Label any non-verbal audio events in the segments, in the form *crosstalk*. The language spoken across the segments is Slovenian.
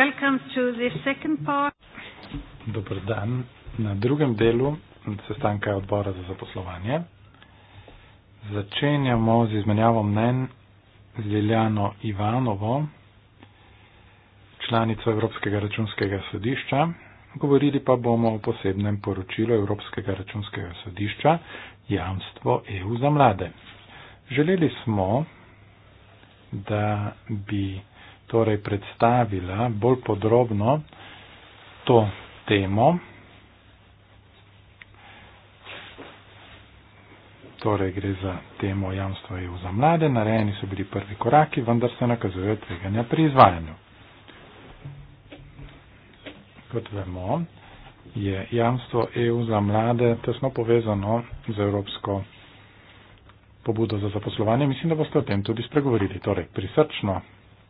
Welcome to the second part. Dobr dan. Na drugem delu sestanka odbora za zaposlovanje začenjamo z izmenjavo mnen z Liljano Ivanovo, članico Evropskega računskega sodišča. Govorili pa bomo o posebnem poročilu Evropskega računskega sodišča Jamstvo EU za mlade. Želeli smo, da bi torej predstavila bolj podrobno to temo, torej gre za temo jamstva EU za mlade, narejeni so bili prvi koraki, vendar se nakazujejo tveganja pri izvajanju. Kot vemo, je jamstvo EU za mlade tesno povezano z evropsko pobudo za zaposlovanje. Mislim, da boste o tem tudi spregovorili. Torej, prisrčno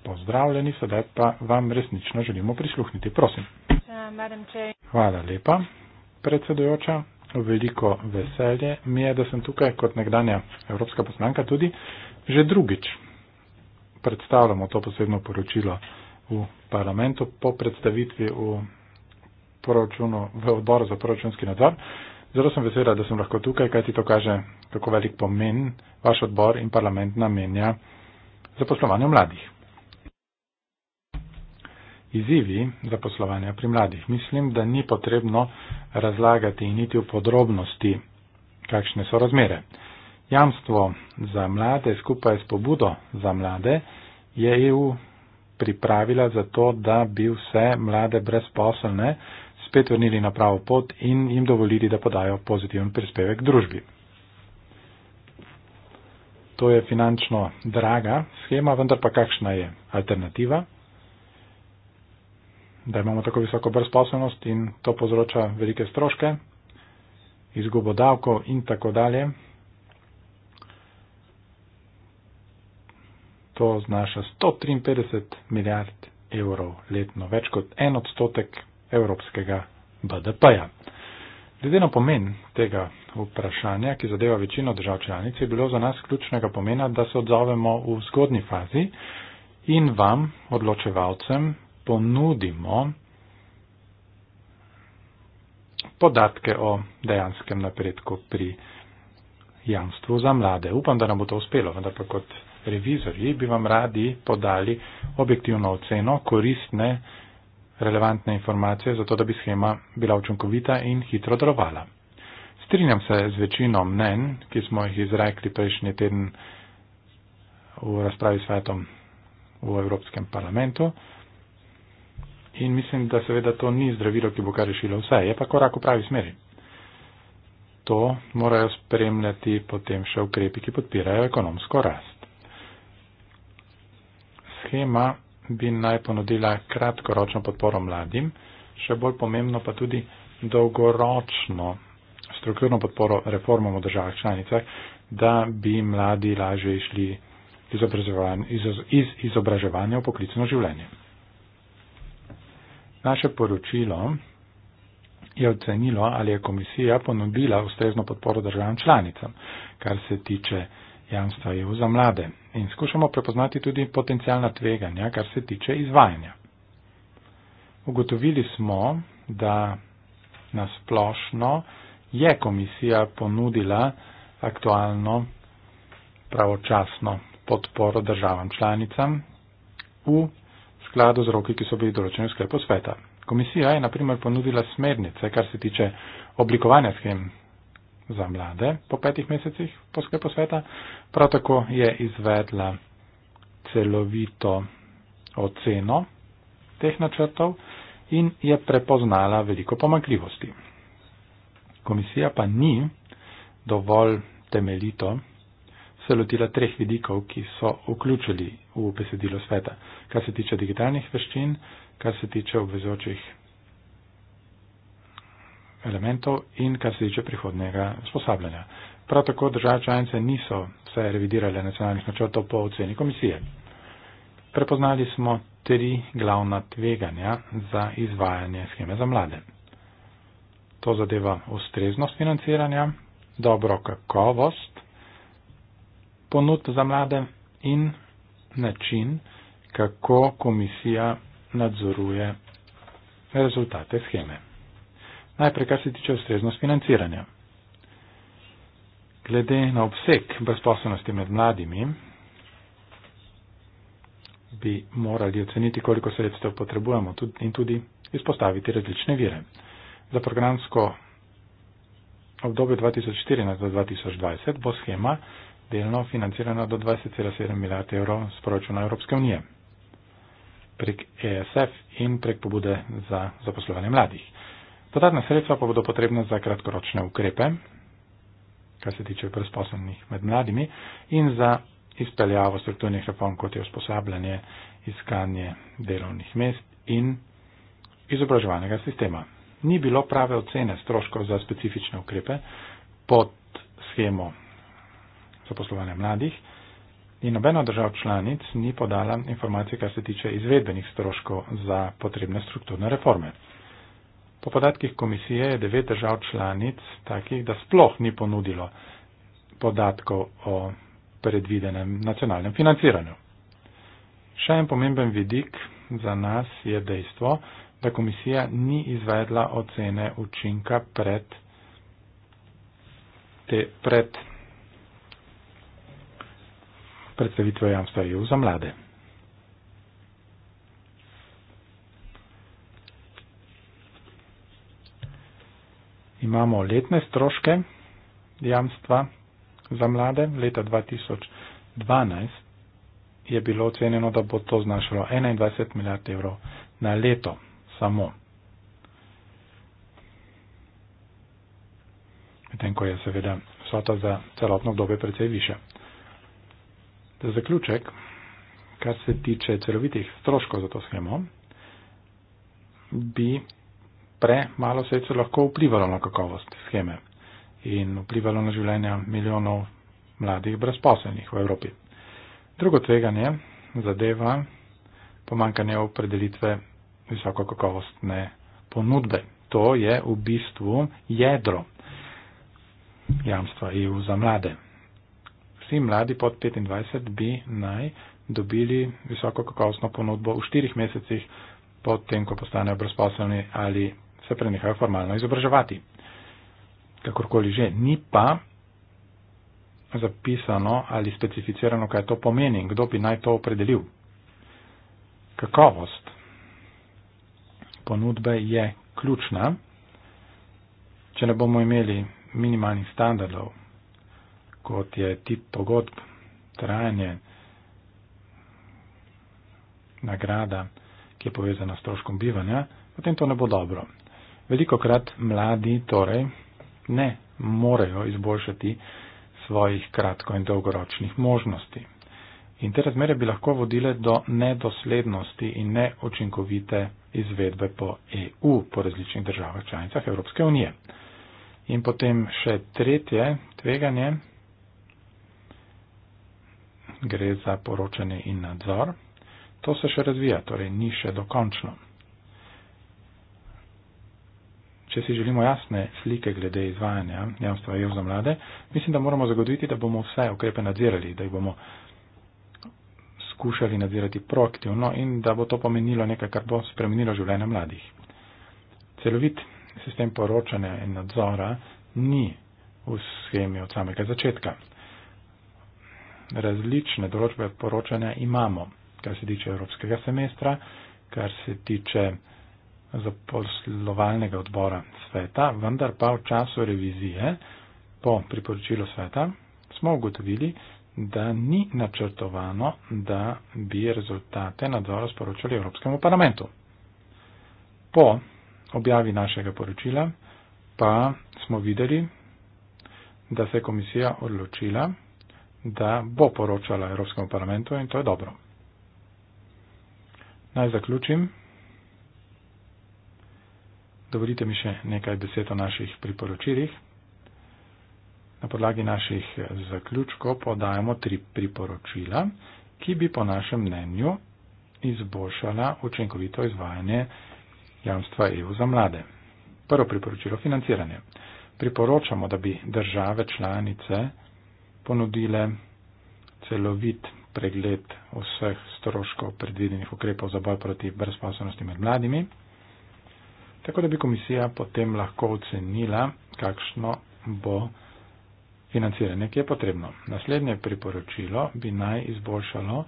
pozdravljeni, sedaj pa vam resnično želimo prisluhniti. Prosim. Uh, Hvala lepa, predsedujoča. Veliko veselje mi je, da sem tukaj kot nekdanja evropska poslanka tudi že drugič. Predstavljamo to posebno poročilo v parlamentu po predstavitvi v, v odboru za proračunski nadzor. Zelo sem vesela, da sem lahko tukaj, kaj ti to kaže, kako velik pomen vaš odbor in parlament namenja zaposlovanju mladih. Izzivi zaposlovanja pri mladih. Mislim, da ni potrebno razlagati niti v podrobnosti, kakšne so razmere. Jamstvo za mlade skupaj s pobudo za mlade je EU pripravila za to, da bi vse mlade brezposelne spet vrnili na pravo pot in jim dovolili, da podajo pozitiven prispevek družbi. To je finančno draga schema, vendar pa kakšna je alternativa? da imamo tako visoko brezposobnost in to povzroča velike stroške, izgubo davko in tako dalje. To znaša 153 milijard evrov letno, več kot en odstotek evropskega BDP-ja. Glede na pomen tega vprašanja, ki zadeva večino držav članic, je bilo za nas ključnega pomena, da se odzovemo v zgodni fazi in vam, odločevalcem, ponudimo podatke o dejanskem napredku pri jamstvu za mlade. Upam, da nam bo to uspelo, vendar pa kot revizorji bi vam radi podali objektivno oceno, koristne, relevantne informacije, zato da bi schema bila učinkovita in hitro delovala. Strinjam se z večino mnen, ki smo jih izrekli prejšnji teden v razpravi s svetom v Evropskem parlamentu. In mislim, da seveda to ni zdravilo, ki bo kar rešilo vse, je pa korak v pravi smeri. To morajo spremljati potem še ukrepi, ki podpirajo ekonomsko rast. Schema bi naj ponudila kratkoročno podporo mladim, še bolj pomembno pa tudi dolgoročno strukturno podporo reformam v državah članicah, da bi mladi lažje išli iz, iz, iz izobraževanja v poklicno življenje. Naše poročilo je ocenilo, ali je komisija ponudila ustrezno podporo državam članicam, kar se tiče jamstva EU za mlade. In skušamo prepoznati tudi potencijalna tveganja, kar se tiče izvajanja. Ugotovili smo, da nasplošno je komisija ponudila aktualno pravočasno podporo državam članicam v skladu z roki, ki so bili določeni v sklepu sveta. Komisija je naprimer ponudila smernice, kar se tiče oblikovanja schem za mlade po petih mesecih po sklepu sveta. Prav tako je izvedla celovito oceno teh načrtov in je prepoznala veliko pomankljivosti. Komisija pa ni dovolj temeljito se lotila treh vidikov, ki so vključili v besedilo sveta. Kar se tiče digitalnih veščin, kar se tiče obvezočih elementov in kar se tiče prihodnega sposabljanja. Prav tako države članice niso vse revidirale nacionalnih načrtov po oceni komisije. Prepoznali smo tri glavna tveganja za izvajanje scheme za mlade. To zadeva ustreznost financiranja, dobro kakovost, ponud za mlade in način, kako komisija nadzoruje rezultate scheme. Najprej, kar se tiče ustreznost financiranja. Glede na obseg brezposobnosti med mladimi, bi morali oceniti, koliko sredstev potrebujemo in tudi izpostaviti različne vire. Za programsko obdobje 2014-2020 bo schema delno financirana do 20,7 milijard evrov z proračuna Evropske unije prek ESF in prek pobude za zaposlovanje mladih. Dodatna sredstva pa bodo potrebna za kratkoročne ukrepe, kar se tiče brezposobnih med mladimi, in za izpeljavo strukturnih reform, kot je usposabljanje, iskanje delovnih mest in izobraževalnega sistema. Ni bilo prave ocene stroškov za specifične ukrepe pod schemo zaposlovanja mladih in nobena držav članic ni podala informacij, kar se tiče izvedbenih stroškov za potrebne strukturne reforme. Po podatkih komisije je devet držav članic takih, da sploh ni ponudilo podatkov o predvidenem nacionalnem financiranju. Še en pomemben vidik za nas je dejstvo, da komisija ni izvedla ocene učinka pred, te, pred predstavitve jamstva EU za mlade. Imamo letne stroške jamstva za mlade. Leta 2012 je bilo ocenjeno, da bo to znašalo 21 milijard evrov na leto samo. Medtem ko je seveda svota za celotno obdobje precej više. Za zaključek, kar se tiče celovitih stroškov za to schemo, bi premalo sredstev lahko vplivalo na kakovost scheme in vplivalo na življenja milijonov mladih brezposelnih v Evropi. Drugo tveganje zadeva pomankanje opredelitve visokokakovostne ponudbe. To je v bistvu jedro jamstva EU za mlade vsi mladi pod 25 bi naj dobili visoko kakovostno ponudbo v štirih mesecih potem, ko postanejo brezposelni ali se prenehajo formalno izobraževati. Kakorkoli že, ni pa zapisano ali specificirano, kaj to pomeni in kdo bi naj to opredelil. Kakovost ponudbe je ključna. Če ne bomo imeli minimalnih standardov, kot je tip pogodb, trajanje, nagrada, ki je povezana s troškom bivanja, potem to ne bo dobro. Veliko krat mladi torej ne morejo izboljšati svojih kratko in dolgoročnih možnosti. In te razmere bi lahko vodile do nedoslednosti in neočinkovite izvedbe po EU, po različnih državah članicah Evropske unije. In potem še tretje tveganje, gre za poročanje in nadzor. To se še razvija, torej ni še dokončno. Če si želimo jasne slike glede izvajanja jamstva EU za mlade, mislim, da moramo zagotoviti, da bomo vse ukrepe nadzirali, da jih bomo skušali nadzirati proaktivno in da bo to pomenilo nekaj, kar bo spremenilo življenje mladih. Celovit sistem poročanja in nadzora ni v schemi od samega začetka različne določbe poročanja imamo, kar se tiče evropskega semestra, kar se tiče zaposlovalnega odbora sveta, vendar pa v času revizije po priporočilu sveta smo ugotovili, da ni načrtovano, da bi rezultate nadzora sporočali Evropskemu parlamentu. Po objavi našega poročila pa smo videli, da se je komisija odločila da bo poročala Evropskemu parlamentu in to je dobro. Naj zaključim. Dovolite mi še nekaj besed o naših priporočilih. Na podlagi naših zaključkov podajamo tri priporočila, ki bi po našem mnenju izboljšala učinkovito izvajanje jamstva EU za mlade. Prvo priporočilo financiranje. Priporočamo, da bi države članice ponudile celovit pregled vseh stroškov predvidenih ukrepov za boj proti brezposobnosti med mladimi, tako da bi komisija potem lahko ocenila, kakšno bo financiranje, ki je potrebno. Naslednje priporočilo bi naj izboljšalo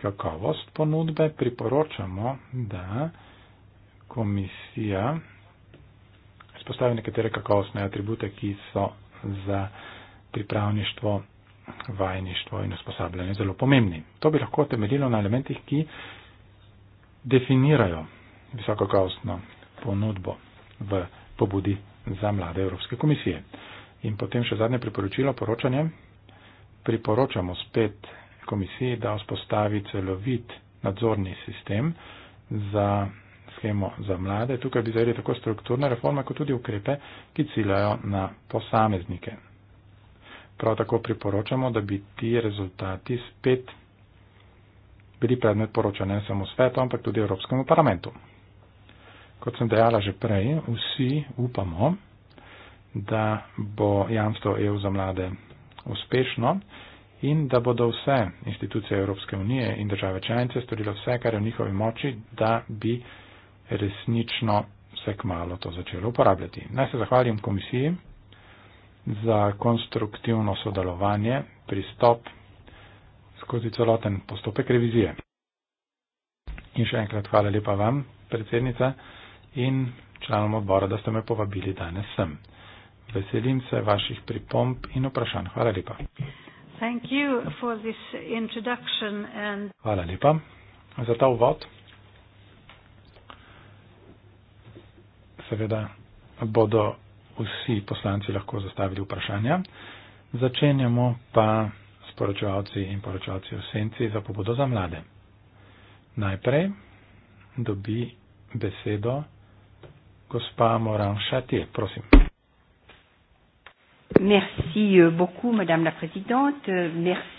kakovost ponudbe. Priporočamo, da komisija izpostavi nekatere kakovostne atribute, ki so za pripravništvo, vajništvo in usposabljanje zelo pomembni. To bi lahko temeljilo na elementih, ki definirajo visokokaustno ponudbo v pobudi za mlade Evropske komisije. In potem še zadnje priporočilo, poročanje. Priporočamo spet komisiji, da vzpostavi celovit nadzorni sistem za schemo za mlade. Tukaj bi zajeli tako strukturne reforme, kot tudi ukrepe, ki ciljajo na posameznike, Prav tako priporočamo, da bi ti rezultati spet bili predmet poročanja ne samo svetu, ampak tudi Evropskemu parlamentu. Kot sem dejala že prej, vsi upamo, da bo jamstvo EU za mlade uspešno in da bodo vse institucije Evropske unije in države članice storile vse, kar je v njihovi moči, da bi resnično vse k malo to začelo uporabljati. Naj se zahvalim komisiji za konstruktivno sodelovanje, pristop skozi celoten postopek revizije. In še enkrat hvala lepa vam, predsednica in članom odbora, da ste me povabili danes sem. Veselim se vaših pripomb in vprašanj. Hvala lepa. Thank you for this introduction and... Hvala lepa za ta uvod. Seveda bodo vsi poslanci lahko zastavili vprašanja. Začenjamo pa s poročevalci in poročevalci v senci za pobudo za mlade. Najprej dobi besedo gospa Moran Šatje, prosim. Merci euh, beaucoup, madame la présidente. Merci.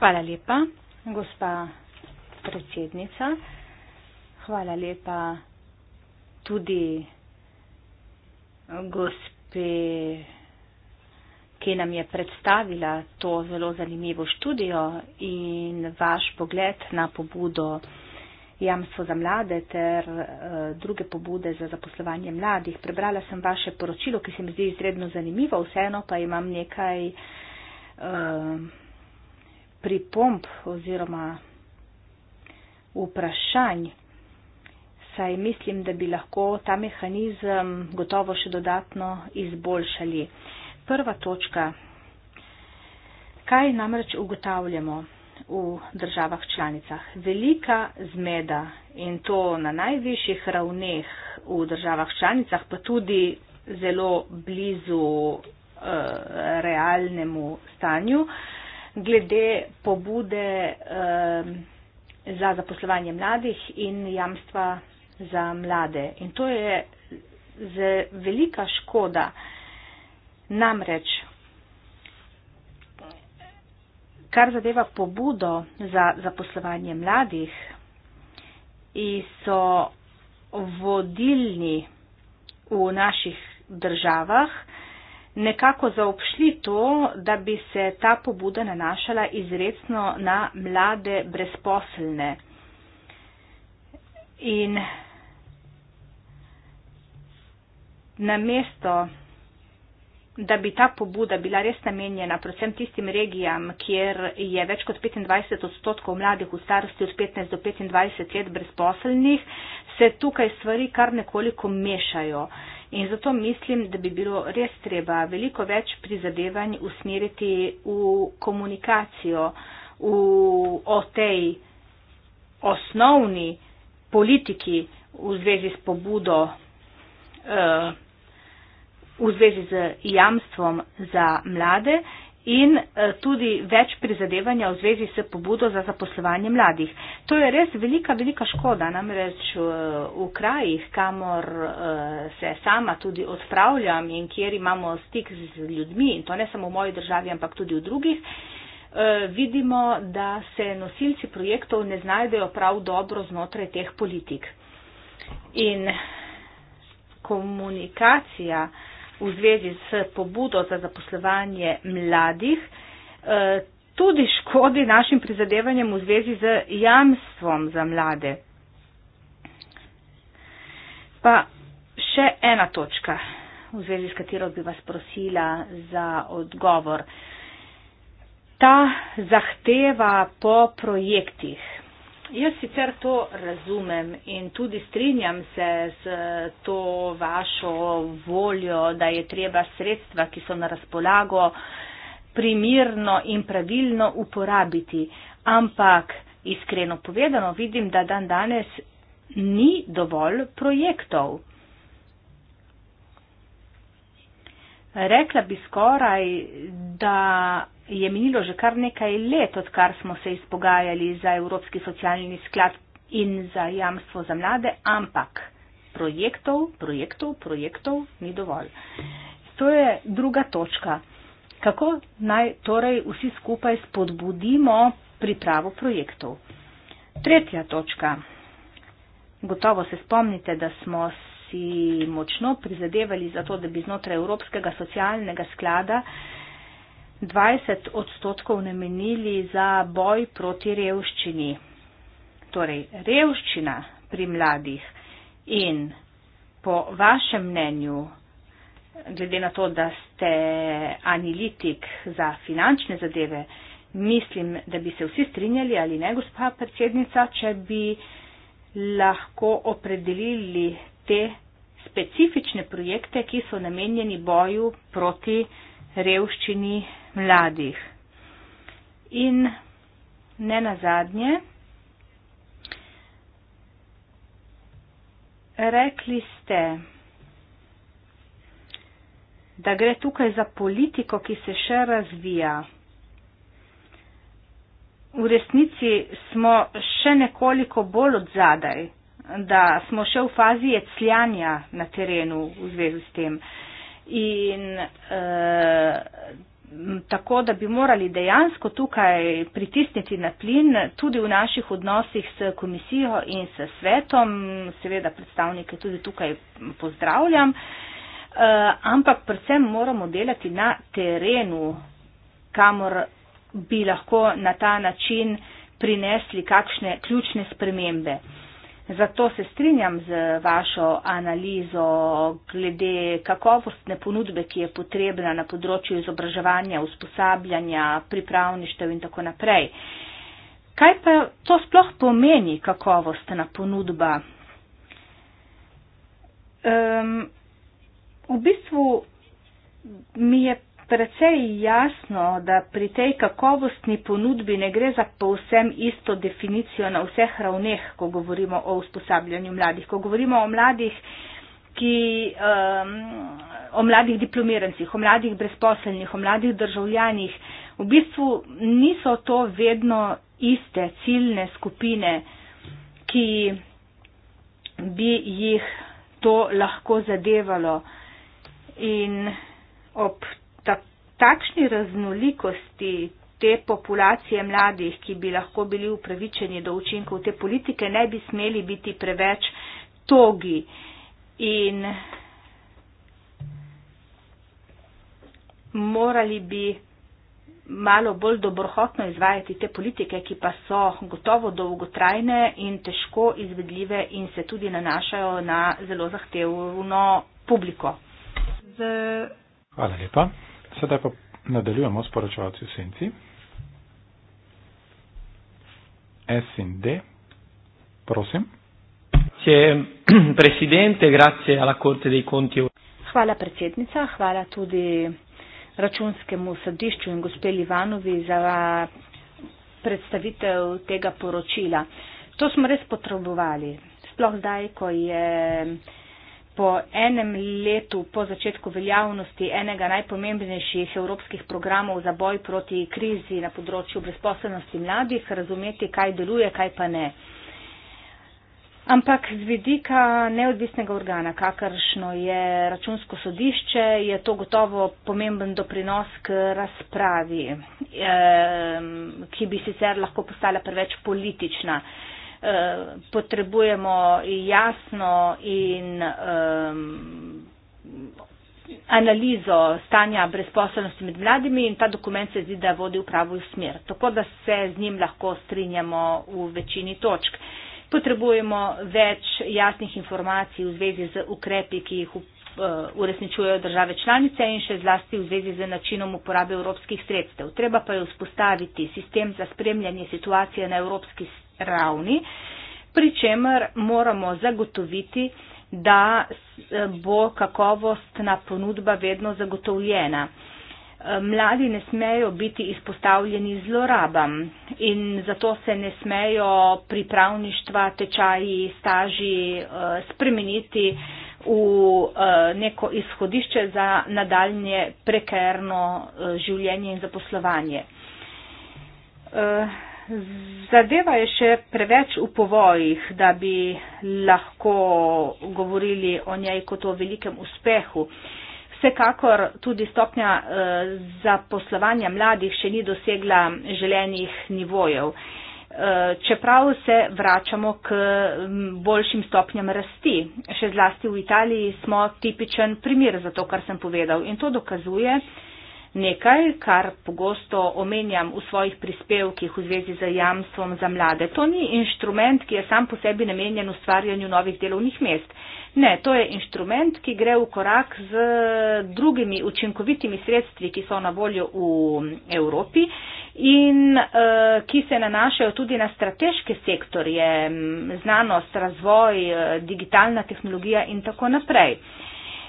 Hvala lepa, gospa predsednica. Hvala lepa tudi gospe, ki nam je predstavila to zelo zanimivo študijo in vaš pogled na pobudo jamstvo za mlade ter uh, druge pobude za zaposlovanje mladih. Prebrala sem vaše poročilo, ki se mi zdi izredno zanimivo, vseeno pa imam nekaj uh, eh, pripomp oziroma vprašanj saj mislim, da bi lahko ta mehanizem gotovo še dodatno izboljšali. Prva točka. Kaj namreč ugotavljamo v državah članicah? Velika zmeda in to na najvišjih ravneh v državah članicah, pa tudi zelo blizu eh, realnemu stanju glede pobude eh, za zaposlovanje mladih in jamstva za mlade. In to je velika škoda. Namreč, kar zadeva pobudo za zaposlovanje mladih, so vodilni v naših državah nekako zaopšli to, da bi se ta pobuda nanašala izredno na mlade brezposelne. In namesto, da bi ta pobuda bila res namenjena predvsem tistim regijam, kjer je več kot 25 odstotkov mladih v starosti od 15 do 25 let brezposelnih, se tukaj stvari kar nekoliko mešajo. In zato mislim, da bi bilo res treba veliko več prizadevanj usmeriti v komunikacijo v, o tej osnovni politiki v zvezi s pobudo. Uh, v zvezi z jamstvom za mlade in eh, tudi več prizadevanja v zvezi s pobudo za zaposlovanje mladih. To je res velika, velika škoda, namreč eh, v krajih, kamor eh, se sama tudi odpravljam in kjer imamo stik z ljudmi, in to ne samo v moji državi, ampak tudi v drugih, vidimo, da se nosilci projektov ne znajdejo prav dobro znotraj teh politik. In komunikacija, v zvezi s pobudo za zaposlovanje mladih, eh, tudi škodi našim prizadevanjem v zvezi z jamstvom za mlade. Pa še ena točka, v zvezi s katero bi vas prosila za odgovor. Ta zahteva po projektih. Jaz sicer to razumem in tudi strinjam se z to vašo voljo, da je treba sredstva, ki so na razpolago, primirno in pravilno uporabiti. Ampak iskreno povedano, vidim, da dan danes ni dovolj projektov. Rekla bi skoraj, da je minilo že kar nekaj let, odkar smo se izpogajali za Evropski socialni sklad in za jamstvo za mlade, ampak projektov, projektov, projektov ni dovolj. To je druga točka. Kako naj torej vsi skupaj spodbudimo pripravo projektov? Tretja točka. Gotovo se spomnite, da smo si močno prizadevali za to, da bi znotraj Evropskega socialnega sklada 20 odstotkov namenili za boj proti revščini. Torej, revščina pri mladih in po vašem mnenju, glede na to, da ste analitik za finančne zadeve, mislim, da bi se vsi strinjali ali ne, gospa predsednica, če bi lahko opredelili, te specifične projekte, ki so namenjeni boju proti revščini mladih. In ne nazadnje, rekli ste, da gre tukaj za politiko, ki se še razvija. V resnici smo še nekoliko bolj odzadaj da smo še v fazi ecljanja na terenu v zvezi s tem. In e, tako, da bi morali dejansko tukaj pritisniti na plin, tudi v naših odnosih s komisijo in s svetom, seveda predstavnike tudi tukaj pozdravljam, e, ampak predvsem moramo delati na terenu, kamor bi lahko na ta način prinesli kakšne ključne spremembe. Zato se strinjam z vašo analizo glede kakovostne ponudbe, ki je potrebna na področju izobraževanja, usposabljanja, pripravništev in tako naprej. Kaj pa to sploh pomeni kakovostna ponudba? Um, v bistvu mi je precej jasno, da pri tej kakovostni ponudbi ne gre za povsem isto definicijo na vseh ravneh, ko govorimo o usposabljanju mladih. Ko govorimo o mladih, ki, um, o mladih diplomirancih, o mladih brezposelnih, o mladih državljanih, v bistvu niso to vedno iste ciljne skupine, ki bi jih to lahko zadevalo. In ob takšni raznolikosti te populacije mladih, ki bi lahko bili upravičeni do učinkov te politike, ne bi smeli biti preveč togi. In morali bi malo bolj dobrohotno izvajati te politike, ki pa so gotovo dolgotrajne in težko izvedljive in se tudi nanašajo na zelo zahtevno publiko. Hvala lepa. Sedaj pa nadaljujemo s poročevalci v senci. S in D, prosim. *clears throat* Hvala predsednica, hvala tudi računskemu sodišču in gospeli Ivanovi za predstavitev tega poročila. To smo res potrebovali, sploh zdaj, ko je po enem letu po začetku veljavnosti enega najpomembnejših evropskih programov za boj proti krizi na področju brezposobnosti mladih, razumeti, kaj deluje, kaj pa ne. Ampak z vidika neodvisnega organa, kakršno je računsko sodišče, je to gotovo pomemben doprinos k razpravi, ki bi sicer lahko postala preveč politična. Eh, potrebujemo jasno in analizo stanja brezposobnosti med mladimi in ta dokument se zdi, da vodi v pravo smer. Tako da se z njim lahko strinjamo v večini točk. Potrebujemo več jasnih informacij v zvezi z ukrepi, ki jih eh, uresničujejo države članice in še zlasti v zvezi z načinom uporabe evropskih sredstev. Treba pa je vzpostaviti sistem za spremljanje situacije na evropski strani ravni, pri čemer moramo zagotoviti, da bo kakovostna ponudba vedno zagotovljena. Mladi ne smejo biti izpostavljeni zlorabam in zato se ne smejo pripravništva, tečaji, staži eh, spremeniti v eh, neko izhodišče za nadaljnje prekerno eh, življenje in zaposlovanje. Zadeva je še preveč v povojih, da bi lahko govorili o njej kot o velikem uspehu. Vsekakor tudi stopnja eh, zaposlovanja mladih še ni dosegla želenih nivojev. Eh, čeprav se vračamo k boljšim stopnjam rasti, še zlasti v Italiji smo tipičen primer za to, kar sem povedal. In to dokazuje, nekaj, kar pogosto omenjam v svojih prispevkih v zvezi z jamstvom za mlade. To ni inštrument, ki je sam po sebi namenjen ustvarjanju novih delovnih mest. Ne, to je inštrument, ki gre v korak z drugimi učinkovitimi sredstvi, ki so na voljo v Evropi in uh, ki se nanašajo tudi na strateške sektorje, znanost, razvoj, eh, digitalna tehnologija in tako naprej. Uh,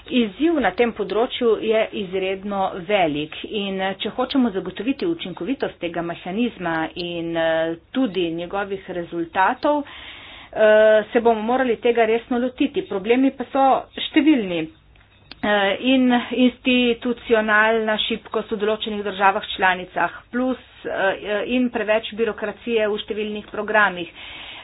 Izziv na tem področju je izredno velik in eh, če hočemo zagotoviti učinkovitost tega mehanizma in eh, tudi njegovih rezultatov, eh, se bomo morali tega resno lotiti. Problemi pa so številni in institucionalna šibkost v določenih državah članicah plus in preveč birokracije v številnih programih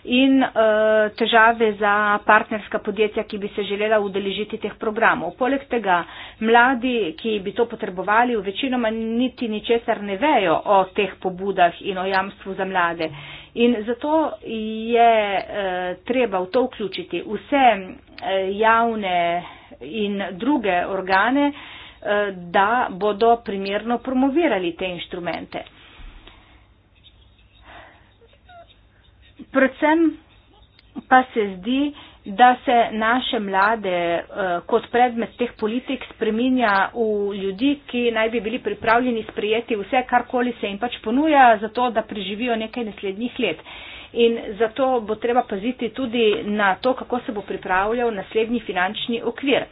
in uh, težave za partnerska podjetja, ki bi se želela udeležiti teh programov. Poleg tega, mladi, ki bi to potrebovali, v večinoma niti ničesar ne vejo o teh pobudah in o jamstvu za mlade. In zato je uh, treba v to vključiti vse uh, javne in druge organe, uh, da bodo primerno promovirali te inštrumente. Predvsem pa se zdi, da se naše mlade eh, kot predmet teh politik spreminja v ljudi, ki naj bi bili pripravljeni sprejeti vse, karkoli se jim pač ponuja, zato da preživijo nekaj naslednjih let. In zato bo treba paziti tudi na to, kako se bo pripravljal naslednji finančni okvir.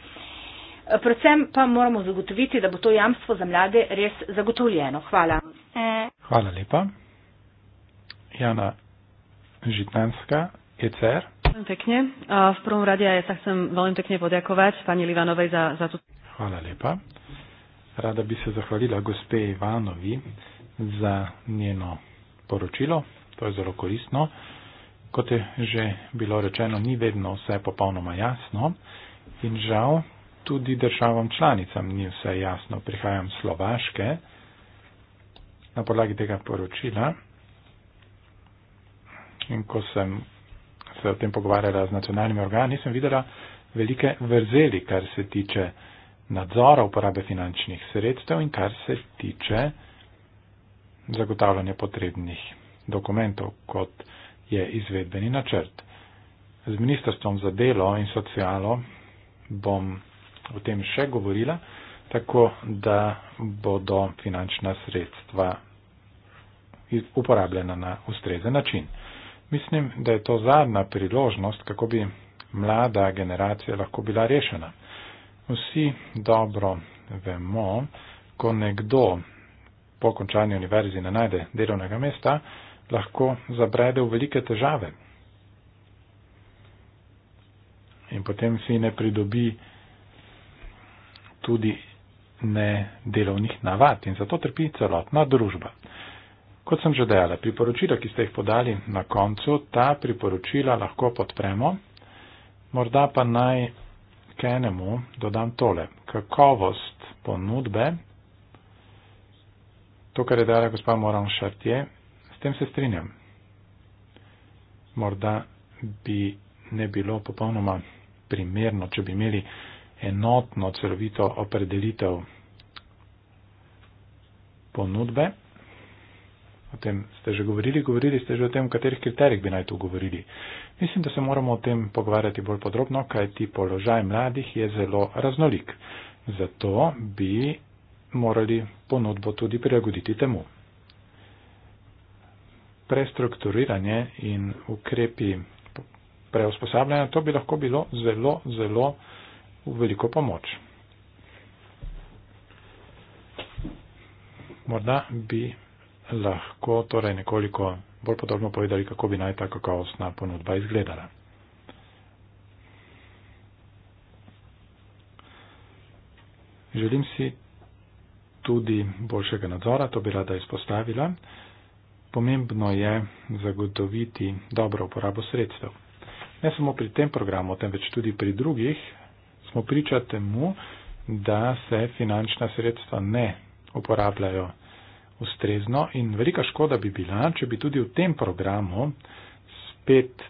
Predvsem pa moramo zagotoviti, da bo to jamstvo za mlade res zagotovljeno. Hvala. Eh. Hvala lepa. Jana Žitnánska, ECR. Ďakujem pekne. A v prvom rade ja sa chcem veľmi pekne poďakovať pani Livanovej za, za túto... Hvala lepa. Rada by sa zahvalila gospe Ivanovi za njeno poročilo. To je zelo korisno. Kot je že bilo rečeno, ni vedno vse popolnoma jasno in žal tudi državam članicam ni vse jasno. Prihajam Slovaške na podlagi tega poročila. In ko sem se o tem pogovarjala z nacionalnimi organi, sem videla velike vrzeli, kar se tiče nadzora uporabe finančnih sredstev in kar se tiče zagotavljanja potrebnih dokumentov, kot je izvedbeni načrt. Z Ministrstvom za delo in socialo bom o tem še govorila, tako da bodo finančna sredstva uporabljena na ustrezen način. Mislim, da je to zadnja priložnost, kako bi mlada generacija lahko bila rešena. Vsi dobro vemo, ko nekdo po končani univerzi ne najde delovnega mesta, lahko zabrede v velike težave. In potem si ne pridobi tudi ne delovnih navad in zato trpi celotna družba. Kot sem že dejala, priporočila, ki ste jih podali na koncu, ta priporočila lahko podpremo. Morda pa naj k enemu dodam tole. Kakovost ponudbe, to, kar je dala gospa Moran Šartje, s tem se strinjam. Morda bi ne bilo popolnoma primerno, če bi imeli enotno celovito opredelitev ponudbe. O tem ste že govorili, govorili ste že o tem, v katerih kriterijih bi naj to govorili. Mislim, da se moramo o tem pogovarjati bolj podrobno, kajti položaj mladih je zelo raznolik. Zato bi morali ponudbo tudi prilagoditi temu. Prestrukturiranje in ukrepi preusposabljanja, to bi lahko bilo zelo, zelo veliko pomoč. Morda bi lahko torej nekoliko bolj podobno povedali, kako bi naj ta kakovostna ponudba izgledala. Želim si tudi boljšega nadzora, to bi rada izpostavila. Pomembno je zagotoviti dobro uporabo sredstev. Ne samo pri tem programu, temveč tudi pri drugih smo priča temu, da se finančna sredstva ne uporabljajo ustrezno in velika škoda bi bila, če bi tudi v tem programu spet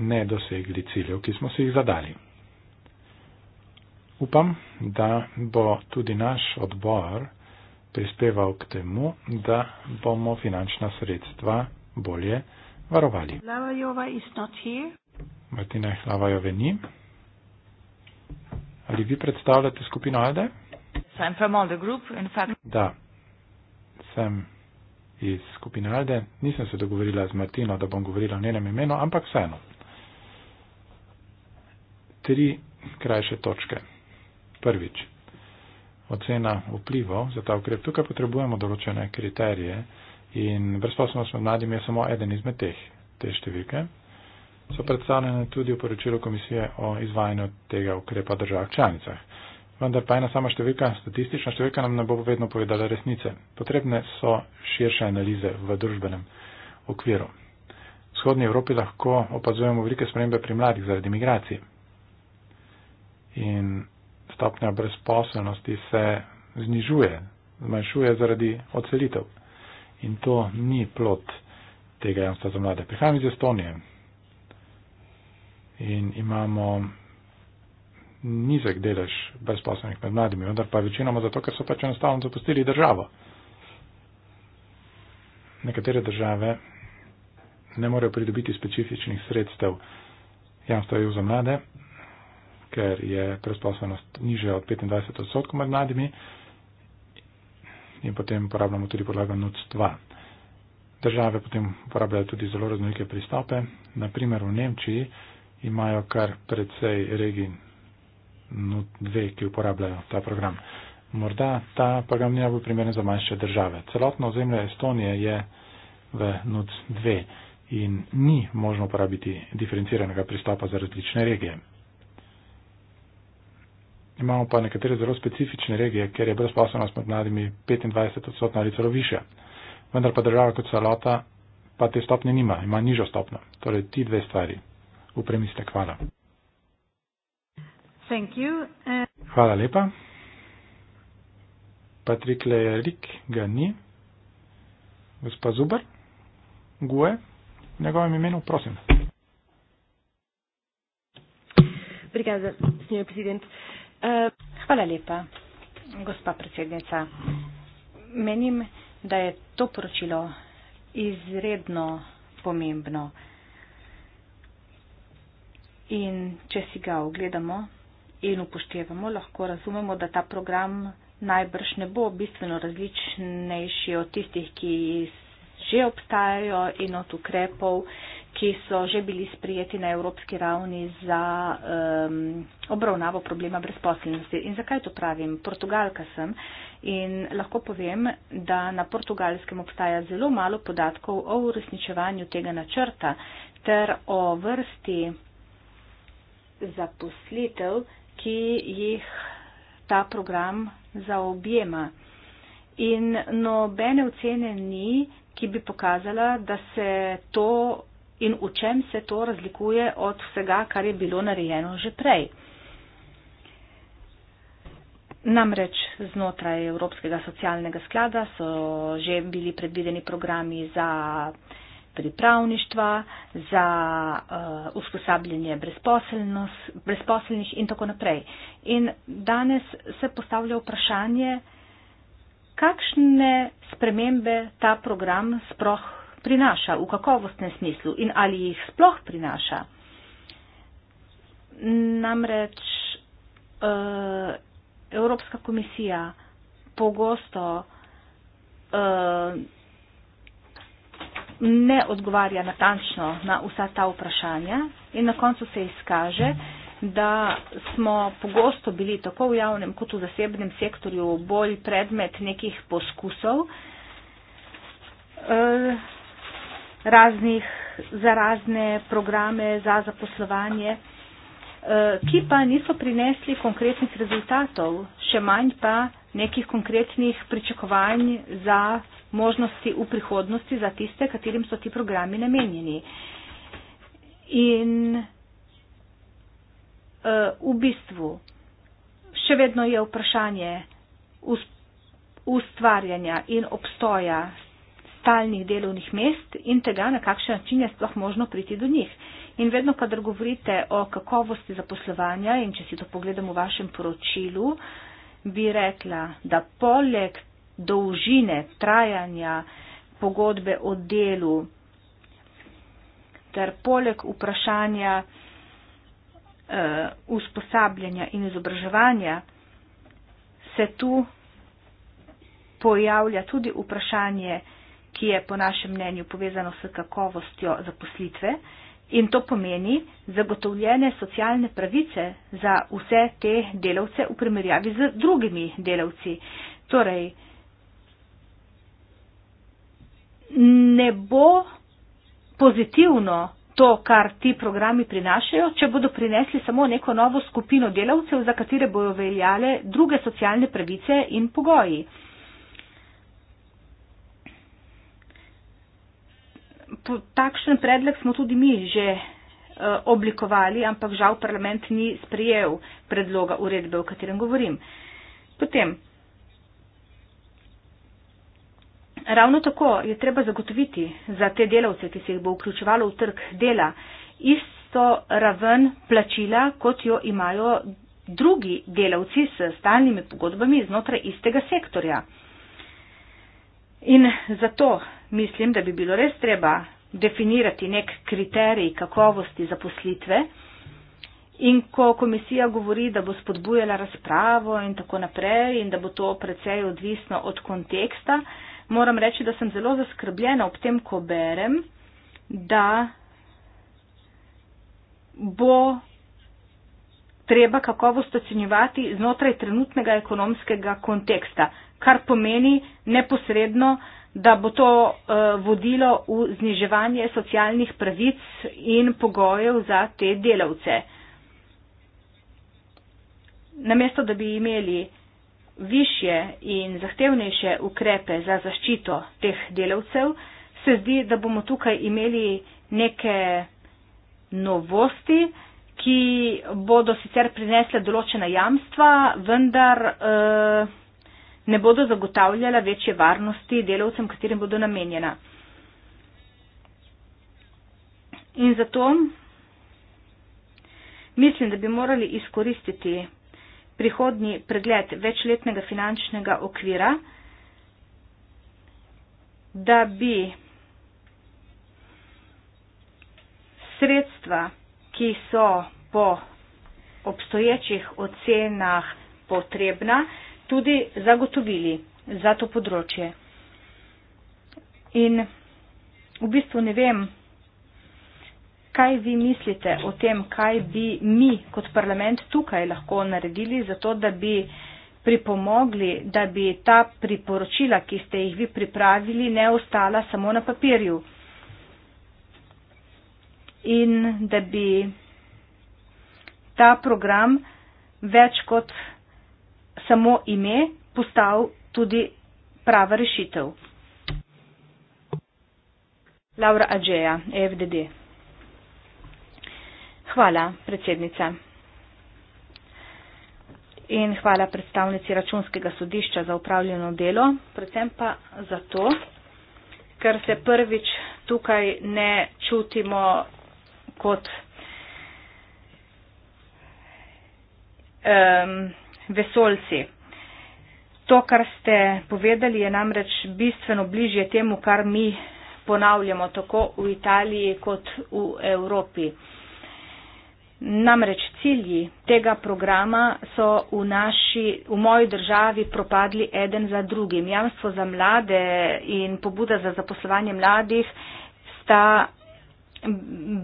ne dosegli ciljev, ki smo si jih zadali. Upam, da bo tudi naš odbor prispeval k temu, da bomo finančna sredstva bolje varovali. Martina Hlavajove ni. Ali vi predstavljate skupino Ajde? I'm from Alde Group, in fact. Da, sem iz skupine Alde. Nisem se dogovorila z Martino, da bom govorila o njenem imenu, ampak vseeno. Tri krajše točke. Prvič, ocena vplivov za ta ukrep. Tukaj potrebujemo določene kriterije in brezposobnost med mladimi je samo eden izmed teh, te številke. So predstavljene tudi v poročilu komisije o izvajanju tega ukrepa v državah članicah vendar pa ena sama številka, statistična številka nam ne bo vedno povedala resnice. Potrebne so širše analize v družbenem okviru. V vzhodnji Evropi lahko opazujemo velike spremembe pri mladih zaradi migracij. In stopnja brezposelnosti se znižuje, zmanjšuje zaradi odselitev. In to ni plot tega jamstva za mlade. Prihajam iz Estonije in imamo nizek delež brezposlenih med mladimi, vendar pa večinoma zato, ker so pač enostavno zapustili državo. Nekatere države ne morejo pridobiti specifičnih sredstev jamstva EU za mlade, ker je brezposlenost niže od 25 odstotkov med mladimi in potem uporabljamo tudi podlago NUC2. Države potem uporabljajo tudi zelo raznolike pristope. Naprimer v Nemčiji imajo kar precej regij Nut 2, ki uporabljajo ta program. Morda ta program ni najbolj primeren za manjše države. Celotno ozemlje Estonije je v Nut 2 in ni možno uporabiti diferenciranega pristopa za različne regije. Imamo pa nekatere zelo specifične regije, kjer je brezposobnost med mladimi 25 odstotna ali celo više. Vendar pa država kot celota pa te stopnje nima, ima nižjo stopnjo. Torej ti dve stvari. V premislek hvala. Thank you. Hvala lepa. Patrik Lejerik ga ni. Gospa Zubar, Gue, v njegovem imenu, prosim. Obrigada, gospod predsednik. Uh, Hvala lepa, gospa predsednica. Menim, da je to poročilo izredno pomembno. In če si ga ogledamo, in upoštevamo, lahko razumemo, da ta program najbrž ne bo bistveno različnejši od tistih, ki že obstajajo in od ukrepov, ki so že bili sprijeti na evropski ravni za um, obravnavo problema brezposelnosti. In zakaj to pravim? Portugalka sem in lahko povem, da na portugalskem obstaja zelo malo podatkov o uresničevanju tega načrta ter o vrsti zaposlitev, ki jih ta program zaobjema. In nobene ocene ni, ki bi pokazala, da se to in v čem se to razlikuje od vsega, kar je bilo narejeno že prej. Namreč znotraj Evropskega socialnega sklada so že bili predvideni programi za pripravništva, za uh, usposabljanje brezposelnih in tako naprej. In danes se postavlja vprašanje, kakšne spremembe ta program sploh prinaša v kakovostnem smislu in ali jih sploh prinaša. Namreč uh, Evropska komisija pogosto uh, ne odgovarja natančno na vsa ta vprašanja in na koncu se izkaže, da smo pogosto bili tako v javnem kot v zasebnem sektorju bolj predmet nekih poskusov eh, raznih za razne programe za zaposlovanje, eh, ki pa niso prinesli konkretnih rezultatov, še manj pa nekih konkretnih pričakovanj za možnosti v prihodnosti za tiste, katerim so ti programi namenjeni. In uh, v bistvu še vedno je vprašanje ustvarjanja in obstoja stalnih delovnih mest in tega, na kakšen način je sploh možno priti do njih. In vedno, kadar govorite o kakovosti zaposlovanja in če si to pogledamo v vašem poročilu, uh, bi rekla, da poleg dolžine trajanja pogodbe o delu ter poleg vprašanja uh, usposabljanja in izobraževanja se tu pojavlja tudi vprašanje, ki je po našem mnenju povezano s kakovostjo zaposlitve. Uh, In to pomeni zagotovljene socialne pravice za vse te delavce v primerjavi z drugimi delavci. Torej, ne bo pozitivno to, kar ti programi prinašajo, če bodo prinesli samo neko novo skupino delavcev, za katere bojo veljale druge socialne pravice in pogoji. po, takšen predlog smo tudi mi že uh, oblikovali, ampak žal parlament ni sprejel predloga uredbe, o katerem govorim. Potem, ravno tako je treba zagotoviti za te delavce, ki se jih bo vključevalo v trg dela, isto raven plačila, kot jo imajo drugi delavci s stalnimi pogodbami znotraj istega sektorja. In zato mislim, da bi bilo res treba definirati nek kriterij kakovosti zaposlitve. In ko komisija govori, da bo spodbujala razpravo in tako naprej in da bo to precej odvisno od konteksta, moram reči, da sem zelo zaskrbljena ob tem, ko berem, da bo treba kakovost ocenjevati znotraj trenutnega ekonomskega konteksta, kar pomeni neposredno, da bo to eh, vodilo v zniževanje socialnih pravic in pogojev za te delavce. Namesto, da bi imeli više in zahtevnejše ukrepe za zaščito teh delavcev, se zdi, da bomo tukaj imeli neke novosti, ki bodo sicer prinesle določena jamstva, vendar. Uh, ne bodo zagotavljala večje varnosti delovcem, katerim bodo namenjena. In zato mislim, da bi morali izkoristiti prihodni pregled večletnega finančnega okvira, da bi sredstva, ki so po obstoječih ocenah potrebna, tudi zagotovili za to področje. In v bistvu ne vem, kaj vi mislite o tem, kaj bi mi kot parlament tukaj lahko naredili, zato da bi pripomogli, da bi ta priporočila, ki ste jih vi pripravili, ne ostala samo na papirju. In da bi ta program več kot samo ime postal tudi prava rešitev. Laura Adžeja, EFDD. Hvala, predsednica. In hvala predstavnici računskega sodišča za upravljeno delo, predvsem pa zato, ker se prvič tukaj ne čutimo kot um, vesoljci. To, kar ste povedali, je namreč bistveno bližje temu, kar mi ponavljamo tako v Italiji kot v Evropi. Namreč cilji tega programa so v, naši, v moji državi propadli eden za drugim. Jamstvo za mlade in pobuda za zaposlovanje mladih sta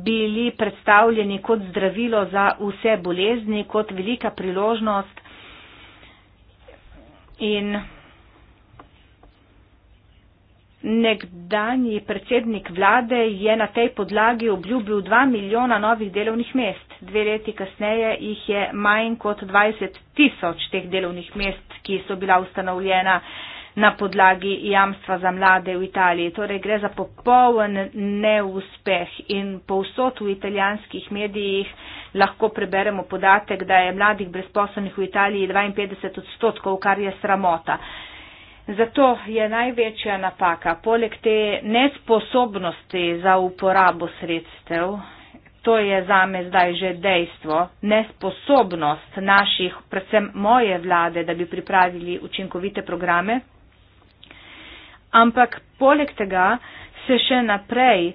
bili predstavljeni kot zdravilo za vse bolezni, kot velika priložnost In nekdani predsednik vlade je na tej podlagi obljubil 2 milijona novih delovnih mest. Dve leti kasneje jih je manj kot 20 tisoč teh delovnih mest, ki so bila ustanovljena na podlagi jamstva za mlade v Italiji. Torej gre za popoln neuspeh in povsod v italijanskih medijih lahko preberemo podatek, da je mladih brezposobnih v Italiji 52 odstotkov, kar je sramota. Zato je največja napaka, poleg te nesposobnosti za uporabo sredstev, to je za me zdaj že dejstvo, nesposobnost naših, predvsem moje vlade, da bi pripravili učinkovite programe, ampak poleg tega se še naprej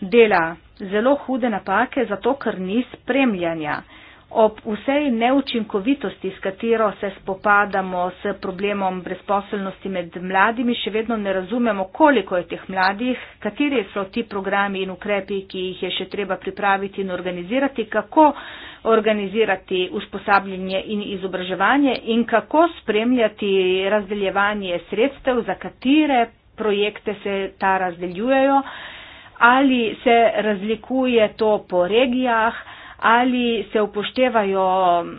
dela zelo hude napake, zato ker ni spremljanja. Ob vsej neučinkovitosti, s katero se spopadamo s problemom brezposelnosti med mladimi, še vedno ne razumemo, koliko je teh mladih, kateri so ti programi in ukrepi, ki jih je še treba pripraviti in organizirati, kako organizirati usposabljanje in izobraževanje in kako spremljati razdeljevanje sredstev, za katere projekte se ta razdeljujejo, ali se razlikuje to po regijah ali se upoštevajo mm,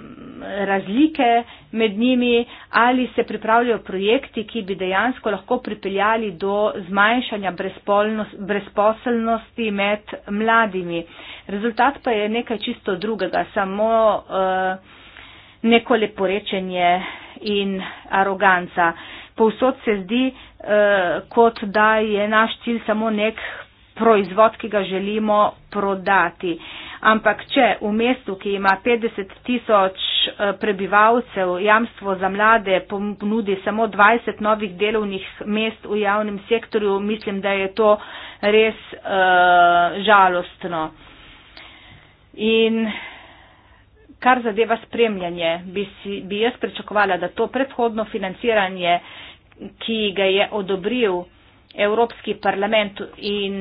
razlike med njimi, ali se pripravljajo projekti, ki bi dejansko lahko pripeljali do zmanjšanja brezposelnosti med mladimi. Rezultat pa je nekaj čisto drugega, samo uh, neko leporečenje in aroganca. Povsod se zdi, uh, kot da je naš cilj samo nek proizvod, ki ga želimo prodati. Uh, ampak če v mestu, ki ima 50 tisoč eh, prebivalcev, jamstvo za mlade ponudi samo 20 novih delovnih mest v javnem sektorju, mislim, da je to res uh, žalostno. In kar zadeva spremljanje, bi, si, bi jaz pričakovala, da to predhodno financiranje, ki ga je odobril Evropski parlament in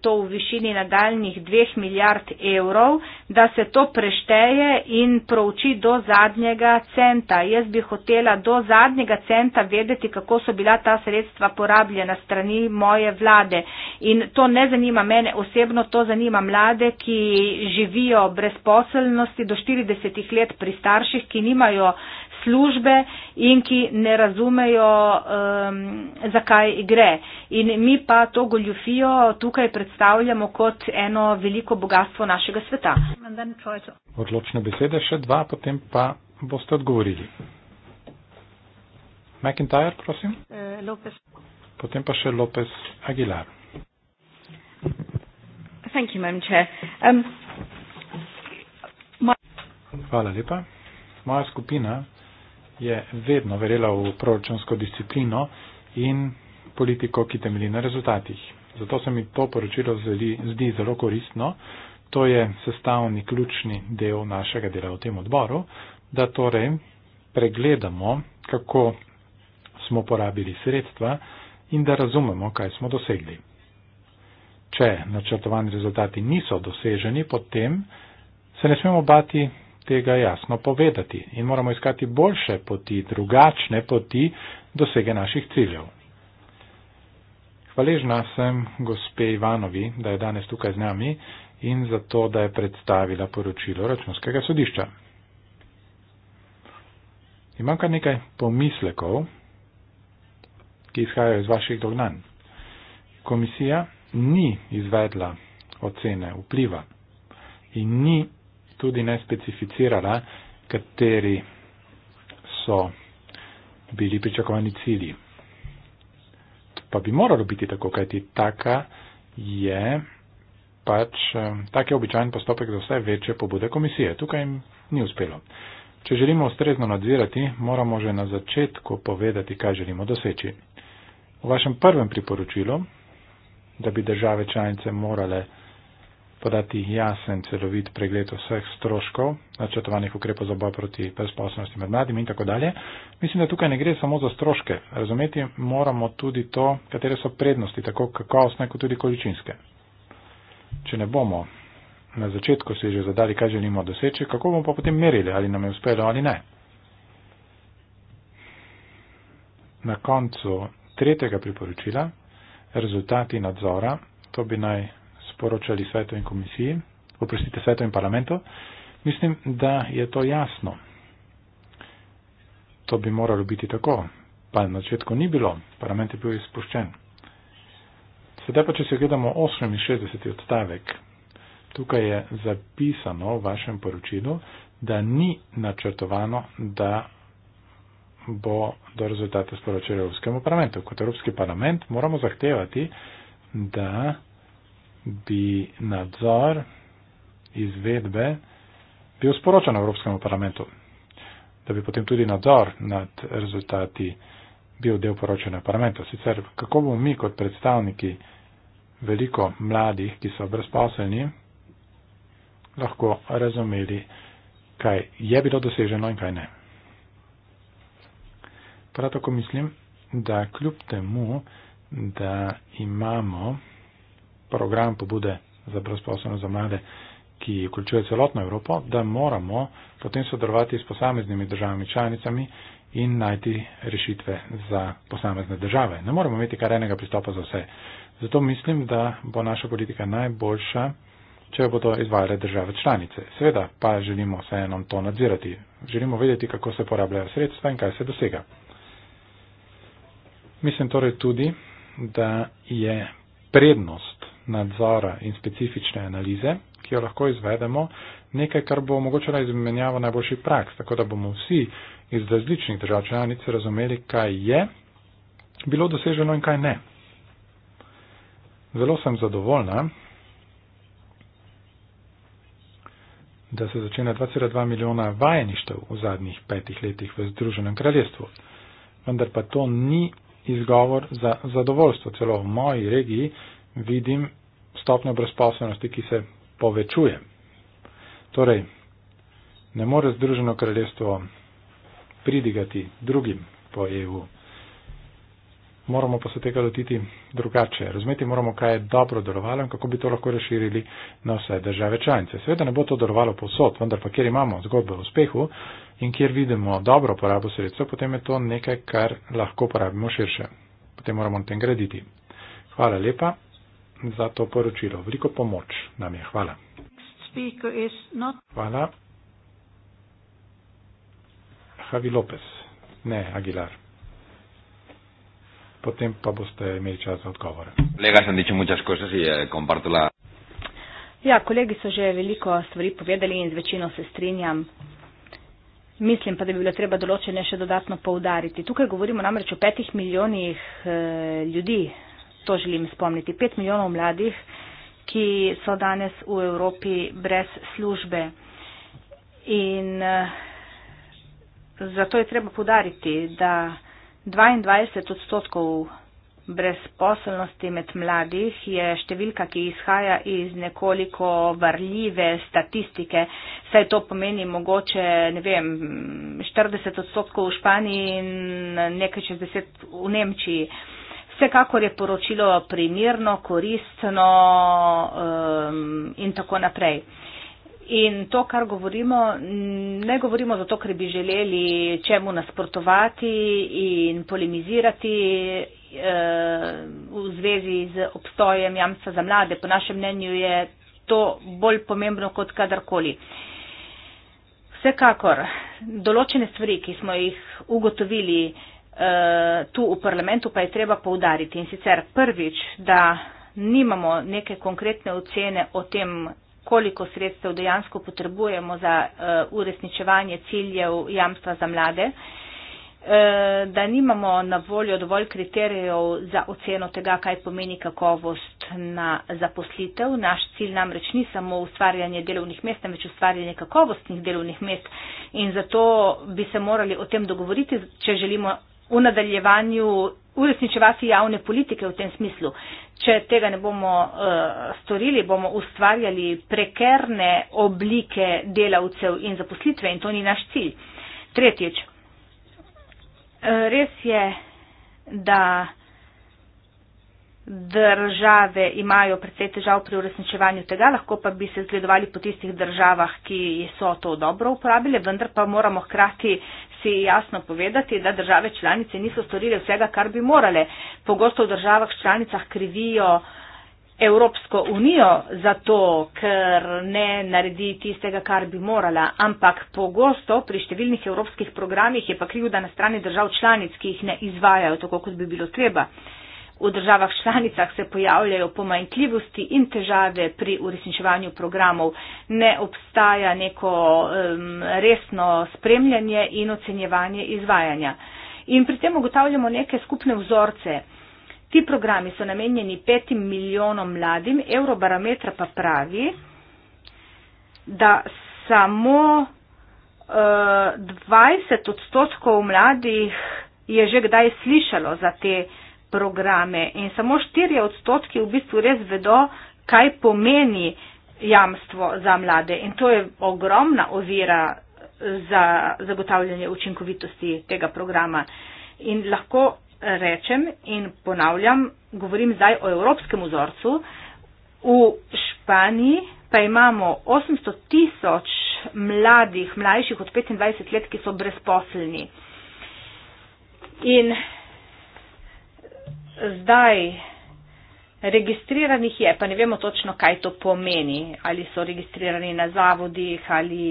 to v višini nadaljnih 2 milijard evrov, da se to prešteje in prouči do zadnjega centa. Jaz bi hotela do zadnjega centa vedeti, kako so bila ta sredstva porabljena strani moje vlade. In to ne zanima mene osebno, to zanima mlade, ki živijo brezposelnosti do 40 let pri starših, ki nimajo službe in ki ne razumejo, um, zakaj gre. In mi pa to goljufijo tukaj predstavljamo kot eno veliko bogatstvo našega sveta. Odločne besede, še dva, potem pa boste odgovorili. McIntyre, prosim. Lopez. Potem pa še Lopez Aguilar. Thank you, um, my... Hvala lepa. Moja skupina, je vedno verjela v proračunsko disciplino in politiko, ki temelji na rezultatih. Zato se mi to poročilo zdi zelo koristno. To je sestavni ključni del našega dela v tem odboru, da torej pregledamo, kako smo porabili sredstva in da razumemo, kaj smo dosegli. Če načrtovani rezultati niso doseženi, potem se ne smemo bati tega jasno povedati in moramo iskati boljše poti, drugačne poti dosege naših ciljev. Hvaležna sem gospe Ivanovi, da je danes tukaj z nami in za to, da je predstavila poročilo računskega sodišča. Imam kar nekaj pomislekov, ki izhajajo iz vaših dognanj. Komisija ni izvedla ocene vpliva in ni tudi ne specificirala, kateri so bili pričakovani cilji. To pa bi moralo biti tako, kajti taka je pač tak je običajen postopek za vse večje pobude komisije. Tukaj jim ni uspelo. Če želimo ustrezno nadzirati, moramo že na začetku povedati, kaj želimo doseči. V vašem prvem priporočilu, da bi države članice morale podati jasen celovit pregled vseh stroškov, načrtovanih ukrepov za boj proti brezposobnosti med mladimi in tako dalje. Mislim, da tukaj ne gre samo za stroške. Razumeti moramo tudi to, katere so prednosti, tako kakovostne kot tudi količinske. Če ne bomo na začetku se že zadali, kaj želimo doseči, kako bomo pa potem merili, ali nam je uspelo ali ne. Na koncu tretjega priporočila, rezultati nadzora, to bi naj sporočali svetu in komisiji, oprostite svetu in parlamentu, mislim, da je to jasno. To bi moralo biti tako, pa na začetku ni bilo, parlament je bil izpuščen. Sedaj pa, če se gledamo 68. odstavek, tukaj je zapisano v vašem poročilu, da ni načrtovano, da bo do rezultata sporočilo Evropskemu parlamentu. Kot Evropski parlament moramo zahtevati, da bi nadzor izvedbe bil sporočen Evropskemu parlamentu, da bi potem tudi nadzor nad rezultati bil del poročanja parlamenta. Sicer, kako bomo mi kot predstavniki veliko mladih, ki so brezposelni, lahko razumeli, kaj je bilo doseženo in kaj ne. Prav tako mislim, da kljub temu, da imamo program pobude za brezposobnost za mlade, ki vključuje celotno Evropo, da moramo potem sodelovati s posameznimi državami članicami in najti rešitve za posamezne države. Ne moramo imeti kar enega pristopa za vse. Zato mislim, da bo naša politika najboljša, če jo bodo izvajale države članice. Seveda pa želimo vseeno to nadzirati. Želimo vedeti, kako se porabljajo sredstva in kaj se dosega. Mislim torej tudi, da je prednost nadzora in specifične analize, ki jo lahko izvedemo, nekaj, kar bo omogočila izmenjava najboljših praks, tako da bomo vsi iz različnih držav članic razumeli, kaj je bilo doseženo in kaj ne. Zelo sem zadovoljna, da se začne 2,2 milijona vajeništev v zadnjih petih letih v Združenem kraljestvu. Vendar pa to ni izgovor za zadovoljstvo. Celo v moji regiji vidim stopnjo brezposobnosti, ki se povečuje. Torej, ne more Združeno kraljestvo pridigati drugim po EU. Moramo pa se tega lotiti drugače. Razumeti moramo, kaj je dobro delovalo in kako bi to lahko razširili na vse države članice. Seveda ne bo to delovalo povsod, vendar pa kjer imamo zgodbo o uspehu in kjer vidimo dobro porabo sredstev, potem je to nekaj, kar lahko porabimo širše. Potem moramo na tem graditi. Hvala lepa za to poročilo. Veliko pomoč nam je. Hvala. Hvala. Javi Lopez, ne Aguilar. Potem pa boste imeli čas za odgovore. Lega, sem dičil muchas cosas in eh, compartila. Ja, kolegi so že veliko stvari povedali in z večino se strinjam. Mislim pa, da bi bilo treba določene še dodatno poudariti. Tukaj govorimo namreč o petih milijonih eh, ljudi, to želim spomniti. Pet milijonov mladih, ki so danes v Evropi brez službe. In eh, zato je treba podariti, da 22 odstotkov brezposelnosti med mladih je številka, ki izhaja iz nekoliko varljive statistike. Saj to pomeni mogoče, ne vem, 40 odstotkov v Španiji in nekaj čez 10 v Nemčiji. Uh, Vsekakor je poročilo primirno, koristno um, in tako naprej. In to, kar govorimo, ne govorimo zato, ker bi želeli čemu nasprotovati in polemizirati uh, v zvezi z obstojem jamstva za mlade. Po našem mnenju je to bolj pomembno kot kadarkoli. Vsekakor, določene stvari, ki smo jih ugotovili, uh, Eh, tu v parlamentu pa je treba povdariti in sicer prvič, da nimamo neke konkretne ocene o tem, koliko sredstev dejansko potrebujemo za uh, uresničevanje ciljev jamstva za mlade, uh, da nimamo na voljo dovolj kriterijev za oceno tega, kaj pomeni kakovost na zaposlitev. Naš cilj namreč ni samo ustvarjanje delovnih mest, temveč ustvarjanje kakovostnih delovnih mest in zato bi se morali o tem dogovoriti, če želimo v nadaljevanju uresničevati javne politike v tem smislu. Če tega ne bomo uh, storili, bomo ustvarjali prekerne oblike delavcev in zaposlitve in to ni naš cilj. Tretjič, eh, res je, da države imajo predvsej težav pri uresničevanju tega, lahko pa bi se zgledovali po tistih državah, ki so to dobro uporabile, vendar pa moramo hkrati morati jasno povedati, da države članice niso storile vsega, kar bi morale. Pogosto v državah članicah krivijo Evropsko unijo za to, ker ne naredi tistega, kar bi morala, ampak pogosto pri številnih evropskih programih je pa krivda na strani držav članic, ki jih ne izvajajo tako, kot bi bilo treba. V državah članicah se pojavljajo pomanjkljivosti in težave pri uresničevanju programov. Ne obstaja neko um, resno spremljanje in ocenjevanje izvajanja. In pri tem ugotavljamo neke skupne vzorce. Ti programi so namenjeni petim milijonom mladim, Eurobarometra pa pravi, da samo uh, e, 20 odstotkov mladih je že kdaj slišalo za te programe programe in samo 4 odstotki v bistvu res vedo, kaj pomeni jamstvo za mlade. In to je ogromna ovira za zagotavljanje učinkovitosti tega programa. In lahko rečem in ponavljam, govorim zdaj o evropskem vzorcu. V Španiji pa imamo 800 tisoč mladih, mlajših od 25 let, ki so brezposelni. In zdaj registriranih je, pa ne vemo točno, kaj to pomeni, ali so registrirani na zavodih ali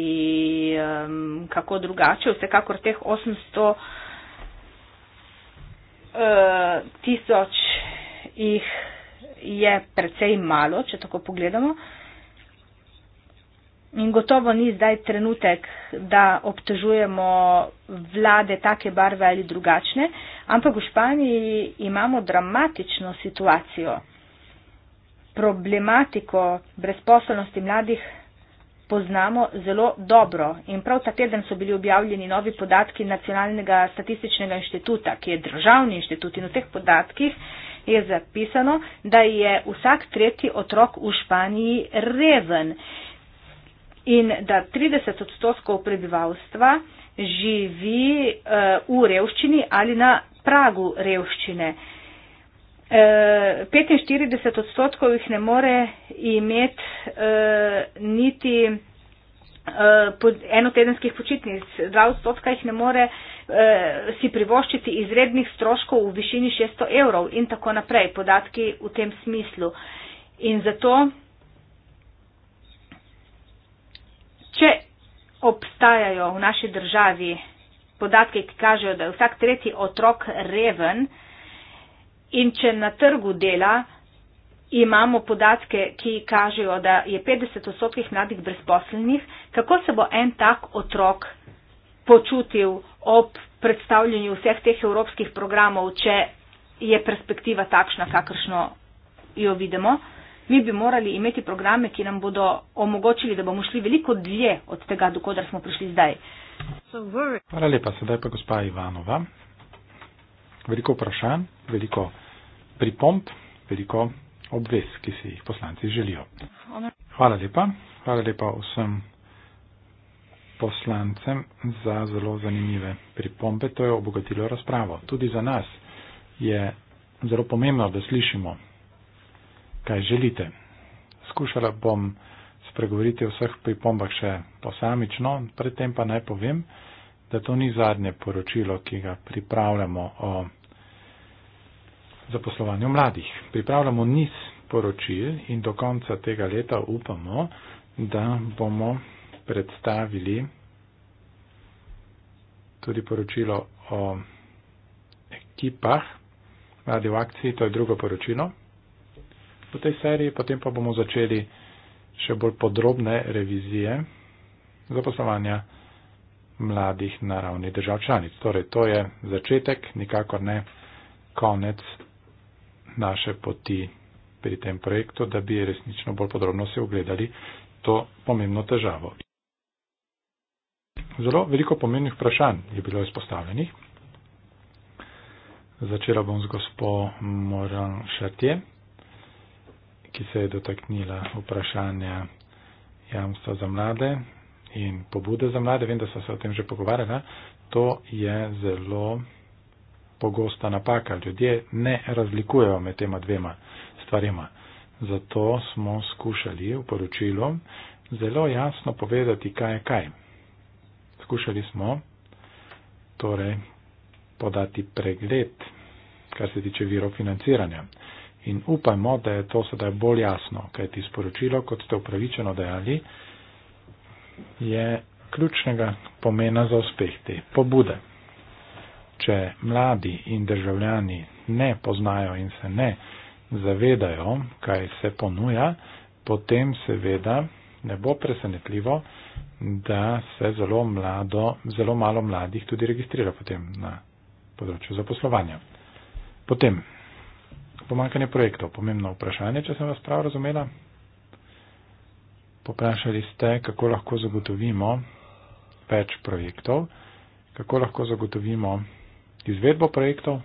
um, kako drugače. Vsekakor teh 800 uh, e, tisoč jih je precej malo, če tako pogledamo. Uh, In gotovo ni zdaj trenutek, da obtežujemo vlade take barve ali drugačne, ampak v Španiji imamo dramatično situacijo. Problematiko brezposelnosti mladih poznamo zelo dobro in prav ta teden so bili objavljeni novi podatki Nacionalnega statističnega inštituta, ki je državni inštitut in v teh podatkih je zapisano, da je vsak tretji otrok v Španiji reven in da 30 odstotkov prebivalstva živi uh, v revščini ali na pragu revščine. Uh, eh, 45 odstotkov jih ne more imeti uh, niti enotedenskih počitnic, dva odstotka jih ne more eh, si privoščiti izrednih stroškov v višini 600 evrov in tako naprej, podatki v tem smislu. In zato Če obstajajo v naši državi podatke, ki kažejo, da je vsak tretji otrok reven in če na trgu dela imamo podatke, ki kažejo, da je 50 odstotkih mladih brezposelnih, kako se bo en tak otrok počutil ob predstavljanju vseh teh evropskih programov, če je perspektiva takšna, kakršno jo vidimo? mi bi morali imeti programe, ki nam bodo omogočili, da bomo šli veliko dlje od tega, dokodar smo prišli zdaj. Hvala lepa, sedaj pa gospa Ivanova. Veliko vprašanj, veliko pripomp, veliko obvez, ki si jih poslanci želijo. Hvala lepa, hvala lepa vsem poslancem za zelo zanimive pripombe. To je obogatilo razpravo. Tudi za nas je zelo pomembno, da slišimo kaj želite. Skušala bom spregovoriti o vseh pripombah še posamično, predtem pa naj povem, da to ni zadnje poročilo, ki ga pripravljamo o zaposlovanju mladih. Pripravljamo niz poročil in do konca tega leta upamo, da bomo predstavili tudi poročilo o ekipah, mladi v akciji, to je drugo poročilo po tej seriji, potem pa bomo začeli še bolj podrobne revizije zaposlovanja mladih na ravni držav članic. Torej, to je začetek, nikakor ne konec naše poti pri tem projektu, da bi resnično bolj podrobno se ogledali to pomembno težavo. Zelo veliko pomembnih vprašanj je bilo izpostavljenih. Začela bom z gospo Moran Šatje, ki se je dotaknila vprašanja jamstva za mlade in pobude za mlade. Vem, da so se o tem že pogovarjala. To je zelo pogosta napaka. Ljudje ne razlikujejo med tema dvema stvarima. Zato smo skušali v poročilu zelo jasno povedati, kaj je kaj. Skušali smo torej podati pregled, kar se tiče virov financiranja in upajmo, da je to sedaj bolj jasno, kaj ti sporočilo, kot ste upravičeno dejali, je ključnega pomena za uspeh te pobude. Če mladi in državljani ne poznajo in se ne zavedajo, kaj se ponuja, potem seveda ne bo presenetljivo, da se zelo, mlado, zelo malo mladih tudi registrira potem na področju zaposlovanja. Potem Pomankanje projektov. Pomembno vprašanje, če sem vas prav razumela. Poprašali ste, kako lahko zagotovimo več projektov, kako lahko zagotovimo izvedbo projektov.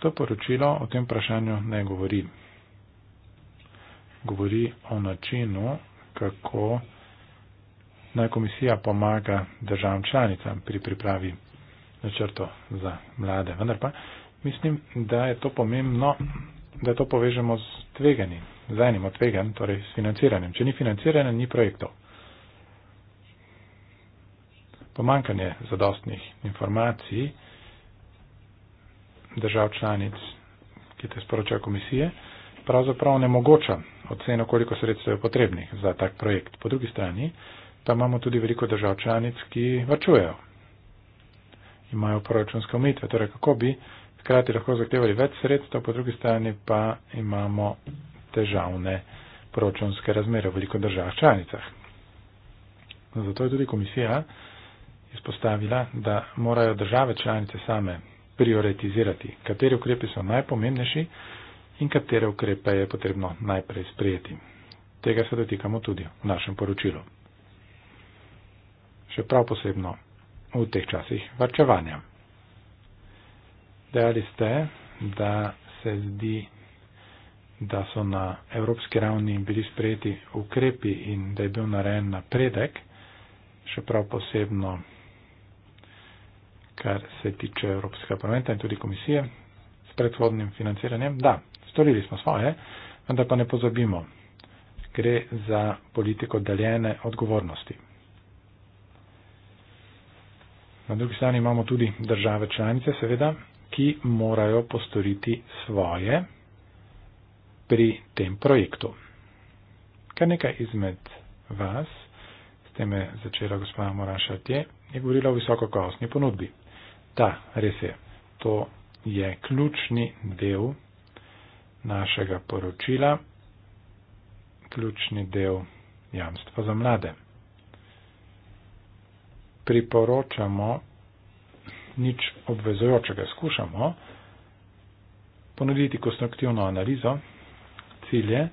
To poročilo o tem vprašanju ne govori. Govori o načinu, kako naj komisija pomaga državam članicam pri pripravi načrto za mlade. Vendar pa mislim, da je to pomembno, da to povežemo z tveganji, z enim od tveganj, torej s financiranjem. Če ni financiranja, ni projektov. Pomankanje zadostnih informacij držav članic, ki te sporočajo komisije, pravzaprav ne mogoča oceno, koliko sredstev je potrebnih za tak projekt. Po drugi strani pa imamo tudi veliko držav članic, ki vrčujejo, imajo proračunske omejitve. Torej, kako bi hkrati lahko zahtevali več sredstev, po drugi strani pa imamo težavne proračunske razmere v veliko državah članicah. Zato je tudi komisija izpostavila, da morajo države članice same prioritizirati, kateri ukrepi so najpomembnejši in katere ukrepe je potrebno najprej sprejeti. Tega se dotikamo tudi v našem poročilu. Še prav posebno v teh časih varčevanja. Dejali ste, da se zdi, da so na evropski ravni bili sprejeti ukrepi in da je bil narejen napredek, še prav posebno, kar se tiče Evropskega parlamenta in tudi komisije s predhodnim financiranjem. Da, storili smo svoje, vendar pa ne pozabimo, gre za politiko deljene odgovornosti. Na drugi strani imamo tudi države članice, seveda, ki morajo postoriti svoje pri tem projektu. Kar nekaj izmed vas, s tem je začela gospoda Morašatje, je govorila o visokokosni ponudbi. Da, res je, to je ključni del našega poročila, ključni del jamstva za mlade. Priporočamo nič obvezujočega. Skušamo ponuditi konstruktivno analizo, cilje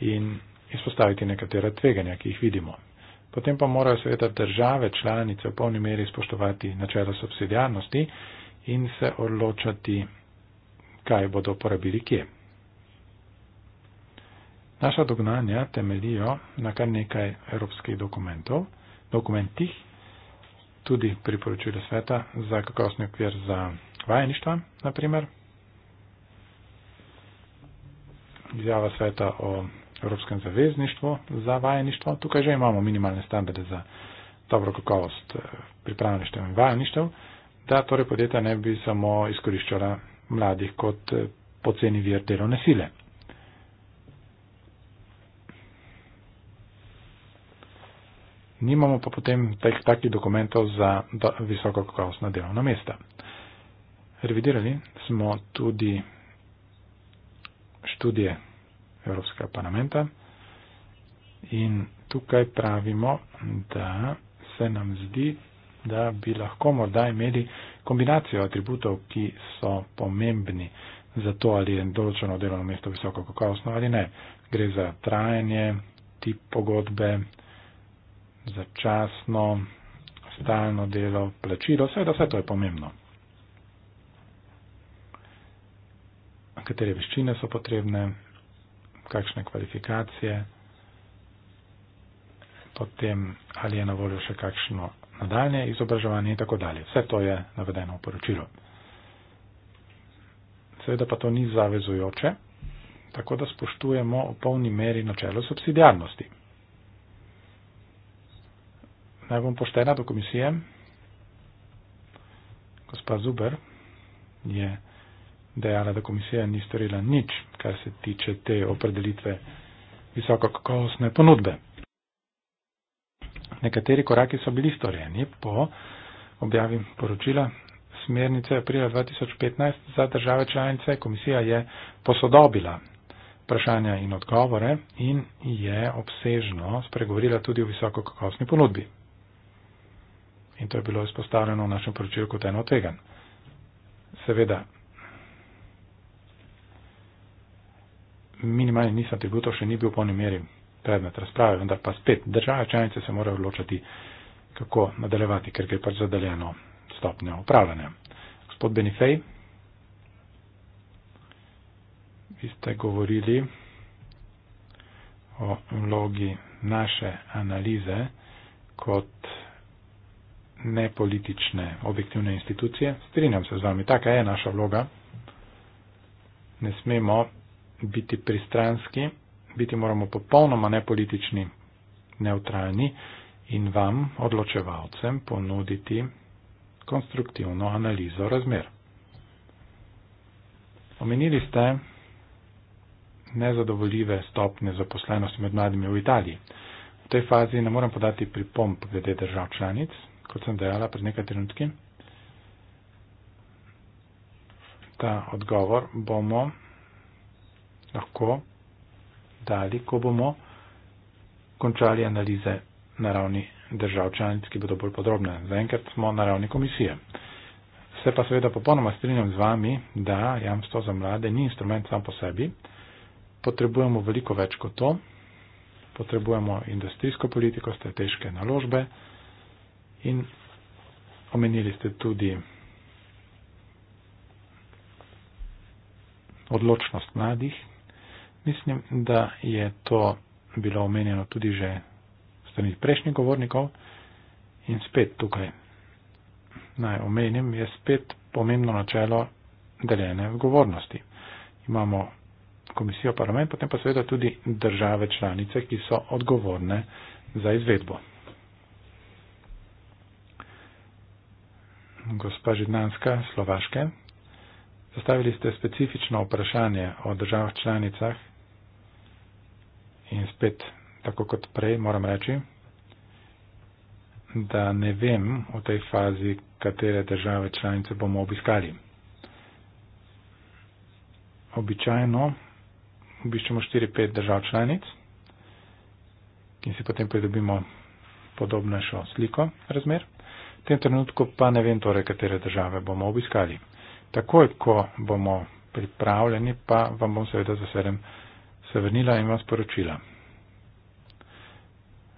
in izpostaviti nekatera tveganja, ki jih vidimo. Potem pa morajo seveda države članice v polni meri spoštovati načelo subsidijarnosti in se odločati, kaj bodo uporabili kje. Naša dognanja temelijo na kar nekaj evropskih dokumentov, dokumentih tudi priporočila sveta za kakosni okvir za vajeništva, naprimer. Izjava sveta o Evropskem zavezništvu za vajeništvo. Tukaj že imamo minimalne standarde za dobro kakovost eh, pripravništev in vajeništev, da torej podjetja ne bi samo izkoriščala mladih kot eh, poceni vir delovne sile. nimamo pa potem teh takih dokumentov za do, visoko kakovostna delovna mesta. Revidirali smo tudi študije Evropskega parlamenta in tukaj pravimo, da se nam zdi, da bi lahko morda imeli kombinacijo atributov, ki so pomembni za to, ali je določeno delovno mesto visoko kakovostno ali ne. Gre za trajanje, tip pogodbe, začasno, stalno delo, plačilo, vse, da vse to je pomembno. Katere veščine so potrebne, kakšne kvalifikacije, potem ali je na voljo še kakšno nadaljne izobraževanje in tako dalje. Vse to je navedeno v poročilu. Seveda pa to ni zavezujoče, tako da spoštujemo v polni meri načelo subsidijarnosti. Naj bom poštena do komisije. Gospa Zuber je dejala, da komisija ni storila nič, kar se tiče te opredelitve visokokakovostne ponudbe. Nekateri koraki so bili storjeni po objavi poročila smernice aprila 2015 za države članice. Komisija je posodobila vprašanja in odgovore in je obsežno spregovorila tudi o visokokakovostni ponudbi. In to je bilo izpostavljeno v našem poročilu kot eno tveganj. Seveda, minimalni nisem tributov še ni bil v polni meri predmet razprave, vendar pa spet države članice se morajo odločiti, kako nadaljevati, ker gre pač za deljeno stopnjo upravljanja. Gospod Benifej, vi ste govorili o vlogi naše analize kot nepolitične, objektivne institucije. Strinjam se z vami, taka je naša vloga. Ne smemo biti pristranski, biti moramo popolnoma nepolitični, neutralni in vam, odločevalcem, ponuditi konstruktivno analizo razmer. Omenili ste nezadovoljive stopne zaposlenosti med mladimi v Italiji. V tej fazi ne morem podati pripomp glede držav članic, kot sem dejala pred nekaj trenutki. Ta odgovor bomo lahko dali, ko bomo končali analize na ravni držav članic, ki bodo bolj podrobne. Zaenkrat smo na ravni komisije. Se pa seveda popolnoma strinjam z vami, da jamstvo za mlade ni instrument sam po sebi. Potrebujemo veliko več kot to. Potrebujemo industrijsko politiko, strateške naložbe. In omenili ste tudi odločnost mladih. Mislim, da je to bilo omenjeno tudi že strani prejšnjih govornikov in spet tukaj naj omenim, je spet pomembno načelo deljene odgovornosti. Imamo komisijo parlament, potem pa seveda tudi države članice, ki so odgovorne za izvedbo. gospa Židnanska, Slovaške. Zastavili ste specifično vprašanje o državah članicah in spet, tako kot prej, moram reči, da ne vem v tej fazi, katere države članice bomo obiskali. Običajno obiščemo 4-5 držav članic in si potem pridobimo podobnejšo sliko razmer. V tem trenutku pa ne vem torej, katere države bomo obiskali. Takoj, ko bomo pripravljeni, pa vam bom seveda za sedem se vrnila in vas poročila.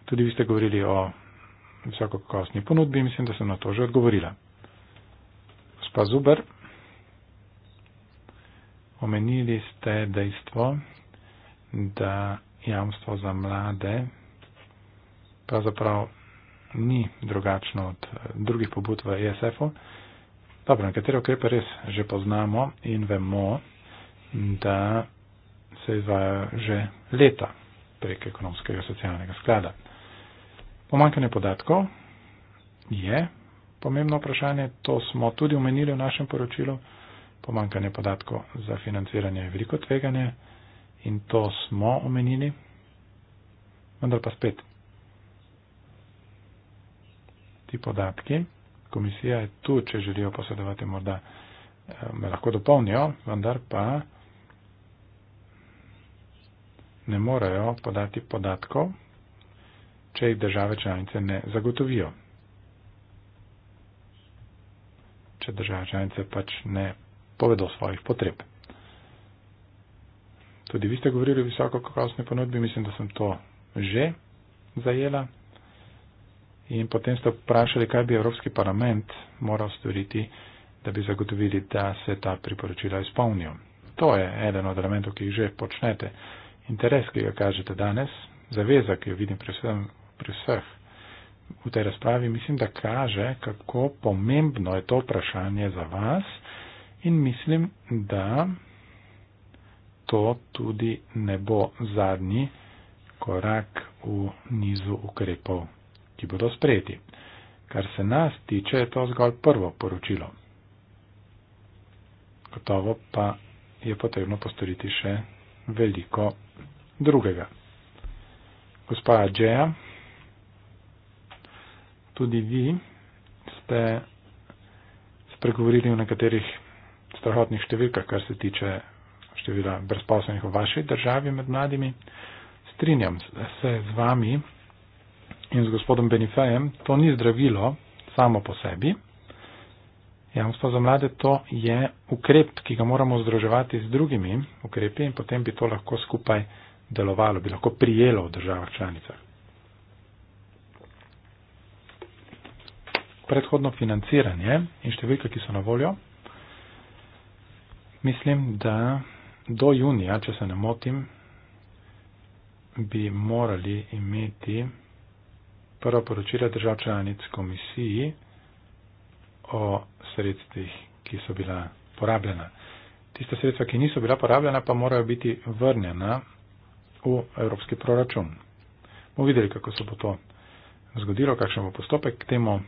Tudi vi ste govorili o visokokostni ponudbi, mislim, da sem na to že odgovorila. Gospa Zuber, omenili ste dejstvo, da jamstvo za mlade pravzaprav ni drugačno od eh, drugih pobud v ESF-u. Dobro, nekatere ukrepe res že poznamo in vemo, da se izvajajo že leta prek ekonomskega socialnega sklada. Pomankanje podatkov je pomembno vprašanje, to smo tudi omenili v našem poročilu. Pomankanje podatkov za financiranje je veliko tveganje in to smo omenili. Vendar pa spet, ti podatki. Komisija je tu, če želijo posredovati, morda eh, me lahko dopolnijo, vendar pa ne morejo podati podatkov, če jih države članice ne zagotovijo. Če države članice pač ne povedo svojih potreb. Tudi vi ste govorili o visokokakovostni ponudbi, mislim, da sem to že zajela. In potem ste vprašali, kaj bi Evropski parlament moral storiti, da bi zagotovili, da se ta priporočila izpolnijo. To je eden od elementov, ki jih že počnete. Interes, ki ga kažete danes, zaveza, ki jo vidim pri, vsem, pri vseh v tej razpravi, mislim, da kaže, kako pomembno je to vprašanje za vas in mislim, da to tudi ne bo zadnji korak v nizu ukrepov ki bodo sprejeti. Kar se nas tiče, je to zgolj prvo poročilo. Gotovo pa je potrebno postoriti še veliko drugega. Gospa Adžeja, tudi vi ste spregovorili o nekaterih strahotnih številkah, kar se tiče števila brezposobnih v vaši državi med mladimi. Strinjam se z vami in z gospodom Benifejem, to ni zdravilo samo po sebi. Jamstvo za mlade to je ukrep, ki ga moramo združevati z drugimi ukrepi in potem bi to lahko skupaj delovalo, bi lahko prijelo v državah članicah. Predhodno financiranje in številke, ki so na voljo, mislim, da do junija, če se ne motim, bi morali imeti prvo poročilo držav članic komisiji o sredstvih, ki so bila porabljena. Tista sredstva, ki niso bila porabljena, pa morajo biti vrnjena v evropski proračun. Bomo videli, kako se bo to zgodilo, kakšen bo postopek. K temu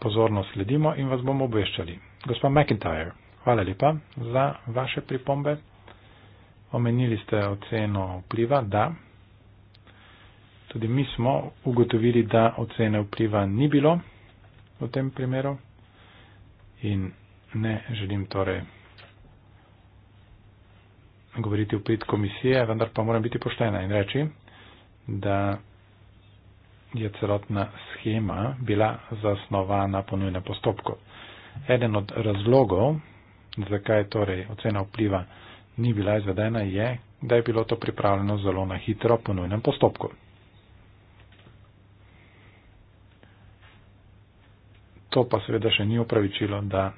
pozorno sledimo in vas bomo obveščali. Gospod McIntyre, hvala lepa za vaše pripombe. Omenili ste oceno vpliva, da. Tudi mi smo ugotovili, da ocene vpliva ni bilo v tem primeru in ne želim torej govoriti v prid komisije, vendar pa moram biti poštena in reči, da je celotna schema bila zasnovana po nujnem postopku. Eden od razlogov, zakaj torej ocena vpliva ni bila izvedena, je, da je bilo to pripravljeno zelo na hitro po nujnem postopku. to pa seveda še ni upravičilo, da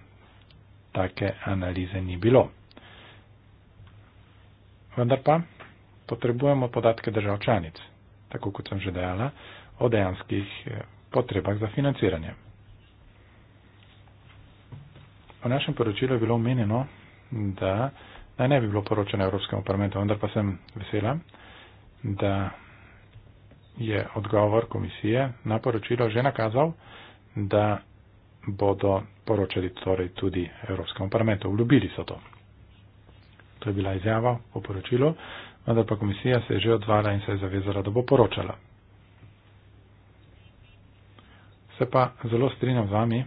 take analize ni bilo. Vendar pa potrebujemo podatke držav članic, tako kot sem že dejala, o dejanskih eh, potrebah za financiranje. V našem poročilu je bilo omenjeno, da naj ne bi bilo poročeno Evropskemu parlamentu, vendar pa sem vesela, da je odgovor komisije na poročilo že nakazal, da bodo poročali torej tudi Evropskemu parlamentu. Vlobili so to. To je bila izjava o poročilu, vendar pa komisija se je že odzvala in se je zavezala, da bo poročala. Se pa zelo strinjam z vami,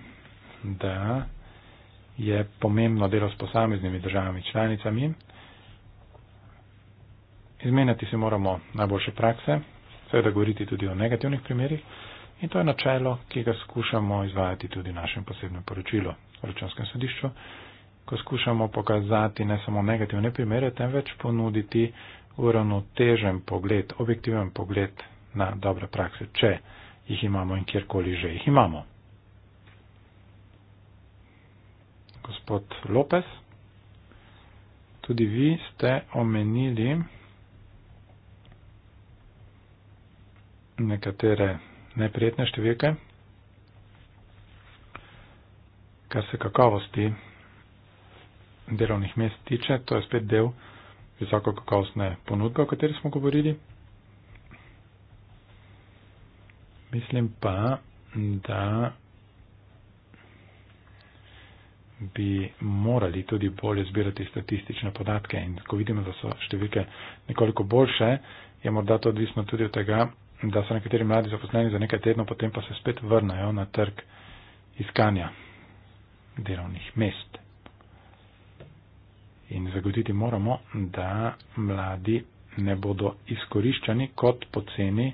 da je pomembno delo s posameznimi državami članicami. Izmenjati si moramo najboljše prakse, seveda govoriti tudi o negativnih primerih. In to je načelo, ki ga skušamo izvajati tudi v našem posebnem poročilu v računskem sodišču, ko skušamo pokazati ne samo negativne primere, temveč ponuditi uravnotežen pogled, objektiven pogled na dobre prakse, če jih imamo in kjerkoli že jih imamo. Gospod Lopez, tudi vi ste omenili nekatere neprijetne številke. Kar se kakovosti delovnih mest tiče, to je spet del visoko kakovostne ponudbe, o kateri smo govorili. Mislim pa, da bi morali tudi bolje zbirati statistične podatke in ko vidimo, da so številke nekoliko boljše, je morda to odvisno tudi od tega, da so nekateri mladi zaposleni za nekaj tednov, potem pa se spet vrnajo na trg iskanja delovnih mest. In zagotiti moramo, da mladi ne bodo izkoriščani kot poceni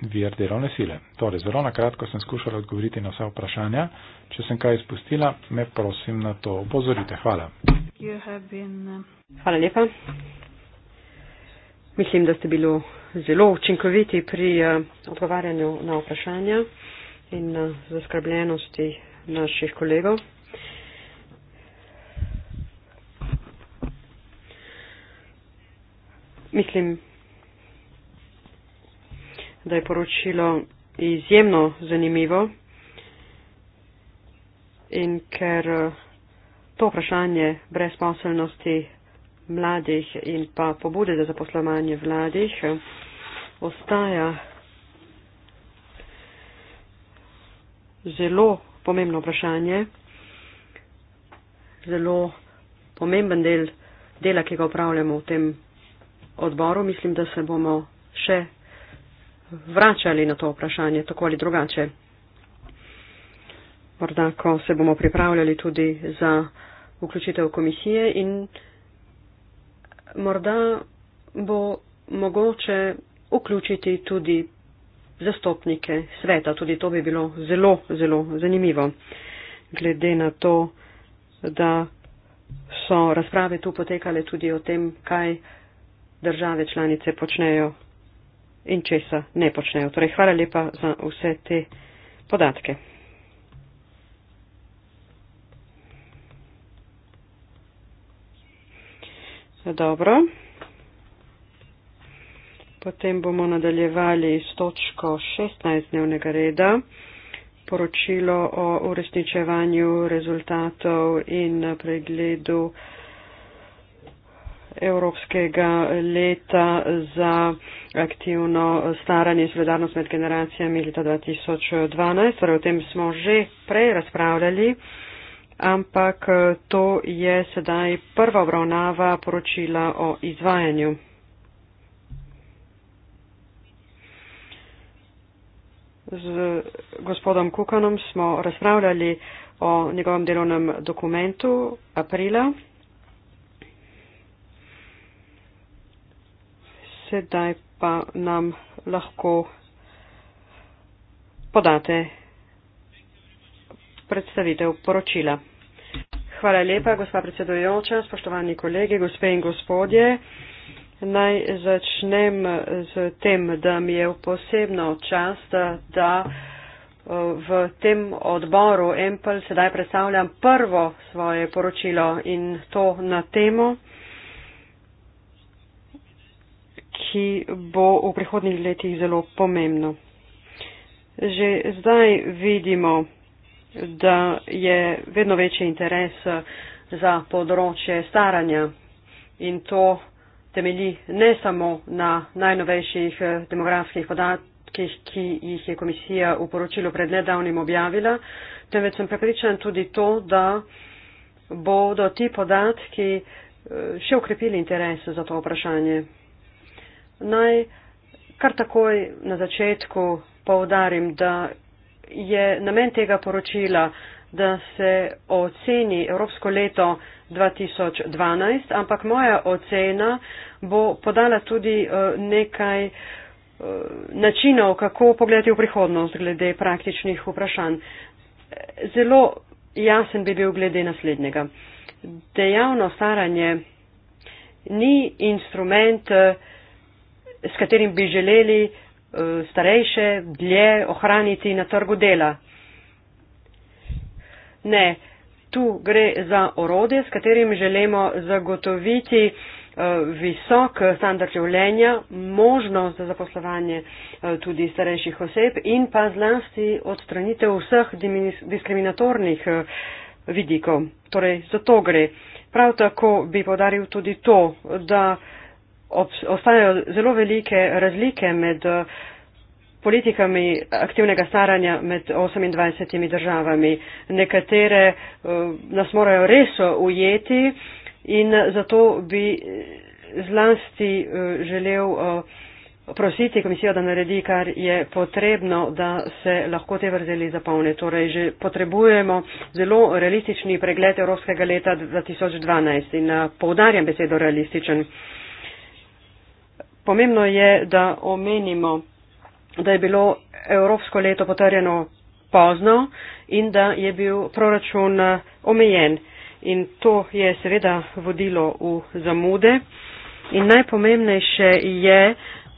vir delovne sile. Torej, zelo na kratko sem skušala odgovoriti na vsa vprašanja. Če sem kaj izpustila, me prosim na to upozorite. Hvala. Uh, Hvala lepa. Mislim, da ste bili zelo učinkoviti pri eh, odgovarjanju na vprašanja in na eh, zaskrbljenosti naših kolegov. Mislim, da je poročilo izjemno zanimivo in ker eh, to vprašanje brezposelnosti mladih in pa pobude za zaposlovanje mladih ostaja zelo pomembno vprašanje, zelo pomemben del dela, ki ga upravljamo v tem odboru. Mislim, da se bomo še vračali na to vprašanje, tako ali drugače. Morda, ko se bomo pripravljali tudi za vključitev komisije in morda bo mogoče vključiti tudi zastopnike sveta. Tudi to bi bilo zelo, zelo zanimivo, glede na to, da so razprave tu potekale tudi o tem, kaj države članice počnejo in česa ne počnejo. Torej, hvala lepa za vse te podatke. Dobro. Potem bomo nadaljevali s točko 16 dnevnega reda, poročilo o uresničevanju rezultatov in pregledu Evropskega leta za aktivno staranje in solidarnost med generacijami leta 2012. Torej, o tem smo že prej razpravljali ampak eh, to je sedaj prva obravnava poročila o izvajanju. Z gospodom Kukanom smo razpravljali o njegovem delovnem dokumentu aprila. Sedaj pa nam lahko podate predstavitev poročila. Hvala lepa, gospa predsedojoča, spoštovani kolegi, gospe in gospodje. Naj začnem z tem, da mi je v posebno čast, da v tem odboru Empel sedaj predstavljam prvo svoje poročilo in to na temo, ki bo v prihodnjih letih zelo pomembno. Že zdaj vidimo, da je vedno večji interes eh, za področje staranja in to temelji ne samo na najnovejših eh, demografskih podatkih, ki jih je komisija v poročilu pred nedavnim objavila, temveč sem prepričan tudi to, da bodo ti podatki eh, še ukrepili interes za to vprašanje. Naj kar takoj na začetku poudarim, da je namen tega poročila, da se oceni Evropsko leto 2012, ampak moja ocena bo podala tudi eh, nekaj eh, načinov, kako pogledati v prihodnost glede praktičnih vprašanj. Zelo jasen bi bil glede naslednjega. Dejavno staranje ni instrument, eh, s katerim bi želeli Eh, starejše dlje ohraniti na trgu dela. Ne, tu gre za orode, s katerim želimo zagotoviti eh, visok standard življenja, možnost za zaposlovanje eh, tudi starejših oseb in pa zlasti odstranitev vseh diskriminatornih vidikov. Torej, za to gre. Prav tako bi podaril tudi to, da ostanejo zelo velike razlike med eh, politikami aktivnega staranja med 28 državami. Nekatere eh, nas morajo res ujeti in zato bi eh, zlasti želel prositi komisijo, da naredi, kar je potrebno, da se lahko te vrzeli zapolne. Torej, že potrebujemo zelo realistični pregled Evropskega leta 2012 in poudarjam besedo realističen. Pomembno je, da omenimo, da je bilo Evropsko leto potrjeno pozno in da je bil proračun eh, omejen. In to je seveda vodilo v zamude. In najpomembnejše je,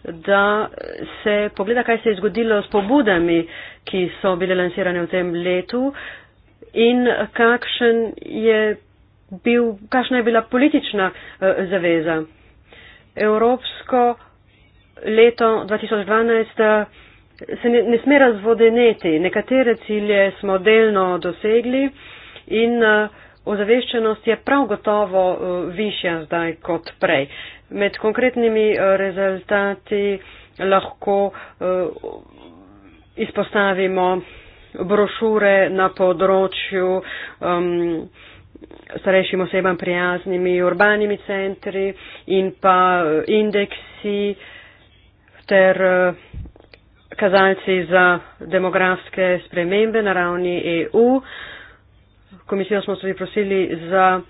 da se pogleda, kaj se je zgodilo s pobudami, ki so bile lansirane v tem letu in kakšen je bil, kakšna je bila politična uh, zaveza evropsko leto 2012 se ne, ne sme razvodeneti. Nekatere cilje smo delno dosegli in eh, ozaveščenost je prav gotovo eh, višja zdaj kot prej. Med konkretnimi eh, rezultati lahko izpostavimo brošure na področju um, starejšim osebam prijaznimi urbanimi centri in pa eh, indeksi ter eh, kazalci za demografske spremembe na ravni EU. Komisijo smo tudi prosili za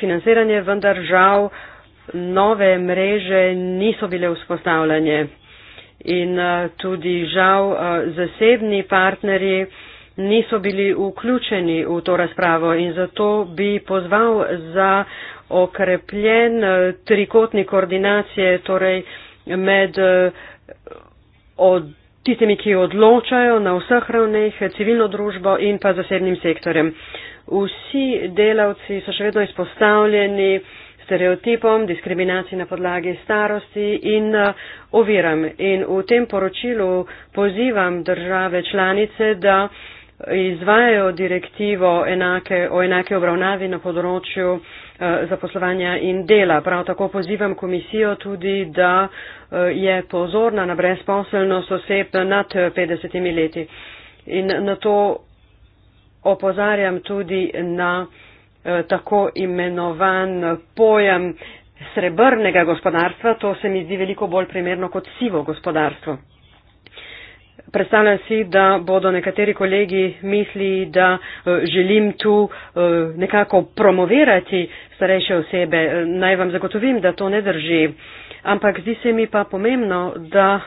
financiranje, vendar žal nove mreže niso bile vzpostavljene in eh, tudi žal zasebni partnerji niso bili vključeni v to razpravo in zato bi pozval za okrepljen eh, trikotni koordinacije torej med eh, od tistimi, ki odločajo na vseh ravneh, civilno družbo in pa zasebnim sektorem. Vsi delavci so še vedno izpostavljeni stereotipom, diskriminaciji na podlagi starosti in eh, oviram. In v tem poročilu pozivam države članice, da izvajajo direktivo enake, o enake obravnavi na področju eh, zaposlovanja in dela. Prav tako pozivam komisijo tudi, da eh, je pozorna na brezposelnost oseb nad 50 eh, leti. In na to opozarjam tudi na tako imenovan pojem srebrnega gospodarstva. To se mi zdi veliko bolj primerno kot sivo gospodarstvo predstavljam si, da bodo nekateri kolegi mislili, da eh, želim tu eh, nekako promovirati starejše osebe. Eh, naj vam zagotovim, da to ne drži. Ampak zdi se mi pa pomembno, da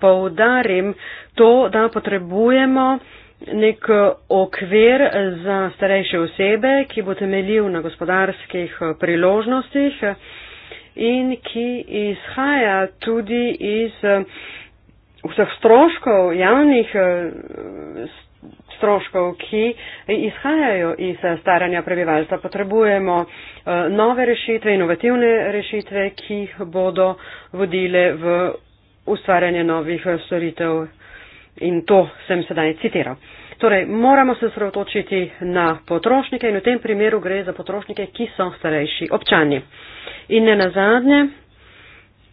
poudarim to, da potrebujemo nek okvir za starejše osebe, ki bo temeljil na gospodarskih priložnostih in ki izhaja tudi iz vseh stroškov, javnih eh, stroškov, ki izhajajo iz eh, staranja prebivalstva. Potrebujemo eh, nove rešitve, inovativne rešitve, ki jih bodo vodile v ustvarjanje novih storitev. In to sem sedaj citiral. Torej, moramo se sredotočiti na potrošnike in v tem primeru gre za potrošnike, ki so starejši občani. In ne nazadnje,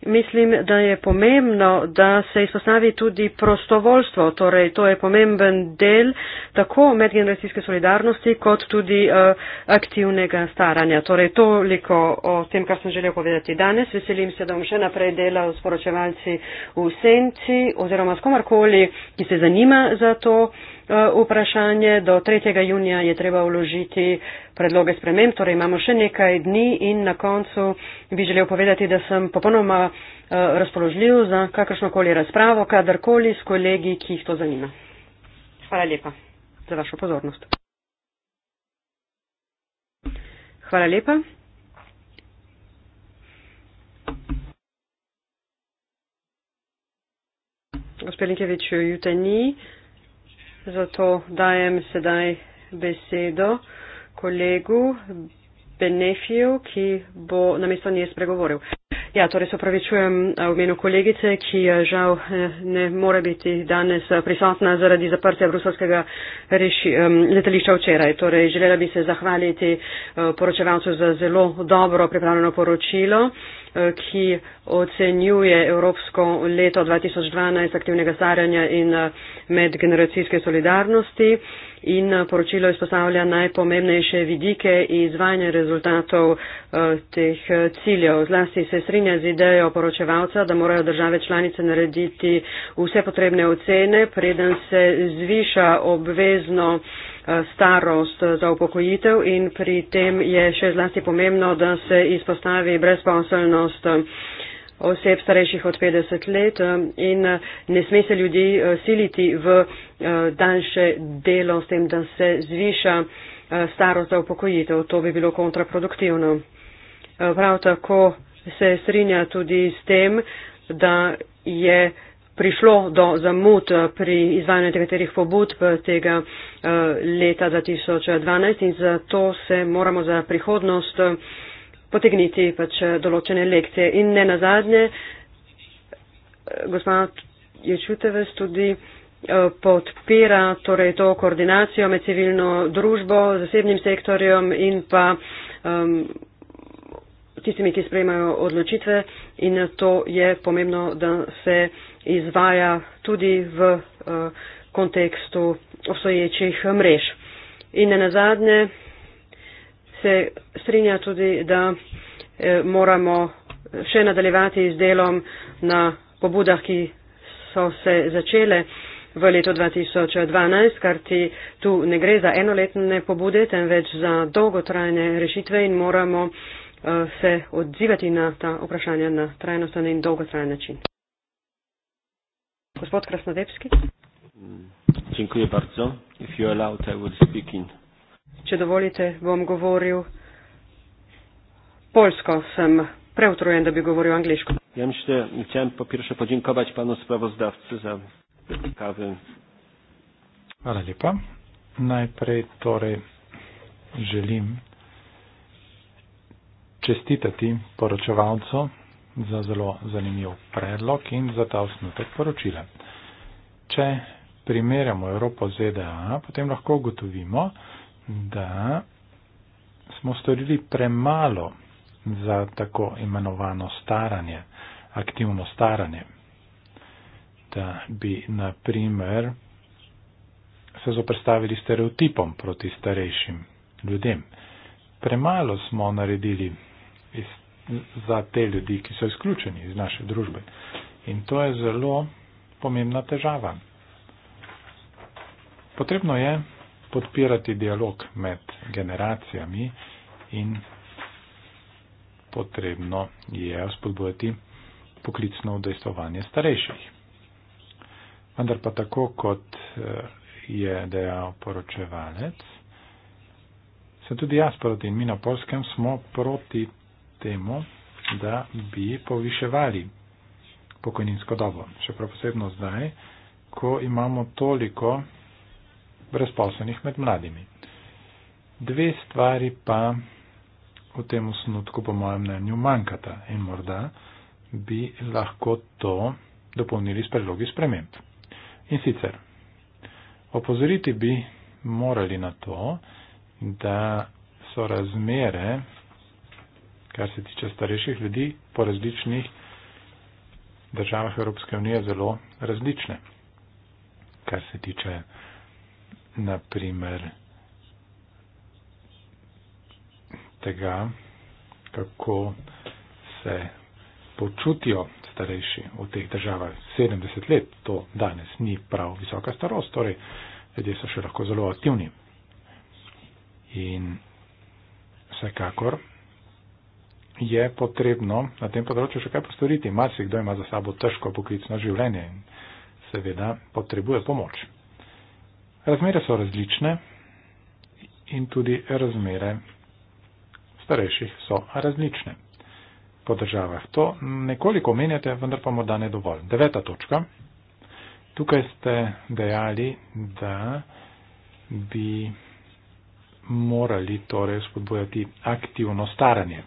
Mislim, da je pomembno, da se izpostavi tudi prostovoljstvo, torej to je pomemben del tako medgeneracijske solidarnosti kot tudi uh, aktivnega staranja. Torej toliko o tem, kar sem želel povedati danes. Veselim se, da bom še naprej delal s poročevalci v senci oziroma s komarkoli, ki se zanima za to. Eh, vprašanje. Do 3. junija je treba uložiti predloge sprememb, torej imamo še nekaj dni in na koncu bi želel povedati, da sem popolnoma eh, razpoložljiv za kakršnokoli razpravo, kadarkoli s kolegi, ki jih to zanima. Hvala lepa za vašo pozornost. Hvala lepa. Gospod Linkevič, jutaj ni zato dajem sedaj besedo kolegu Benefiju, ki bo namesto nje spregovoril. Ja, torej se opravičujem v imenu kolegice, ki žal e, ne more biti danes prisotna zaradi zaprtja bruselskega letališča včeraj. Torej, želela bi se zahvaliti e, poročevalcu za zelo dobro pripravljeno poročilo. Eh, ki ocenjuje Evropsko leto 2012 aktivnega staranja in eh, medgeneracijske solidarnosti in eh, poročilo izpostavlja najpomembnejše vidike izvajanja rezultatov teh ciljev. Zlasti se strinja z idejo poročevalca, da morajo države članice narediti vse potrebne ocene, preden se zviša obvezno Eh, starost eh, za upokojitev in pri tem je še zlasti pomembno, da se izpostavi brezposelnost eh, oseb starejših od 50 let in ne sme se ljudi siliti v daljše delo s tem, da se zviša starost za upokojitev. To bi bilo kontraproduktivno. Prav tako se strinja tudi s tem, da je prišlo do zamud pri izvajanju nekaterih pobud tega eh, leta 2012 in zato se moramo za prihodnost eh, potegniti pač eh, določene lekcije. In ne nazadnje, gospod Ječuteves tudi podpira torej to koordinacijo med civilno družbo, zasebnim sektorjem in pa um, tistimi, ki sprejmajo odločitve in to je pomembno, da se uh, izvaja tudi v eh, kontekstu obstoječih mrež. In ne nazadnje se strinja tudi, da eh, moramo še nadaljevati z delom na pobudah, ki so se začele v letu 2012, kar ti tu ne gre za enoletne pobude, temveč za dolgotrajne rešitve in moramo eh, se odzivati na ta vprašanja na trajnosten in dolgotrajen način. Gospod Krasnodebski. Dziękuję bardzo. If you allow, I will speak in. Če dovolite, bom govoril polsko. Sem preutrujen, da bi govoril angliško. Ja myślę, chciałem po pierwsze podziękować panu sprawozdawcy za ciekawy. Hvala lepa. Najprej torej želim čestitati poročevalcu za zelo zanimiv predlog in za ta osnutek poročila. Če primerjamo Evropo z ZDA, potem lahko ugotovimo, da smo storili premalo za tako imenovano staranje, aktivno staranje. Da bi naprimer se zoprstavili stereotipom proti starejšim ljudem. Premalo smo naredili iz za te ljudi, ki so izključeni iz naše družbe. In to je zelo pomembna težava. Potrebno je podpirati dialog med generacijami in potrebno je spodbojati poklicno udejstovanje starejših. Vendar pa tako, kot eh, je dejal poročevalec, se tudi jaz proti in mi na polskem smo proti temu, da bi poviševali pokojninsko dobo. Še prav posebno zdaj, ko imamo toliko brezposobnih med mladimi. Dve stvari pa v tem osnutku, po mojem mnenju, manjkata in morda bi lahko to dopolnili s predlogi sprememb. In sicer, opozoriti bi morali na to, da so razmere kar se tiče starejših ljudi, po različnih državah Evropske unije zelo različne. Kar se tiče, naprimer, tega, kako se počutijo starejši v teh državah. 70 let to danes ni prav visoka starost, torej ljudje so še lahko zelo aktivni. In vsekakor je potrebno na tem področju še kaj postoriti. Masi kdo ima za sabo težko poklicno življenje in seveda potrebuje pomoč. Razmere so različne in tudi razmere starejših so različne. Po državah to nekoliko omenjate, vendar pa morda ne dovolj. Deveta točka. Tukaj ste dejali, da bi morali torej spodbojati aktivno staranje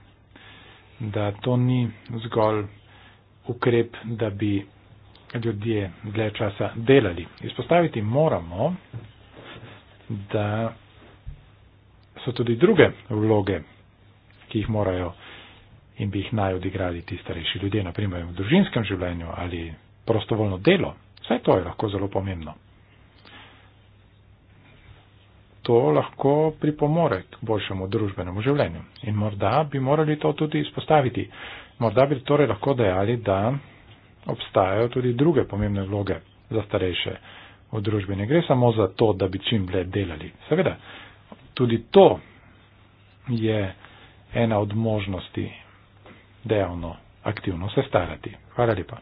da to ni zgolj ukrep, da bi ljudje dlje časa delali. Izpostaviti moramo, da so tudi druge vloge, ki jih morajo in bi jih naj odigrali ti starejši ljudje, naprimer v družinskem življenju ali prostovoljno delo. Vse to je lahko zelo pomembno to lahko pripomore k boljšemu družbenemu življenju. In morda bi morali to tudi izpostaviti. Morda bi torej lahko dejali, da obstajajo tudi druge pomembne vloge za starejše v družbi. Ne gre samo za to, da bi čim dlje delali. Seveda, tudi to je ena od možnosti dejavno aktivno se starati. Hvala lepa.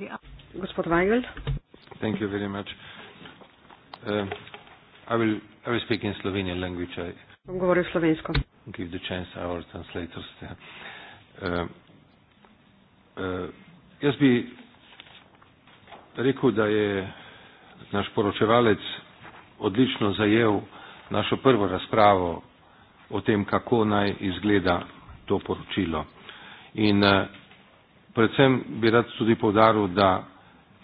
Ja. Gospod Weigl. Thank you very much. Uh, I will I will speak in Slovenian language. I Vam govorim slovensko. Give the chance our translators. Ja. Uh, uh, jaz bi rekel, da je naš poročevalec odlično zajel našo prvo razpravo o tem, kako naj izgleda to poročilo. In uh, predvsem bi rad tudi povdaril, da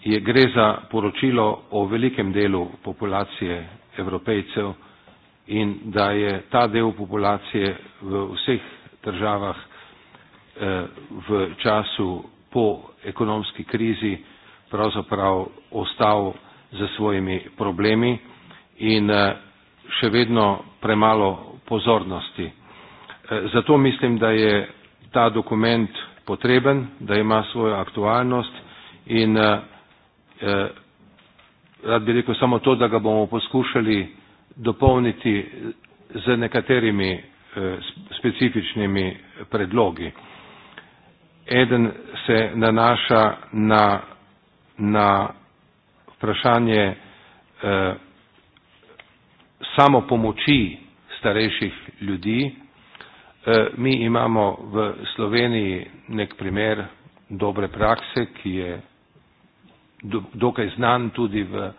je gre za poročilo o velikem delu populacije evropejcev in da je ta del populacije v vseh državah eh, v času po ekonomski krizi pravzaprav ostal za svojimi problemi in eh, še vedno premalo pozornosti. Eh, zato mislim, da je ta dokument potreben, da ima svojo aktualnost in rad bi rekel samo to, da ga bomo poskušali dopolniti z nekaterimi eh, specifičnimi eh, predlogi. Eden se nanaša na, na vprašanje eh, samopomoči starejših ljudi. Eh, mi imamo v Sloveniji nek primer dobre prakse, ki je dokaj znan tudi v,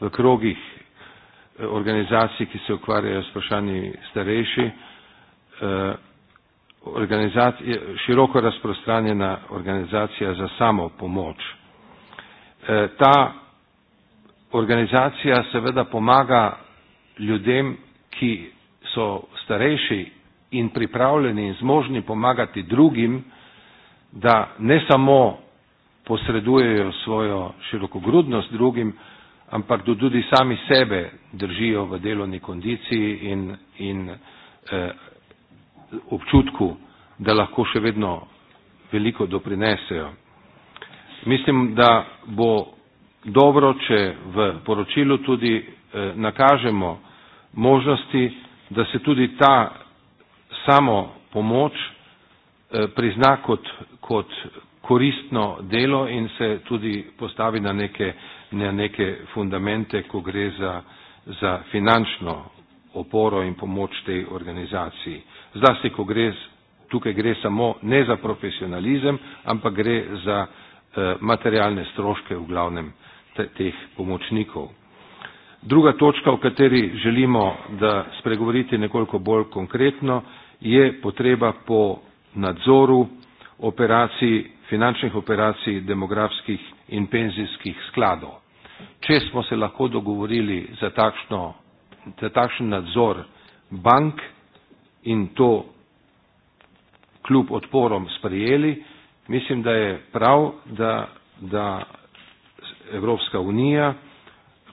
v krogih eh, organizacij, ki se ukvarjajo s vprašanji starejši, eh, široko razprostranjena organizacija za samo pomoč. Eh, ta organizacija seveda pomaga ljudem, ki so starejši in pripravljeni in zmožni pomagati drugim, da ne samo posredujejo svojo širokogrudnost drugim, ampak da tudi sami sebe držijo v delovni kondiciji in, in eh, občutku, da lahko še vedno veliko doprinesejo. Mislim, da bo dobro, če v poročilu tudi eh, nakažemo možnosti, da se tudi ta samo pomoč eh, prizna kot, kot koristno delo in se tudi postavi na neke, na neke fundamente, ko gre za, za finančno oporo in pomoč tej organizaciji. Zlasti, ko gre, tukaj gre samo ne za profesionalizem, ampak gre za eh, materialne stroške v glavnem te, teh pomočnikov. Druga točka, o kateri želimo da spregovoriti nekoliko bolj konkretno, je potreba po nadzoru operaciji finančnih operacij, demografskih in penzijskih skladov. Če smo se lahko dogovorili za, takšno, za takšen nadzor bank in to kljub odporom sprejeli, mislim, da je prav, da, da Evropska unija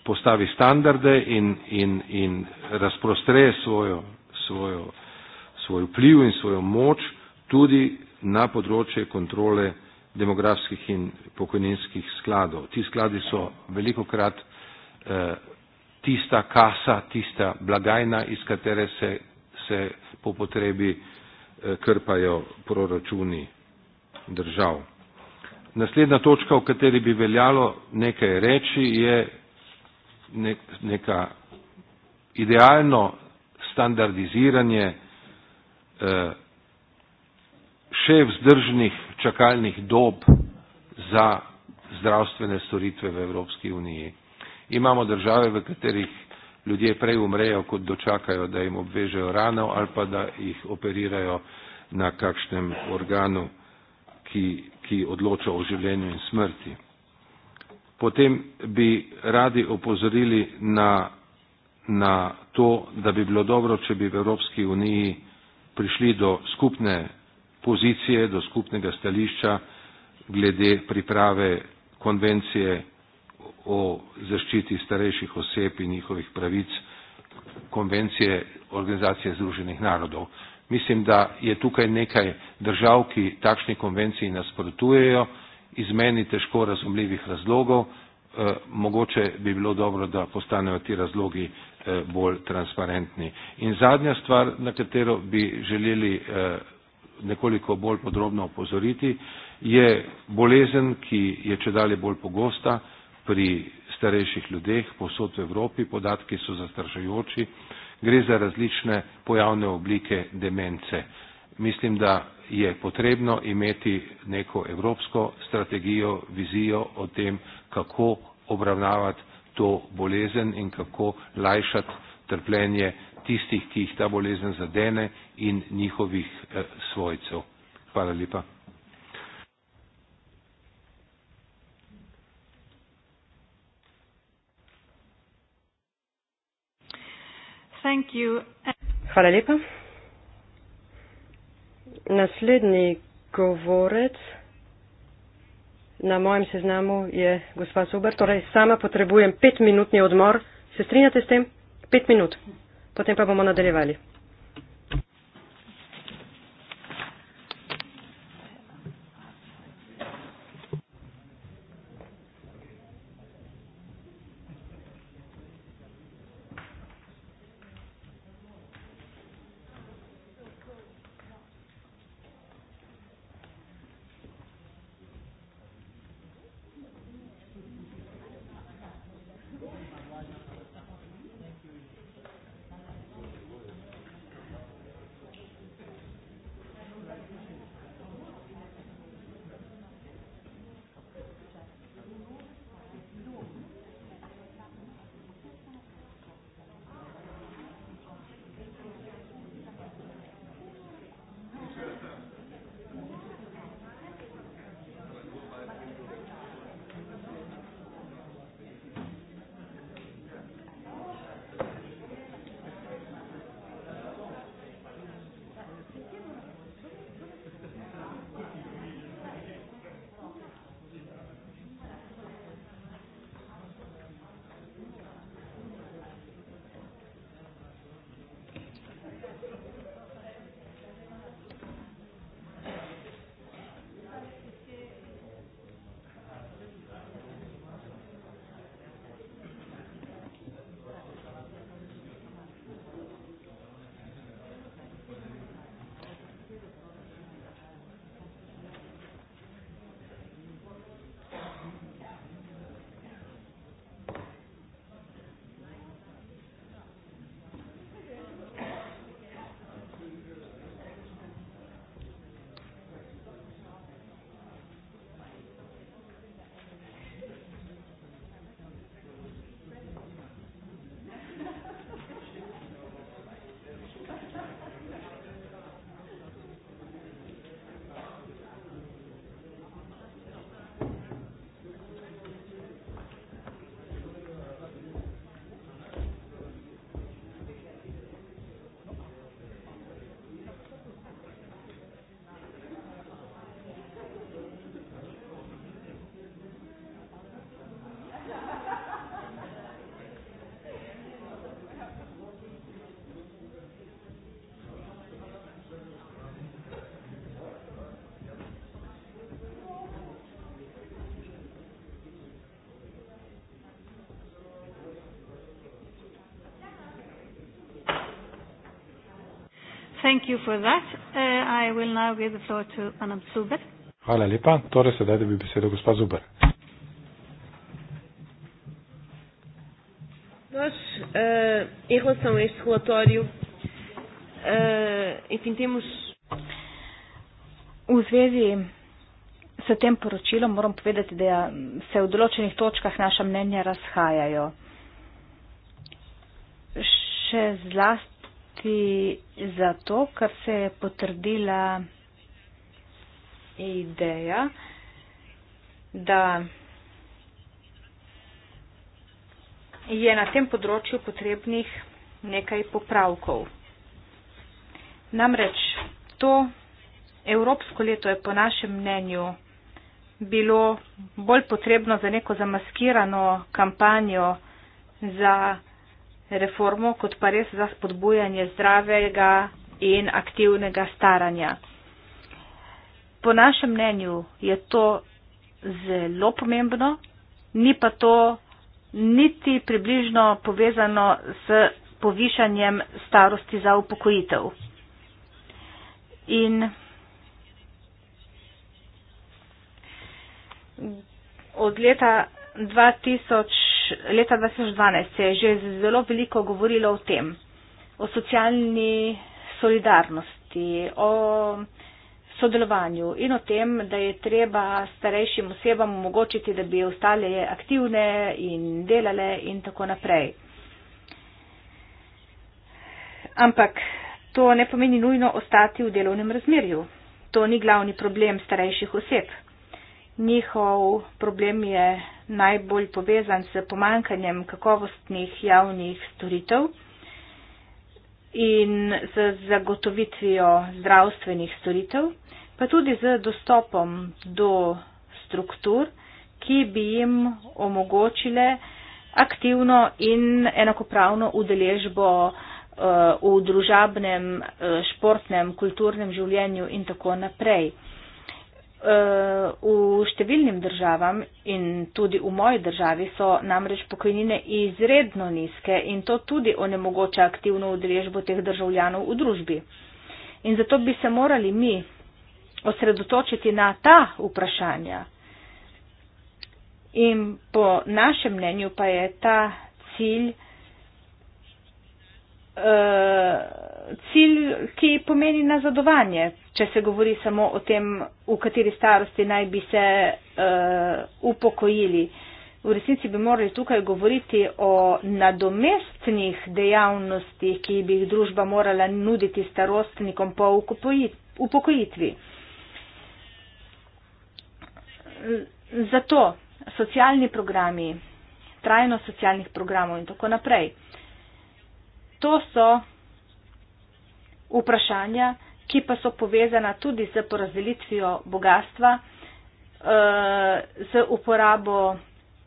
postavi standarde in, in, in razprostre svojo, svojo, svoj vpliv in svojo moč tudi na področje kontrole demografskih in pokojninskih skladov. Ti skladi so veliko krat eh, tista kasa, tista blagajna, iz katere se, se po potrebi eh, krpajo proračuni držav. Naslednja točka, o kateri bi veljalo nekaj reči, je neka idealno standardiziranje eh, še vzdržnih čakalnih dob za zdravstvene storitve v Evropski uniji. Imamo države, v katerih ljudje prej umrejo, kot dočakajo, da jim obvežejo rano ali pa da jih operirajo na kakšnem organu, ki, ki odloča o življenju in smrti. Potem bi radi opozorili na, na to, da bi bilo dobro, če bi v Evropski uniji prišli do skupne pozicije, do skupnega stališča glede priprave konvencije o zaščiti starejših oseb in njihovih pravic, konvencije Organizacije združenih narodov. Mislim, da je tukaj nekaj držav, ki takšni konvenciji nasprotujejo iz meni težko razumljivih razlogov, e, mogoče bi bilo dobro, da postanejo ti razlogi e, bolj transparentni. In zadnja stvar, na katero bi želeli e, nekoliko bolj podrobno opozoriti, je bolezen, ki je čedalje bolj pogosta pri starejših ljudeh posod v Evropi, podatki so zastrašujoči, gre za različne pojavne oblike demence. Mislim, da je potrebno imeti neko evropsko strategijo, vizijo o tem, kako obravnavati to bolezen in kako lajšati trpljenje tistih, ki jih ta bolezen zadene in njihovih eh, svojcev. Hvala lepa. Hvala lepa. Naslednji govorec na mojem seznamu je gospa Suber. Torej, sama potrebujem petminutni odmor. Se strinjate s tem? Pet minut potem pa bomo nadaljevali. Thank you for that. Uh, I will now give the floor to Madame Zuber. Hvala lepa. Torej sedaj dobi besedo gospa Zuber. Nós, eh, em relação a este relatório, eh, enfim, temos. V zvezi s tem poročilom moram povedati, da se v določenih točkah naša mnenja razhajajo. Še zlasti tudi zato, ker se je potrdila ideja, da je na tem področju potrebnih nekaj popravkov. Namreč to Evropsko leto je po našem mnenju bilo bolj potrebno za neko zamaskirano kampanjo za reformo, kot pa res za spodbujanje zdravega in aktivnega staranja. Po našem mnenju je to zelo pomembno, ni pa to niti približno povezano s povišanjem starosti za upokojitev. In od leta 2000 leta 2012 se je že zelo veliko govorilo o tem, o socialni solidarnosti, o sodelovanju in o tem, da je treba starejšim osebam omogočiti, da bi ostale aktivne in delale in tako naprej. Ampak to ne pomeni nujno ostati v delovnem razmerju. To ni glavni problem starejših oseb. Njihov problem je najbolj povezan s pomankanjem kakovostnih javnih storitev in z zagotovitvijo zdravstvenih storitev, pa tudi z dostopom do struktur, ki bi jim omogočile aktivno in enakopravno udeležbo uh, v družabnem, uh, športnem, kulturnem življenju in tako naprej. Eh, v številnim državam in tudi v moji državi so namreč pokojnine izredno nizke in to tudi onemogoča aktivno udeležbo teh državljanov v družbi. In zato bi se morali mi osredotočiti na ta vprašanja. In po našem mnenju pa je ta cilj, Eh, cilj, ki pomeni nazadovanje, če se govori samo o tem, v kateri starosti naj bi se uh, upokojili. V resnici bi morali tukaj govoriti o nadomestnih dejavnostih, ki bi jih družba morala nuditi starostnikom po upokojitvi. Zato socialni programi, trajnost socialnih programov in tako naprej. Uh, To so vprašanja, ki pa so povezana tudi z porazdelitvijo bogatstva, eh, z uporabo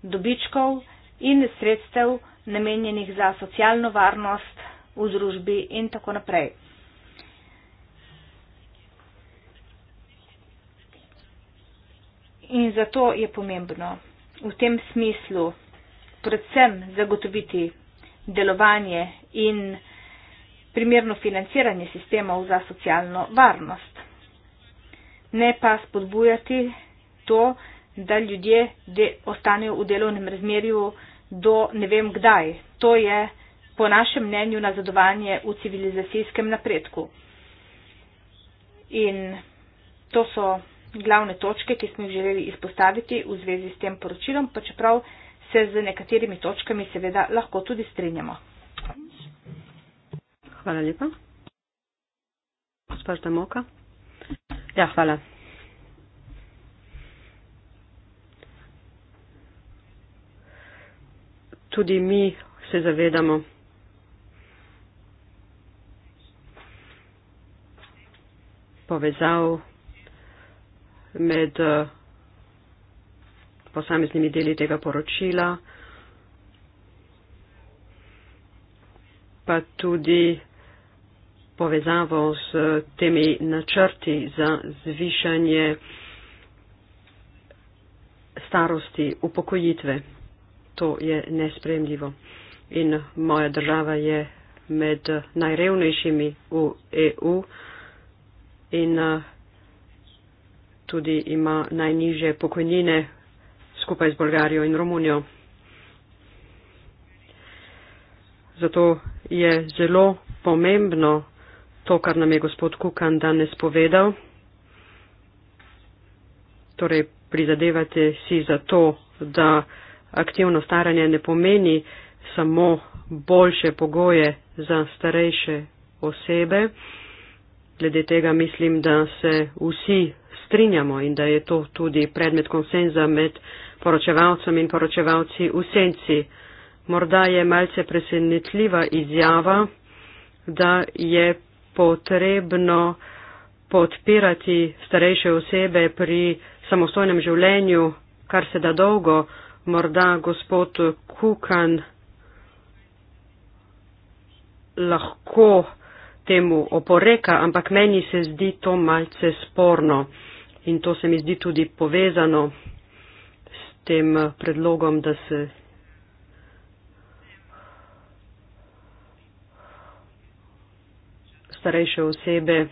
dobičkov in sredstev namenjenih za socialno varnost v družbi in tako naprej. In zato je pomembno v tem smislu predvsem zagotoviti delovanje in primerno financiranje sistemov za socialno varnost. Ne pa spodbujati to, da ljudje de, ostanejo v delovnem razmerju do ne vem kdaj. To je po našem mnenju nazadovanje v civilizacijskem napredku. In to so glavne točke, ki smo jih želeli izpostaviti v zvezi s tem poročilom, pa čeprav se z nekaterimi točkami seveda lahko tudi strinjamo. Hvala lepa. Gospod Damoka. Ja, hvala. Tudi mi se zavedamo. Povezal med uh, posameznimi deli tega poročila, pa tudi povezavo s temi načrti za zvišanje starosti upokojitve. To je nespremljivo. In moja država je med najrevnejšimi v EU in eh, tudi ima najniže pokojnine skupaj z Bolgarijo in Romunijo. Zato je zelo pomembno to, kar nam je gospod Kukan danes povedal. Torej, prizadevate si za to, da aktivno staranje ne pomeni samo boljše pogoje za starejše osebe. Glede tega mislim, da se vsi strinjamo in da je to tudi predmet konsenza med poročevalcem in poročevalci v senci. Morda je malce presenetljiva izjava, da je potrebno podpirati starejše osebe pri samostojnem življenju, kar se da dolgo. Morda gospod Kukan lahko temu oporeka, ampak meni se zdi to malce sporno. In to se mi zdi tudi povezano s tem predlogom, da se starejše osebe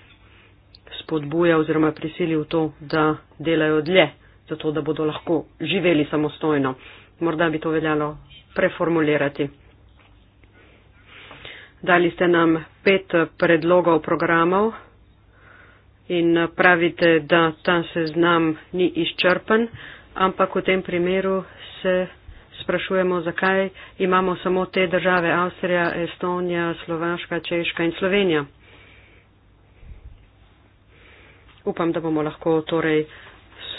spodbuja oziroma prisili v to, da delajo dlje, zato da bodo lahko živeli samostojno. Morda bi to veljalo preformulirati. Dali ste nam pet predlogov programov in eh, pravite, da ta seznam ni izčrpen, ampak v tem primeru se sprašujemo, zakaj imamo samo te države Avstrija, Estonija, Slovaška, Češka in Slovenija. Upam, da bomo lahko torej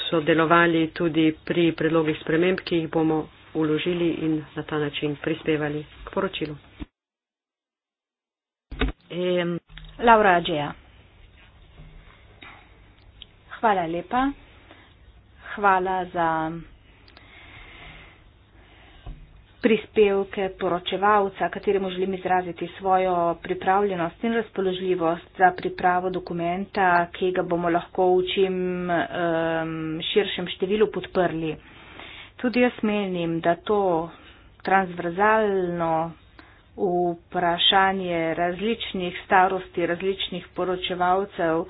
sodelovali tudi pri predlogih sprememb, ki jih bomo uložili in na ta način prispevali k poročilu. Um, Laura Ađeja. Hvala lepa. Hvala za prispevke poročevalca, kateremu želim izraziti svojo pripravljenost in razpoložljivost za pripravo dokumenta, ki ga bomo lahko v čim um, širšem številu podprli. Tudi jaz menim, da to transverzalno vprašanje različnih starosti, različnih poročevalcev,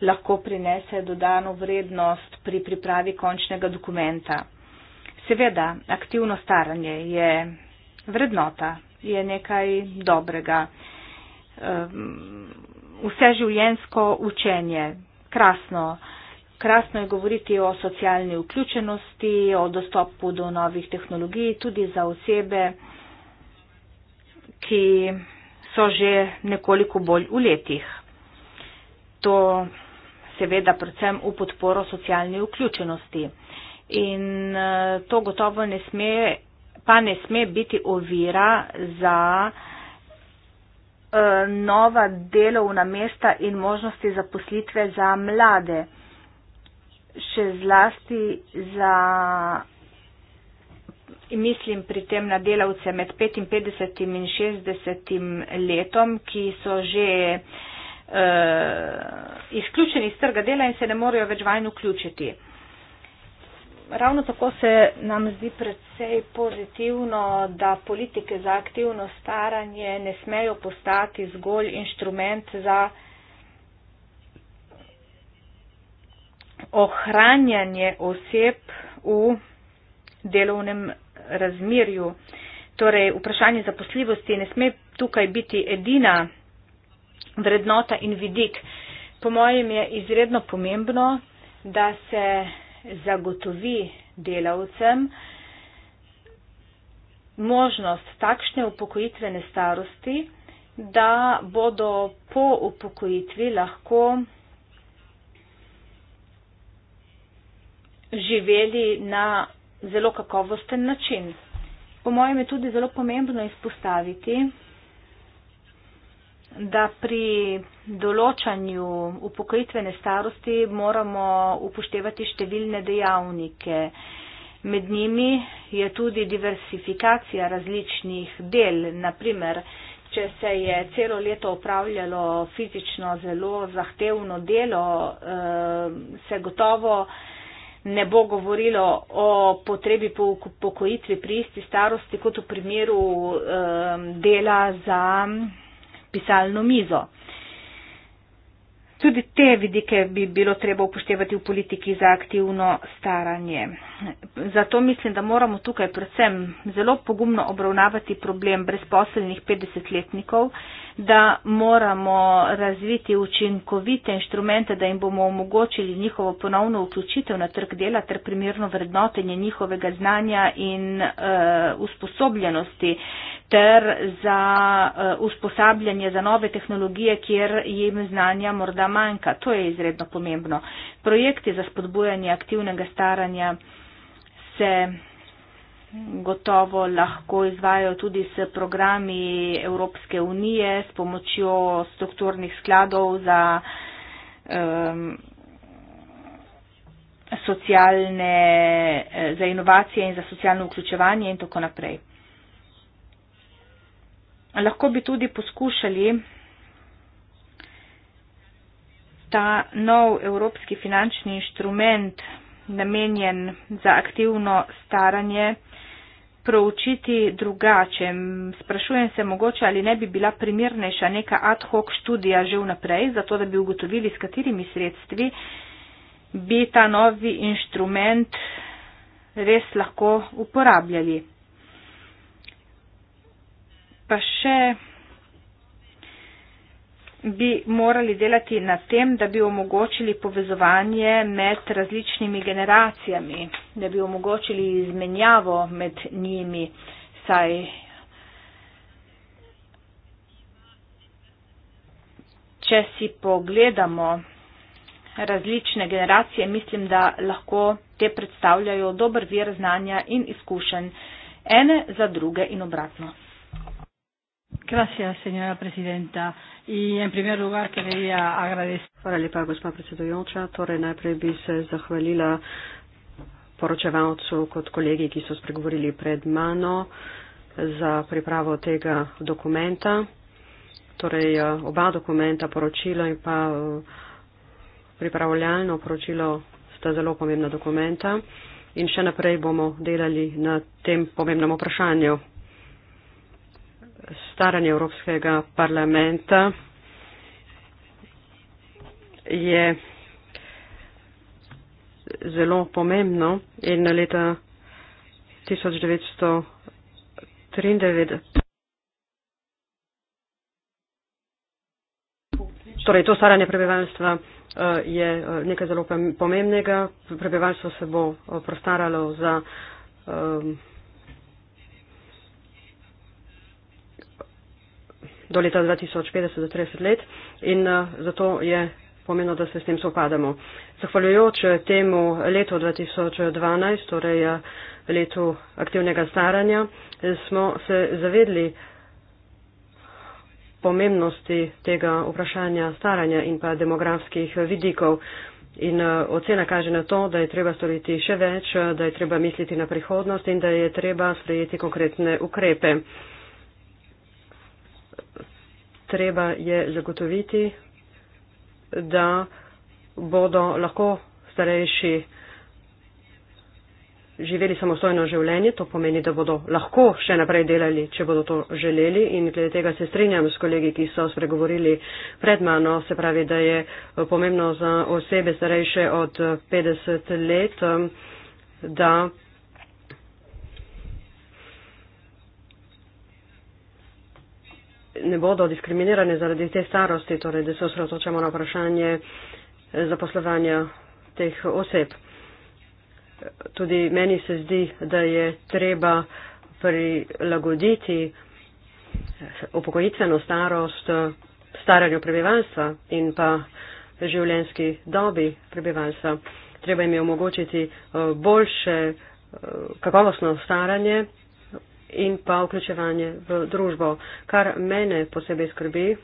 lahko prinese dodano vrednost pri pripravi končnega dokumenta. Seveda, aktivno staranje je vrednota, je nekaj dobrega. Ehm, Vse življensko učenje, krasno. Krasno je govoriti o socialni vključenosti, o dostopu do novih tehnologij, tudi za osebe, ki so že nekoliko bolj v letih. To seveda predvsem v podporo socialni vključenosti. In eh, to gotovo ne sme, pa ne sme biti ovira za eh, nova delovna mesta in možnosti zaposlitve za mlade, še zlasti za, mislim pri tem na delavce med 55 in 60 letom, ki so že uh, izključeni iz trga dela in se ne morejo več vanj vključiti. Ravno tako se nam zdi predvsej pozitivno, da politike za aktivno staranje ne smejo postati zgolj inštrument za ohranjanje oseb v delovnem razmerju. Torej, vprašanje zaposljivosti ne sme tukaj biti edina vrednota in vidik. Po mojem je izredno pomembno, da se zagotovi delavcem možnost takšne upokojitvene starosti, da bodo po upokojitvi lahko živeli na zelo kakovosten način. Po mojem je tudi zelo pomembno izpostaviti, da pri določanju upokojitvene starosti moramo upoštevati številne dejavnike. Med njimi je tudi diversifikacija različnih del. Naprimer, če se je celo leto upravljalo fizično zelo zahtevno delo, eh, se gotovo ne bo govorilo o potrebi po pokojitvi pri isti starosti kot v primeru eh, dela za pisalno mizo. Tudi te vidike bi bilo treba upoštevati v politiki za aktivno staranje. Zato mislim, da moramo tukaj predvsem zelo pogumno obravnavati problem brezposelnih 50-letnikov, da moramo razviti učinkovite inštrumente, da jim bomo omogočili njihovo ponovno vključitev na trg dela ter primerno vrednotenje njihovega znanja in uh, usposobljenosti ter za uh, usposabljanje za nove tehnologije, kjer jim znanja morda manjka. To je izredno pomembno. Projekti za spodbujanje aktivnega staranja se gotovo lahko izvajo tudi s programi Evropske unije s pomočjo strukturnih skladov za um, socialne, eh, za inovacije in za socialno vključevanje in tako naprej. Lahko bi tudi poskušali ta nov evropski finančni inštrument namenjen za aktivno staranje, proučiti drugače. Sprašujem se mogoče, ali ne bi bila primernejša neka ad hoc študija že vnaprej, zato da bi ugotovili, s katerimi sredstvi bi ta novi inštrument res lahko uporabljali. Pa še bi morali delati na tem, da bi omogočili povezovanje med različnimi generacijami, da bi omogočili izmenjavo med njimi, saj če si pogledamo različne generacije, mislim, da lahko te predstavljajo dober vir znanja in izkušenj ene za druge in obratno. Gracias, señora presidenta i en primer lugar quería agradecer. Hvala lepa, gospa predsedujoča. Torej, najprej bi se zahvalila poročevalcu kot kolegi, ki so spregovorili pred mano za pripravo tega dokumenta. Torej, oba dokumenta, poročilo in pa pripravljalno poročilo sta zelo pomembna dokumenta in še naprej bomo delali na tem pomembnem vprašanju staranje Evropskega parlamenta je zelo pomembno in leta 1993. Torej, to staranje prebivalstva eh, je eh, nekaj zelo pomembnega. Prebivalstvo se bo eh, prostaralo za um, do leta 2050, za 30 let in eh, zato je pomeno, da se s tem sopadamo. Zahvaljujoč eh, temu letu 2012, torej eh, letu aktivnega staranja, smo se zavedli pomembnosti tega vprašanja staranja in pa demografskih vidikov. In ocena kaže na to, da je treba storiti še več, da je treba misliti na prihodnost in da je treba sprejeti konkretne ukrepe treba je zagotoviti, da bodo lahko starejši živeli samostojno življenje. To pomeni, da bodo lahko še naprej delali, če bodo to želeli. In glede tega se strinjam s kolegi, ki so spregovorili pred mano. Se pravi, da je pomembno za osebe starejše od 50 let, da ne bodo diskriminirane zaradi te starosti, torej da se osredotočamo na vprašanje eh, zaposlovanja teh oseb. Tudi meni se zdi, da je treba prilagoditi eh, upokojitveno starost eh, staranju prebivalstva in pa življenski dobi prebivalstva. Treba jim je omogočiti boljše kakovostno staranje in pa vključevanje v družbo. Kar mene posebej skrbi,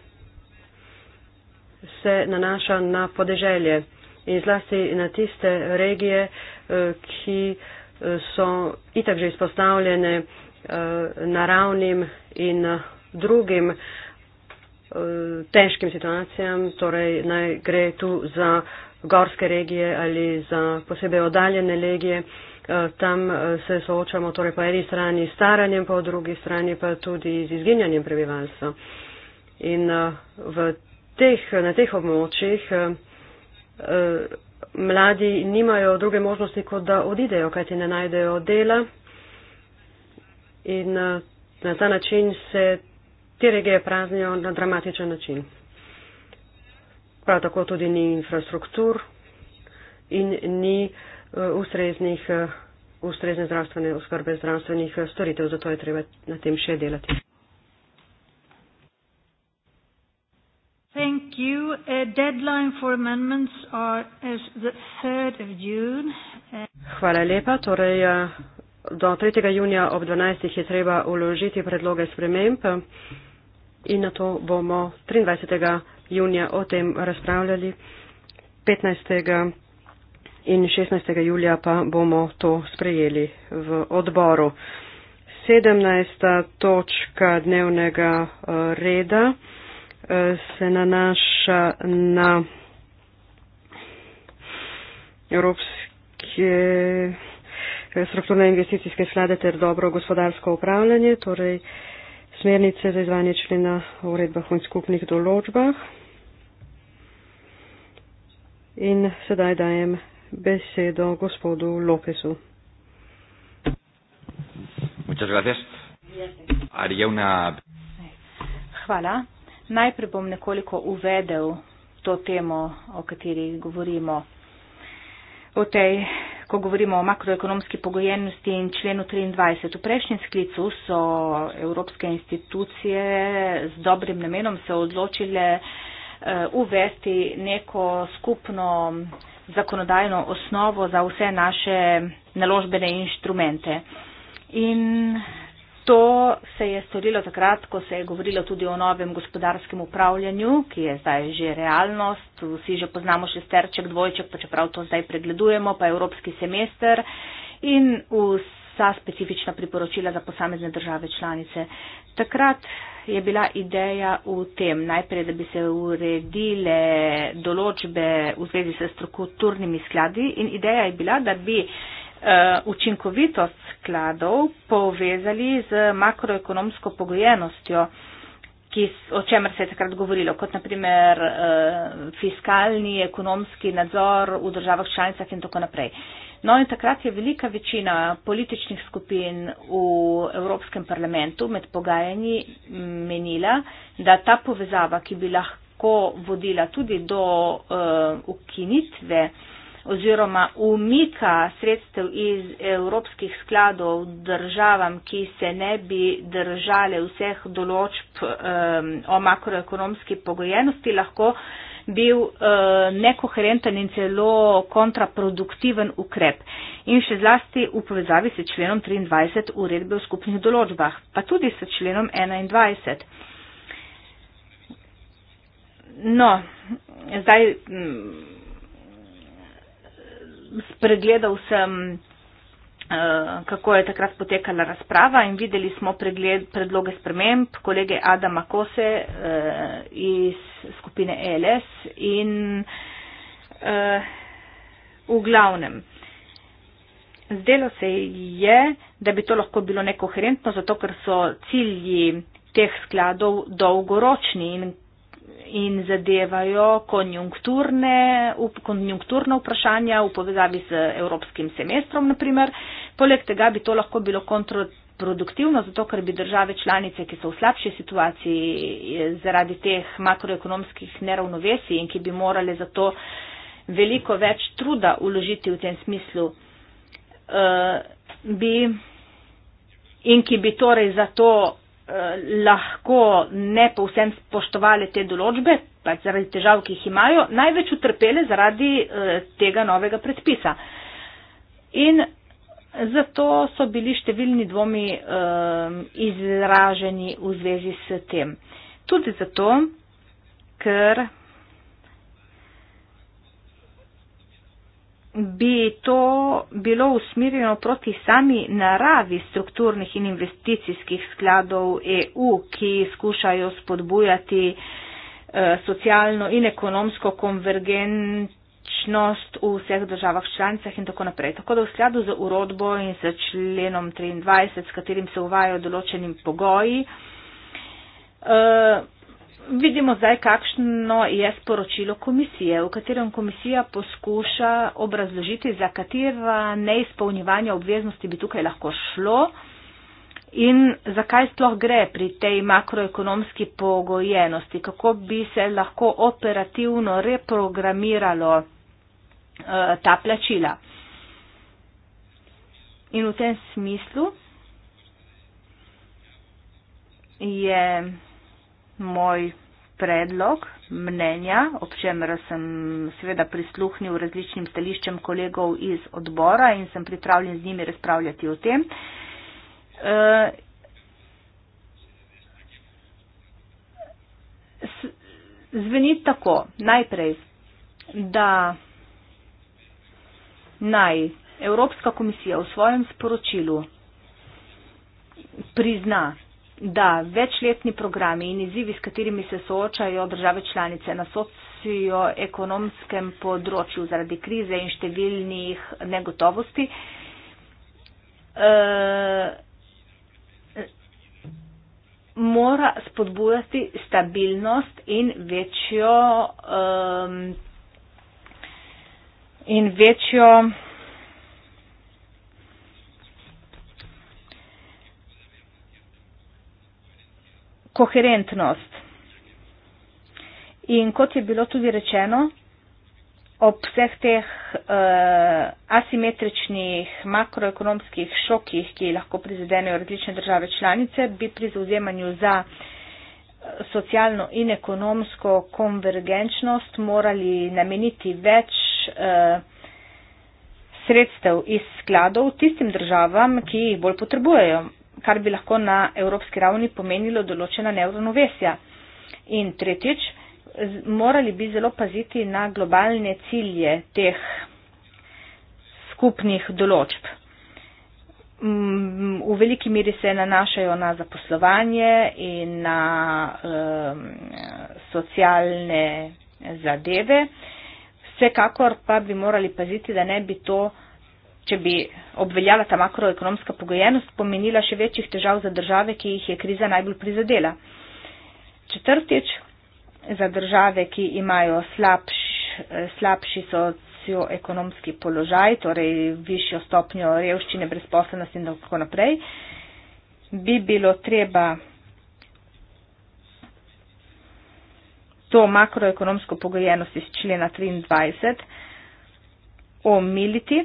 se nanaša na podeželje in zlasti na tiste regije, eh, ki eh, so itak že izpostavljene eh, naravnim in drugim težkim situacijam, torej naj gre tu za gorske regije ali za posebej oddaljene regije. Eh, tam eh, se soočamo torej po eni strani s staranjem, po drugi strani pa tudi z izginjanjem prebivalstva. In eh, teh, na teh območjih mladi nimajo druge možnosti, kot da odidejo, kajti ne najdejo dela. In na ta način se te regije praznijo na dramatičen način. Prav tako tudi ni infrastruktur in ni uh, Eh, ustreznih, eh, ustrezne zdravstvene oskrbe, zdravstvenih eh, storitev, zato je treba na tem še delati. Thank you. A deadline for amendments are as the 3rd of June. Hvala lepa. Torej, do 3. junija ob 12. je treba uložiti predloge sprememb in na to bomo 23. junija o tem razpravljali. 15 in 16. julija pa bomo to sprejeli v odboru. 17. točka dnevnega eh, reda eh, se nanaša na Evropske eh, strukturne investicijske sklade ter dobro gospodarsko upravljanje, torej smernice za izvanje člena o uredbah in skupnih določbah. In sedaj dajem besedo gospodu Lopesu. Hvala. Najprej bom nekoliko uvedel to temo, o kateri govorimo. O tej, ko govorimo o makroekonomski pogojenosti in členu 23. V prejšnjem sklicu so evropske institucije z dobrim namenom se odločile, Eh, uvesti neko skupno zakonodajno osnovo za vse naše naložbene inštrumente. In to se je storilo takrat, ko se je govorilo tudi o novem gospodarskem upravljanju, ki je zdaj že realnost. Vsi že poznamo šesterček, dvojček, pa čeprav to zdaj pregledujemo, pa evropski semester. In vsi za specifična priporočila za posamezne države članice. Takrat je bila ideja v tem, najprej, da bi se uredile določbe v zvezi s strukturnimi skladi in ideja je bila, da bi eh, učinkovitost skladov povezali z makroekonomsko pogojenostjo, ki, o čemer se je takrat govorilo, kot naprimer eh, fiskalni, ekonomski nadzor v državah članicah in tako naprej. No in takrat je velika večina političnih skupin v Evropskem parlamentu med pogajanji menila, da ta povezava, ki bi lahko vodila tudi do uh, ukinitve oziroma umika sredstev iz evropskih skladov državam, ki se ne bi držale vseh določb um, o makroekonomski pogojenosti, lahko uh, bil uh, nekoherenten in celo kontraproduktiven ukrep in še zlasti v povezavi s členom 23 uredbe o skupnih določbah, pa tudi s členom 21. No, zdaj m, mm, spregledal sem. Eh, kako je takrat potekala razprava in videli smo pregled, predloge sprememb kolege Adama Kose uh, iz skupine ELS in uh, v glavnem. Zdelo se je, da bi to lahko bilo nekoherentno, zato ker so cilji teh skladov dolgoročni in in zadevajo konjunkturne, konjunkturno vprašanje v povezavi z evropskim semestrom, naprimer. Poleg tega bi to lahko bilo kontraproduktivno, zato ker bi države članice, ki so v slabši situaciji zaradi teh makroekonomskih neravnovesij in ki bi morale zato veliko več truda uložiti v tem smislu, eh, bi in ki bi torej zato lahko ne povsem spoštovali te določbe, pač zaradi težav, ki jih imajo, največ utrpele zaradi eh, tega novega predpisa. In zato so bili številni dvomi eh, izraženi v zvezi s tem. Tudi zato, ker bi to bilo usmirjeno proti sami naravi strukturnih in investicijskih skladov EU, ki skušajo spodbujati eh, socialno in ekonomsko konvergenčnost v vseh državah članicah in tako naprej. Tako da v skladu z urodbo in z členom 23, s katerim se uvajajo določenim pogoji, eh, vidimo zdaj, kakšno je sporočilo komisije, v katerem komisija poskuša obrazložiti, za katera neizpolnjevanja obveznosti bi tukaj lahko šlo in zakaj sploh gre pri tej makroekonomski pogojenosti, kako bi se lahko operativno reprogramiralo uh, ta plačila. In v tem smislu je moj predlog, mnenja, ob čemer sem seveda prisluhnil različnim stališčem kolegov iz odbora in sem pripravljen z njimi razpravljati o tem. E, zveni tako, najprej, da naj Evropska komisija v svojem sporočilu prizna, da večletni programi in izzivi, s katerimi se soočajo države članice na socioekonomskem področju zaradi krize in številnih negotovosti, eh, mora spodbujati stabilnost in večjo. Eh, in večjo koherentnost. In kot je bilo tudi rečeno, ob vseh teh uh, asimetričnih makroekonomskih šokih, ki lahko prizadenejo različne države članice, bi pri zauzemanju za eh, socialno in ekonomsko konvergenčnost morali nameniti več uh, sredstev iz skladov tistim državam, ki jih bolj potrebujejo kar bi lahko na evropski ravni pomenilo določena neuronovesja. In tretjič, morali bi zelo paziti na globalne cilje teh skupnih določb. Mm, v veliki miri se nanašajo na zaposlovanje in na um, socialne zadeve. Vsekakor pa bi morali paziti, da ne bi to če bi obveljala ta makroekonomska pogojenost, pomenila še večjih težav za države, ki jih je kriza najbolj prizadela. Četrtič, za države, ki imajo slabš, slabši socioekonomski položaj, torej višjo stopnjo revščine, brezposlenosti in tako naprej, bi bilo treba to makroekonomsko pogojenost iz člena 23 omiliti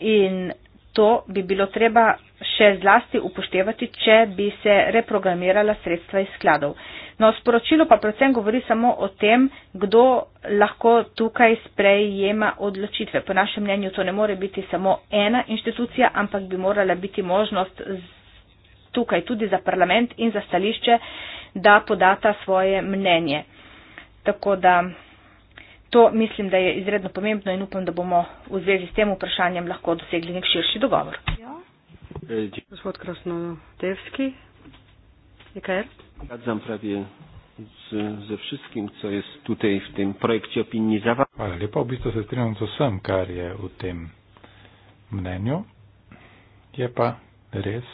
in to bi bilo treba še zlasti upoštevati, če bi se reprogramirala sredstva iz skladov. No, sporočilo pa predvsem govori samo o tem, kdo lahko tukaj sprejema odločitve. Po našem mnenju to ne more biti samo ena inštitucija, ampak bi morala biti možnost tukaj tudi za parlament in za stališče, da podata svoje mnenje. Tako da. Zato mislim, da je izredno pomembno in upam, da bomo v zvezi s tem vprašanjem lahko dosegli nek širši dogovor. Ja. E, Gospod Krasnodevski, je kaj? Zgadzam pravi z, z vsem, co je tukaj v tem projekti opinji za vas. Hvala lepa, v bistvu se strinjam z vsem, kar je v tem mnenju. Je pa res,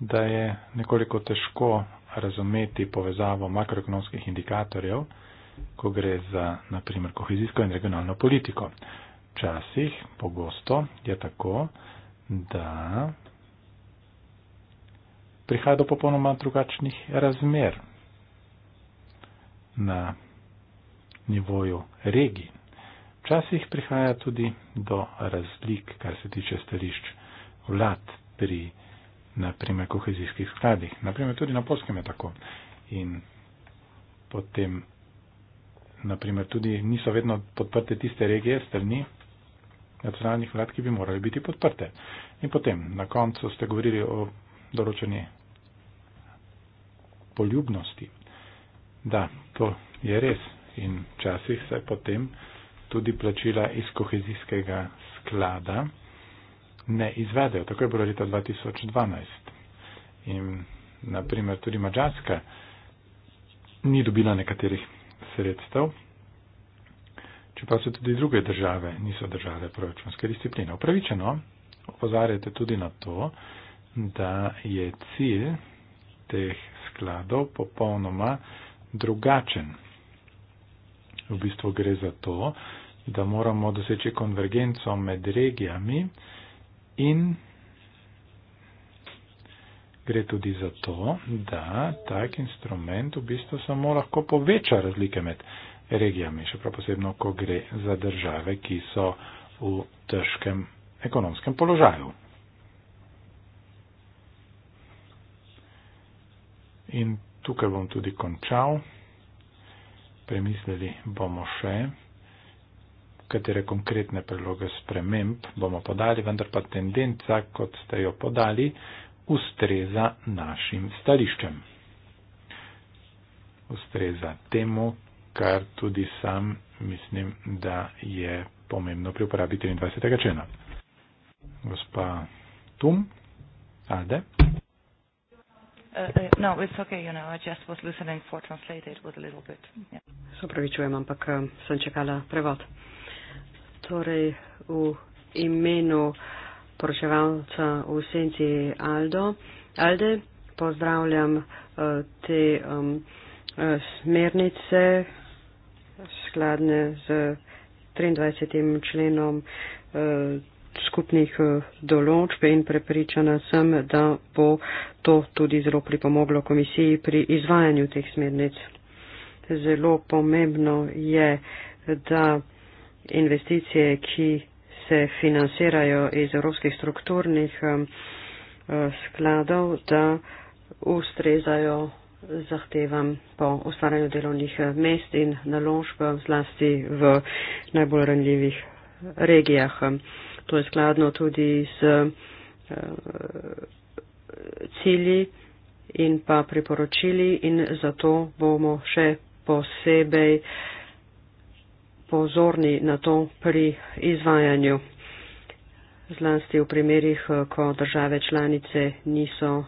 da je nekoliko težko razumeti povezavo makroekonomskih indikatorjev ko gre za naprimer kohezijsko in regionalno politiko. Včasih, pogosto je tako, da prihaja do popolnoma drugačnih razmer na nivoju regij. Včasih prihaja tudi do razlik, kar se tiče starišč vlad pri naprimer kohezijskih skladih. Naprimer tudi na polskem je tako. In potem naprimer, tudi niso vedno podprte tiste regije strani nacionalnih vlad, ki bi morali biti podprte. In potem, na koncu ste govorili o določeni poljubnosti. Da, to je res. In včasih se potem tudi plačila iz kohezijskega sklada ne izvedejo. Tako je bilo leta 2012. In naprimer tudi Mačarska ni dobila nekaterih sredstev, čeprav se tudi druge države niso držale proračunske discipline. Upravičeno opozarjate tudi na to, da je cilj teh skladov popolnoma drugačen. V bistvu gre za to, da moramo doseči konvergenco med regijami in gre tudi za to, da tak instrument v bistvu samo lahko poveča razlike med regijami, še prav posebno, ko gre za države, ki so v težkem ekonomskem položaju. In tukaj bom tudi končal. Premislili bomo še, katere konkretne predloge sprememb bomo podali, vendar pa tendenca, kot ste jo podali, ustreza našim stališčem. Ustreza temu, kar tudi sam mislim, da je pomembno pri uporabi 23. člena. Gospa Tum, Ade. Uh, uh, no, Se upravičujem, ampak um, sem čakala prevod. Torej, v imenu uh, poroševalca v senci Aldo. Alde, pozdravljam eh, te um, smernice skladne z 23. členom eh, skupnih določb in prepričana sem, da bo to tudi zelo pripomoglo komisiji pri izvajanju teh smernic. Zelo pomembno je, da investicije, ki se financirajo iz evropskih strukturnih um, uh, skladov, da ustrezajo zahtevam po ustvarjanju delovnih uh, mest in naložb zlasti v najbolj ranljivih uh, regijah. Um, to je skladno tudi z cilji in pa priporočili in zato bomo še posebej uh, pozorni na to pri izvajanju, zlasti v primerih, eh, ko države članice niso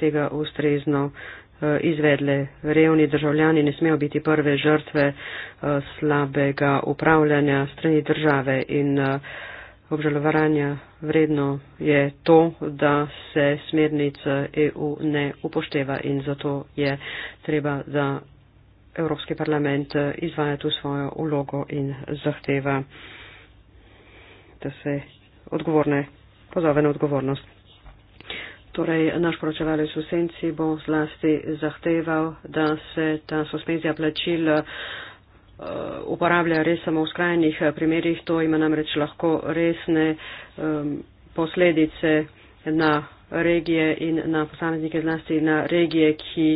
tega ustrezno eh, izvedle. Revni državljani ne smejo biti prve žrtve eh, slabega upravljanja strani države in obžalovanja vredno je to, da se smernica EU ne upošteva in zato je treba, da Evropski parlament eh, izvaja tu svojo ulogo in zahteva, da se odgovorne pozove na odgovornost. Torej, naš poročevalec v senci bo zlasti zahteval, da se ta suspenzija plačil eh, uporablja res samo v skrajnih eh, primerjih. To ima namreč lahko resne ehm, posledice na regije in na posameznike, zlasti na regije, ki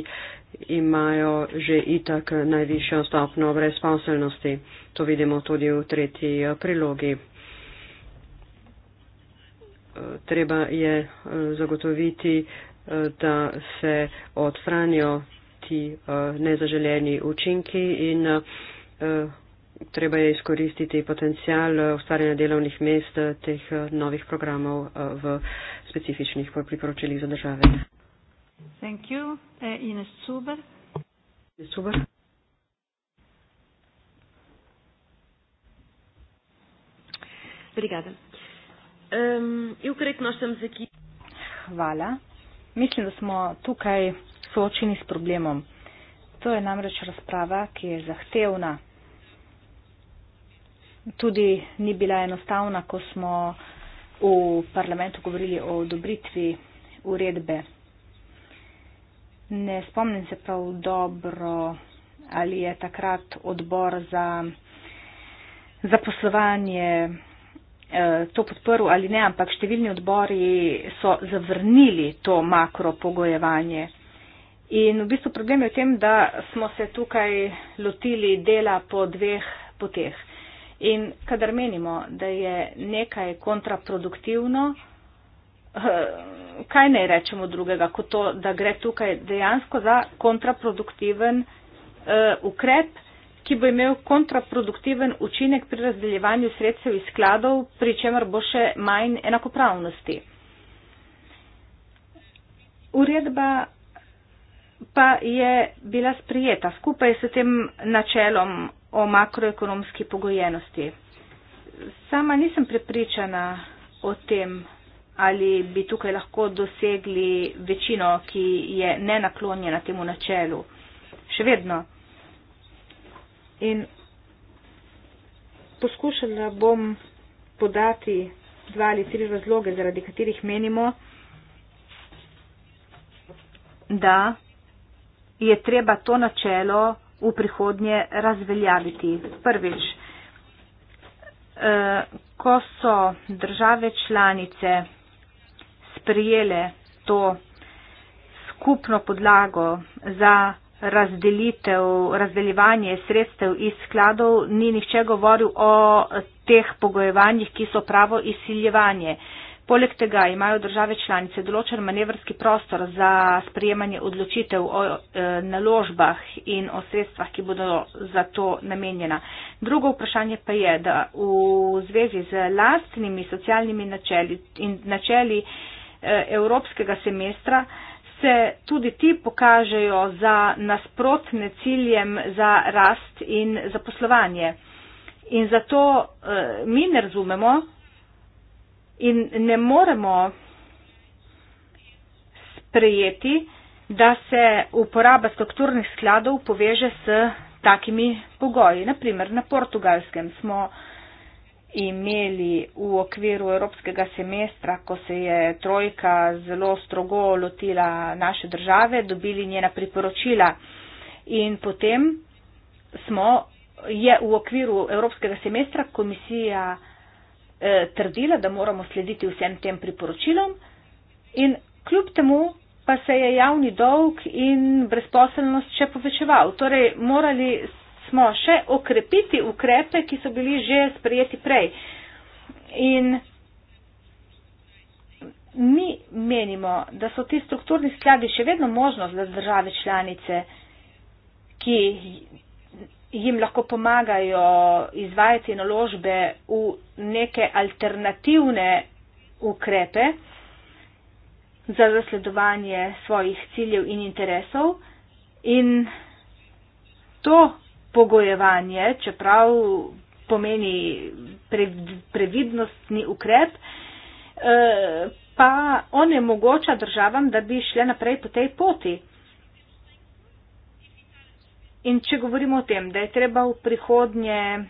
imajo že itak najvišjo stopno brezposelnosti. To vidimo tudi v tretji eh, prilogi. Eh, treba je eh, zagotoviti, da se odstranijo ti nezaželjeni učinki in treba je izkoristiti potencial ustvarjanja delovnih mest teh novih programov v specifičnih priporočilih za države. Thank you. Uh, Ines Zuber. Ines Zuber. Obrigada. Um, eu creio que nós estamos aqui. Hvala. Mislim, da smo tukaj soočeni s problemom. To je namreč razprava, ki je zahtevna. Tudi ni bila enostavna, ko smo v parlamentu govorili o odobritvi uredbe. Ne spomnim se prav dobro, ali je takrat odbor za zaposlovanje eh, to podprl ali ne, ampak številni odbori so zavrnili to makro pogojevanje. In v bistvu problem je v tem, da smo se tukaj lotili dela po dveh poteh. In kadar menimo, da je nekaj kontraproduktivno, kaj ne rečemo drugega, kot to, da gre tukaj dejansko za kontraproduktiven eh, ukrep, ki bo imel kontraproduktiven učinek pri razdeljevanju sredstev iz skladov, pri čemer bo še manj enakopravnosti. Uredba pa je bila sprijeta skupaj s tem načelom o makroekonomski pogojenosti. Sama nisem prepričana o tem, ali bi tukaj lahko dosegli večino, ki je nenaklonjena temu načelu. Še vedno. In poskušala bom podati dva ali tri razloge, zaradi katerih menimo, da je treba to načelo v prihodnje razveljaviti. Prvič, eh, ko so države članice sprijele to skupno podlago za razdelitev, razdeljevanje sredstev iz skladov, ni nihče govoril o teh pogojevanjih, ki so pravo izsiljevanje. Poleg tega imajo države članice določen manevrski prostor za sprejemanje odločitev o e, naložbah in o sredstvah, ki bodo za to namenjena. Drugo vprašanje pa je, da v zvezi z lastnimi socialnimi načeli in načeli Eh, evropskega semestra, se tudi ti pokažejo za nasprotne ciljem za rast in zaposlovanje. In zato eh, mi ne razumemo in ne moremo sprejeti, da se uporaba strukturnih skladov poveže s takimi pogoji. Naprimer, na portugalskem smo uh, imeli v okviru evropskega semestra, ko se je trojka zelo strogo lotila naše države, dobili njena priporočila in potem smo, je v okviru evropskega semestra komisija eh, trdila, da moramo slediti vsem tem priporočilom in kljub temu pa se je javni dolg in brezposelnost še povečeval. Torej, morali smo še okrepiti ukrepe, ki so bili že sprejeti prej. In mi menimo, da so ti strukturni skladi še vedno možnost za države članice, ki jim lahko pomagajo izvajati naložbe v neke alternativne ukrepe za zasledovanje svojih ciljev in interesov. In to, pogojevanje, čeprav pomeni previdnostni ukrep, eh, pa onemogoča državam, da bi šle naprej po tej poti. In če govorimo o tem, da je treba v prihodnje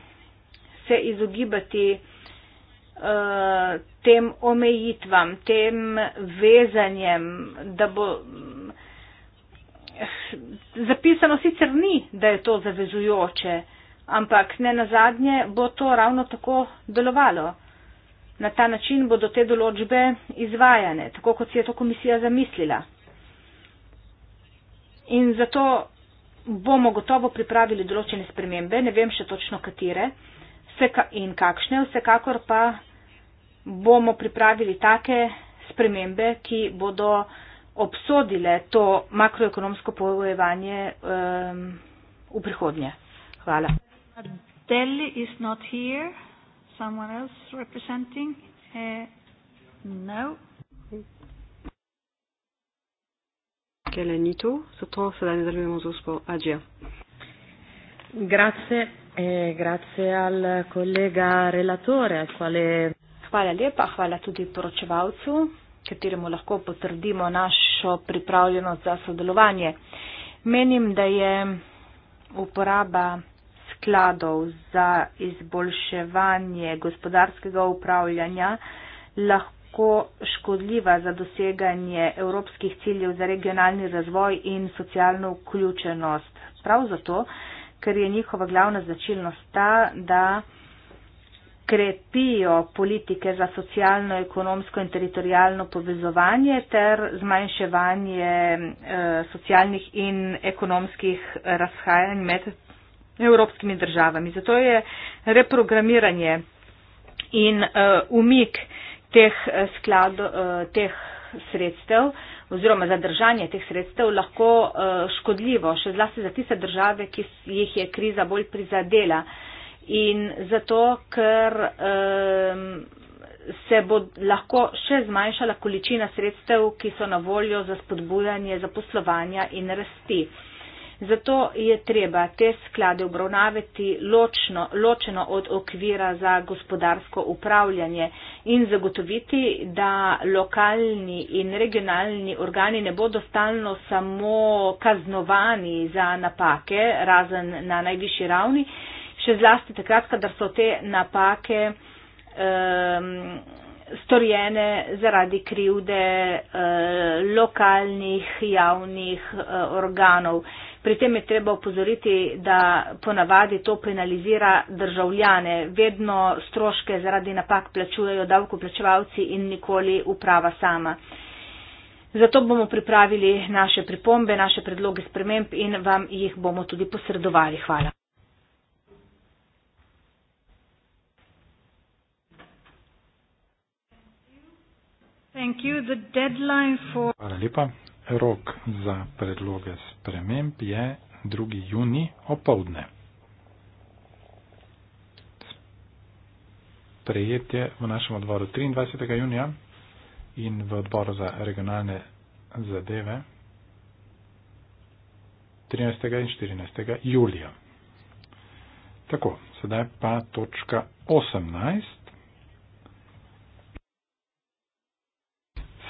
se izogibati eh, tem omejitvam, tem vezanjem, da bo zapisano sicer ni, da je to zavezujoče, ampak ne na zadnje bo to ravno tako delovalo. Na ta način bodo te določbe izvajane, tako kot si je to komisija zamislila. In zato bomo gotovo pripravili določene spremembe, ne vem še točno katere in kakšne, vsekakor pa bomo pripravili take spremembe, ki bodo uh, obsodile to makroekonomsko pojevanje um, v prihodnje. Hvala. Delhi is not here. Someone else representing? Uh, no. Kelenito, zato sedaj nadaljujemo z uspo Adžija. Grazie, e grazie al collega relatore, al quale... Hvala lepa, hvala tudi poročevalcu, kateremu lahko potrdimo naš našo pripravljenost za sodelovanje. Menim, da je uporaba skladov za izboljševanje gospodarskega upravljanja lahko škodljiva za doseganje evropskih ciljev za regionalni razvoj in socialno vključenost. Prav zato, ker je njihova glavna značilnost ta, da krepijo politike za socialno, ekonomsko in teritorijalno povezovanje ter zmanjševanje eh, socialnih in ekonomskih razhajanj med evropskimi državami. Zato je reprogramiranje in eh, umik teh, eh, sklado, eh, teh sredstev oziroma zadržanje teh sredstev lahko eh, škodljivo, še zlasti za tiste države, ki jih je kriza bolj prizadela. Eh, in zato, ker um, se bo lahko še zmanjšala količina sredstev, ki so na voljo za spodbujanje zaposlovanja in rasti. Zato je treba te sklade obravnavati ločno, ločeno od okvira za gospodarsko upravljanje in zagotoviti, da lokalni in regionalni organi ne bodo stalno samo kaznovani za napake, razen na najvišji ravni, še zlasti takrat, kadar so te napake um, storjene zaradi krivde uh, lokalnih javnih uh, organov. Pri tem je treba upozoriti, da ponavadi to penalizira državljane. Vedno stroške zaradi napak plačujejo davkoplačevalci in nikoli uprava sama. Zato bomo pripravili naše pripombe, naše predloge sprememb in vam jih bomo tudi posredovali. Hvala. For... Hvala lepa. Rok za predloge sprememb je 2. juni opovdne. Prejetje v našem odboru 23. junija in v odboru za regionalne zadeve 13. in 14. julija. Tako, sedaj pa točka 18.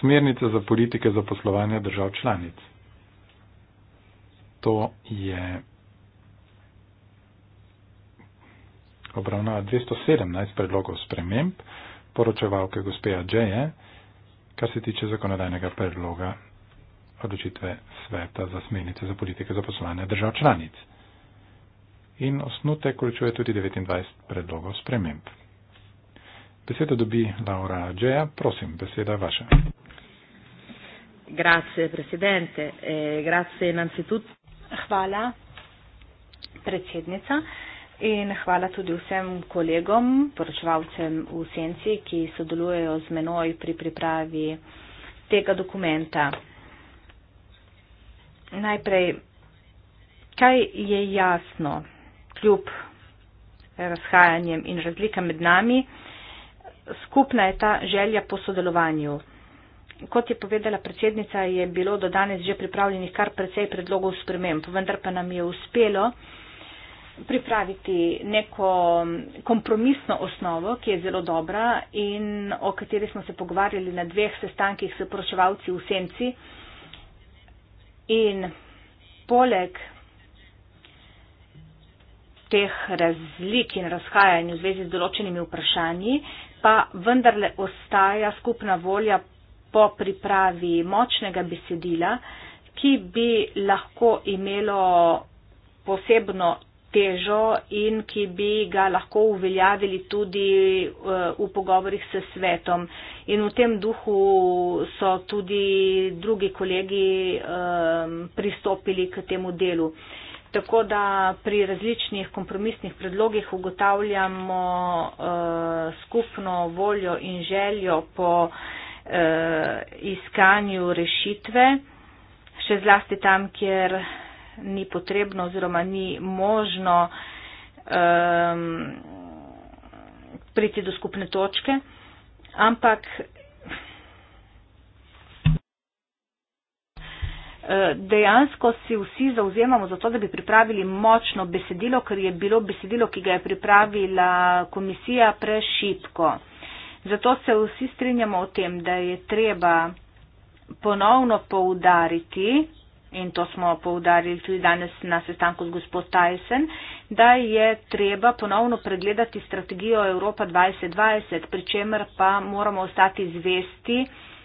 smernice za politike zaposlovanja držav članic. To je obravnava 217 predlogov sprememb poročevalke gospeja Džeje, kar se tiče zakonodajnega predloga odločitve sveta za smernice za politike zaposlovanja držav članic. In osnutek vključuje tudi 29 predlogov sprememb. Beseda dobi Laura Džeja, prosim, beseda vaša. Grazie predsednice, eh, grazie innanzitutto. Hvala predsednica in hvala tudi vsem kolegom, poročevalcem v senci, ki sodelujejo z menoj pri pripravi tega dokumenta. Najprej, kaj je jasno, kljub razhajanjem in razlikam med nami, skupna je ta želja po sodelovanju. Kot je povedala predsednica, je bilo do danes že pripravljenih kar precej predlogov sprememb, vendar pa nam je uspelo pripraviti neko kompromisno osnovo, ki je zelo dobra in o kateri smo se pogovarjali na dveh sestankih s poročevalci v Senci. In poleg teh razlik in razhajanj v zvezi z določenimi vprašanji, pa vendarle ostaja skupna volja po pripravi močnega besedila, ki bi lahko imelo posebno težo in ki bi ga lahko uveljavili tudi eh, v pogovorih s svetom. In v tem duhu so tudi drugi kolegi ehm, pristopili k temu delu. Tako da pri različnih kompromisnih predlogih ugotavljamo eh, skupno voljo in željo po uh, iskanju rešitve, še zlasti tam, kjer ni potrebno oziroma ni možno um, priti do skupne točke. Ampak eh, dejansko si vsi zauzemamo za to, da bi pripravili močno besedilo, ker je bilo besedilo, ki ga je pripravila komisija, prešitko. Zato se vsi strinjamo o tem, da je treba ponovno poudariti, in to smo poudarili tudi danes na sestanku z gospod Tyson, da je treba ponovno pregledati strategijo Evropa 2020, pri čemer pa moramo ostati zvesti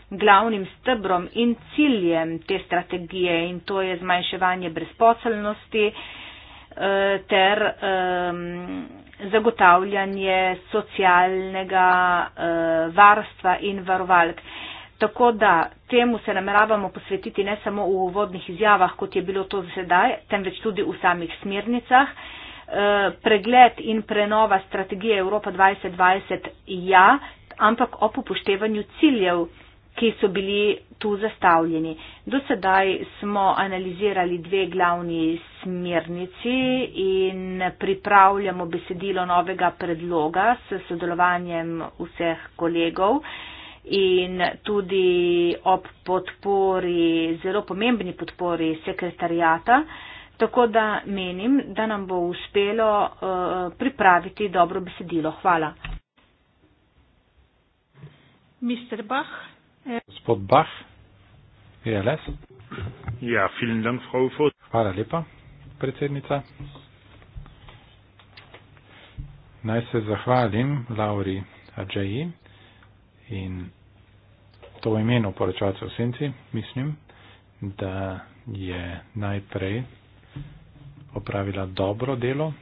glavnim stebrom in ciljem te strategije in to je zmanjševanje brezposelnosti, Eh, ter zagotavljanje socialnega eh, varstva in varovalk. Tako da temu se nameravamo posvetiti ne samo v uvodnih izjavah, kot je bilo to zdaj, temveč tudi v samih smernicah. Eh, pregled in prenova strategije Evropa 2020 ja, ampak ob upoštevanju ciljev ki so bili tu zastavljeni. Do sedaj smo analizirali dve glavni smernici in pripravljamo besedilo novega predloga s sodelovanjem vseh kolegov in tudi ob podpori, zelo pomembni podpori sekretarijata. Tako da menim, da nam bo uspelo uh, pripraviti dobro besedilo. Hvala. Mr. Bach, Gospod Bach, ILS. E ja, vielen Dank, Frau Furt. Hvala lepa, predsednica. Naj se zahvalim Lauri Adjeji in to v imenu poročevalce v senci, mislim, da je najprej opravila dobro delo,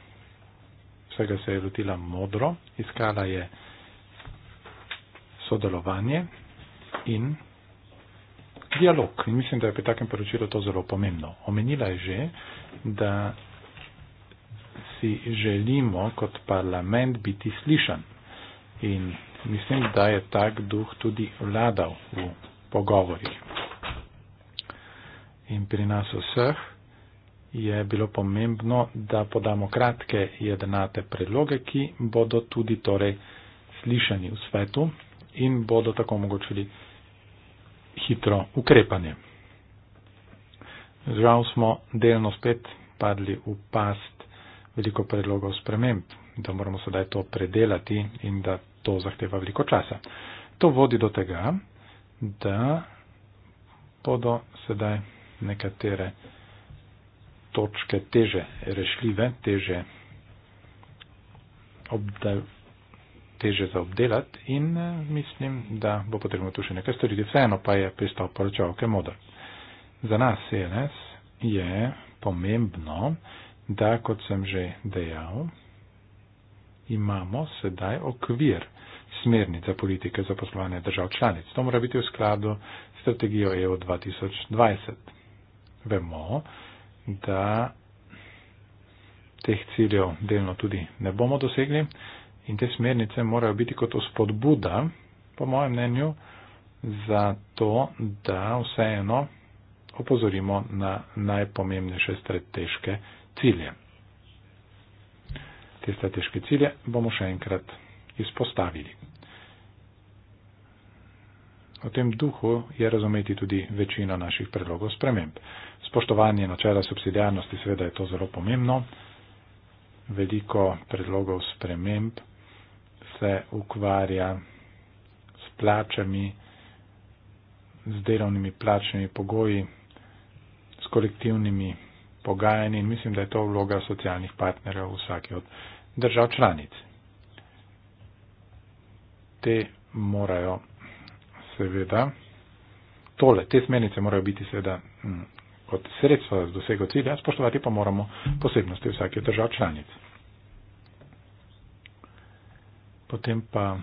vsega se je lotila modro, iskala je sodelovanje in dialog. In mislim, da je pri takem poročilu to zelo pomembno. Omenila je že, da si želimo kot parlament biti slišan. In mislim, da je tak duh tudi vladal v pogovorih. In pri nas vseh je bilo pomembno, da podamo kratke jedenate predloge, ki bodo tudi torej slišani v svetu in bodo tako omogočili hitro ukrepanje. Žal smo delno spet padli v past veliko predlogov sprememb, da moramo sedaj to predelati in da to zahteva veliko časa. To vodi do tega, da bodo sedaj nekatere točke teže rešljive, teže obdav, teže za obdelati in eh, mislim, da bo potrebno tu še nekaj storiti. Vseeno pa je pristop poročavke modr. Za nas, SNS, je pomembno, da, kot sem že dejal, imamo sedaj okvir smernica politike za poslovanje držav članic. To mora biti v skladu s strategijo EU 2020. Vemo, da teh ciljev delno tudi ne bomo dosegli. In te smernice morajo biti kot ospodbuda, po mojem mnenju, za to, da vseeno opozorimo na najpomembnejše strateške cilje. Te strateške cilje bomo še enkrat izpostavili. V tem duhu je razumeti tudi večino naših predlogov sprememb. Spoštovanje načela subsidijarnosti, seveda je to zelo pomembno. Veliko predlogov sprememb se ukvarja s plačami, z delovnimi plačnimi pogoji, s kolektivnimi pogajanji in mislim, da je to vloga socialnih partnerjev vsake od držav članic. Te morajo seveda, tole, te smernice morajo biti seveda mm, kot sredstvo za dosego cilja, spoštovati pa moramo posebnosti vsake držav članic. potem pa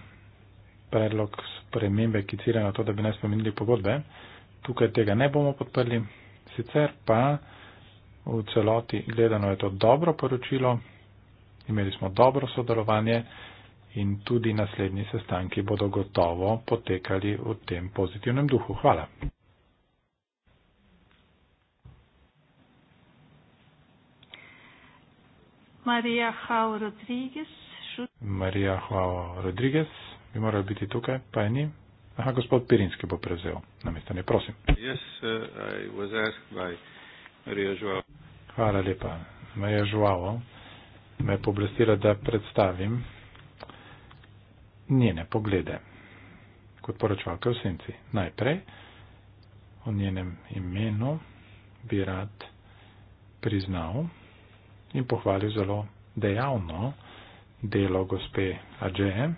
predlog spremembe, ki cilja na to, da bi ne spomenili pogodbe, tukaj tega ne bomo podprli. Sicer pa v celoti gledano je to dobro poročilo, imeli smo dobro sodelovanje in tudi naslednji sestanki bodo gotovo potekali v tem pozitivnem duhu. Hvala. Maria Hau Rodriguez. Marija Hvala Rodriguez bi morala biti tukaj, pa je ni. Aha, gospod Pirinski bo prevzel na mesto, ne prosim. Yes, uh, Hvala lepa. Marija Žuavo me je poblestila, da predstavim njene poglede kot poročevalke v senci. Najprej o njenem imenu bi rad priznal in pohvalil zelo dejavno, delo gospe Ađeje.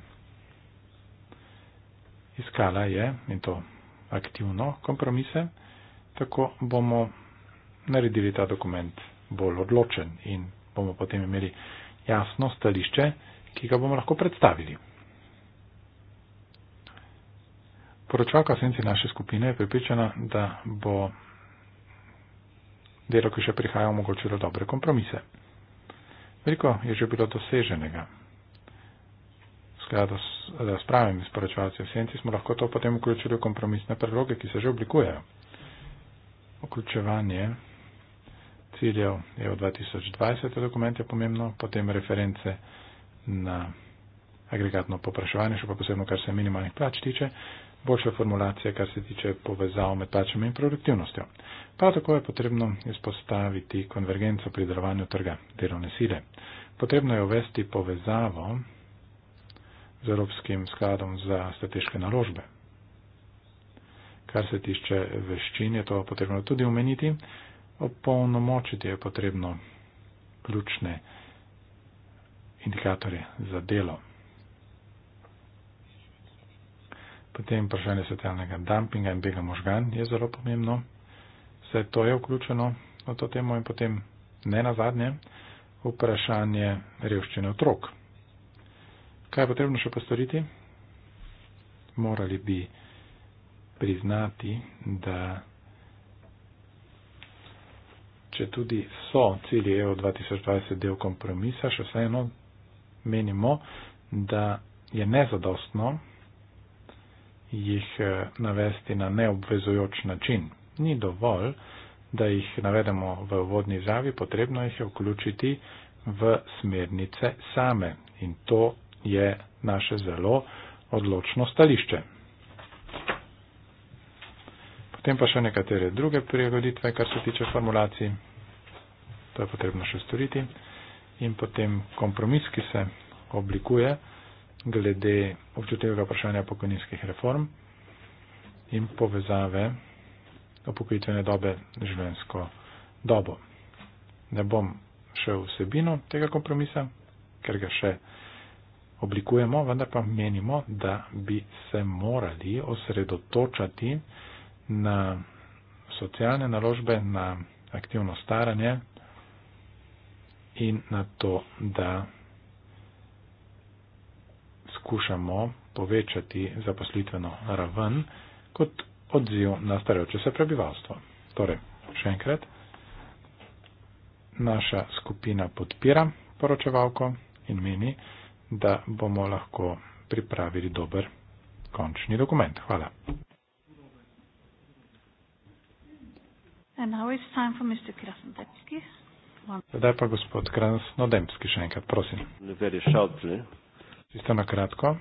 Iskala je, in to aktivno, kompromise, tako bomo naredili ta dokument bolj odločen in bomo potem imeli jasno stališče, ki ga bomo lahko predstavili. Poročalka senci naše skupine je pripričana, da bo delo, ki še prihaja, omogočilo dobre kompromise. Veliko je že bilo doseženega. Skladu s razpravami s poročevalci v senci smo lahko to potem vključili v kompromisne predloge, ki se že oblikujejo. Vključevanje ciljev je v 2020 dokument je pomembno, potem reference na agregatno popraševanje, še pa posebno, kar se minimalnih plač tiče, boljša formulacija, kar se tiče povezav med plačami in produktivnostjo. Prav tako je potrebno izpostaviti konvergenco pri delovanju trga delovne sile. Potrebno je uvesti povezavo z Evropskim skladom za strateške naložbe. Kar se tiče veščin, je to potrebno tudi omeniti. Opolnomočiti je potrebno ključne indikatorje za delo. Potem vprašanje svetelnega dumpinga in bega možgan je zelo pomembno. Vse to je vključeno v to temo in potem ne nazadnje vprašanje revščine otrok. Kaj je potrebno še postoriti? Morali bi priznati, da če tudi so cilji EU 2020 del kompromisa, še vseeno menimo, da je nezadostno jih eh, navesti na neobvezujoč način. Ni dovolj, da jih navedemo v vodni zavi, potrebno jih je vključiti v smernice same. In to je naše zelo odločno stališče. Potem pa še nekatere druge prilagoditve, kar se tiče formulacij. To je potrebno še storiti. In potem kompromis, ki se oblikuje glede občutljivega vprašanja pokojninskih reform in povezave upokojitvene dobe življensko dobo. Ne bom šel vsebino tega kompromisa, ker ga še oblikujemo, vendar pa menimo, da bi se morali osredotočati na socialne naložbe, na aktivno staranje in na to, da skušamo povečati zaposlitveno raven kot odziv na starajoče se prebivalstvo. Torej, še enkrat, naša skupina podpira poročevalko in meni, da bomo lahko pripravili dober končni dokument. Hvala. Zdaj pa gospod Krasnodemski še enkrat, prosim. Ne, ne, ne, ne. Čisto na kratko.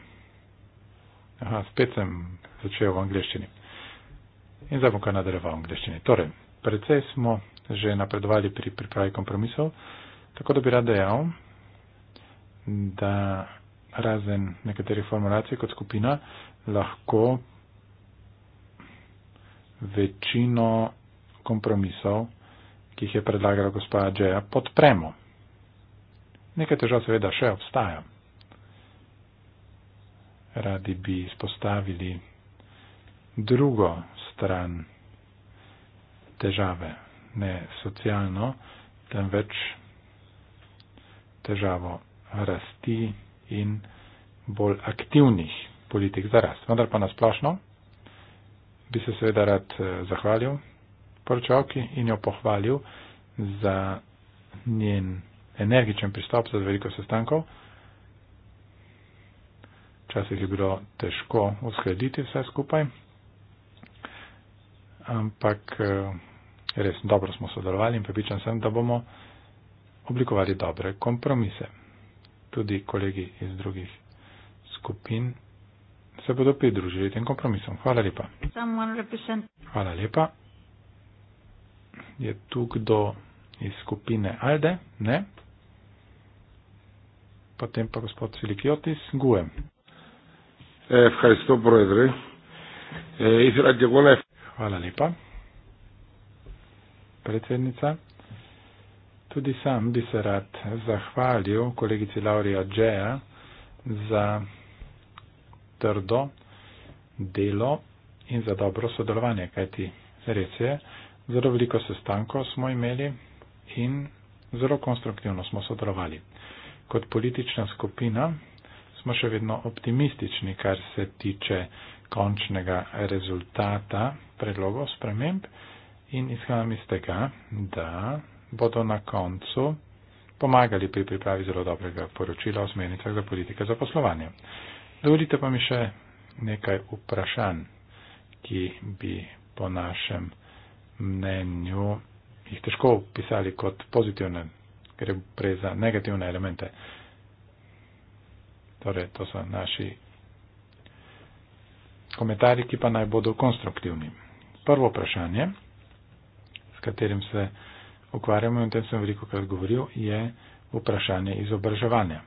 Aha, spet sem začel v angliščini. In zdaj bom kar nadaljeval v angliščini. Torej, predvsej smo že napredovali pri pripravi kompromisov, tako da bi rad dejal, da razen nekaterih formulacij kot skupina lahko večino kompromisov, ki jih je predlagala gospa Džeja, podpremo. Nekaj težav seveda še obstaja radi bi izpostavili drugo stran težave, ne socialno, temveč težavo rasti in bolj aktivnih politik za rast. Vendar pa nasplošno bi se seveda rad eh, zahvalil poročavki in jo pohvalil za njen energičen pristop za veliko sestankov včasih je bilo težko uskladiti vse skupaj, ampak eh, res dobro smo sodelovali in pripričan sem, da bomo oblikovali dobre kompromise. Tudi kolegi iz drugih skupin se bodo pridružili tem kompromisom. Hvala lepa. Hvala lepa. Je tu kdo iz skupine Alde? Ne. Potem pa gospod Silikiotis Guem. Ευχαριστώ Πρόεδρε. Ε, ήθελα και εγώ να ευχαριστώ. λοιπόν. Predsednica, tudi sam bi se rad zahvalil kolegici Laurija Džeja za trdo delo in za dobro sodelovanje, kajti res je, zelo veliko sestankov smo imeli in zelo konstruktivno smo sodelovali. Kot politična skupina smo še vedno optimistični, kar se tiče končnega rezultata predlogov sprememb in izhajam iz tega, da bodo na koncu pomagali pri pripravi zelo dobrega poročila o smernicah za politike za poslovanje. Dovolite pa mi še nekaj vprašanj, ki bi po našem mnenju jih težko opisali kot pozitivne, ker gre za negativne elemente. Torej, to so naši komentarji, ki pa naj bodo konstruktivni. Prvo vprašanje, s katerim se ukvarjamo in o tem sem veliko krat govoril, je vprašanje izobraževanja.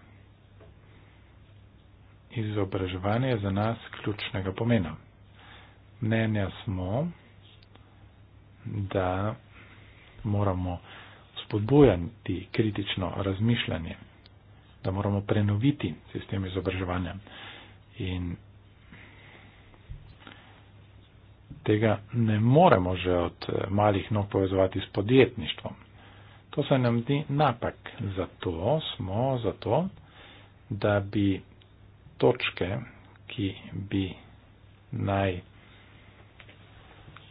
Izobraževanje je za nas ključnega pomena. Mnenja smo, da moramo spodbujati kritično razmišljanje, da moramo prenoviti sistem izobraževanja. In tega ne moremo že od eh, malih nog povezovati s podjetništvom. To se nam zdi napak. Zato smo, zato, da bi točke, ki bi naj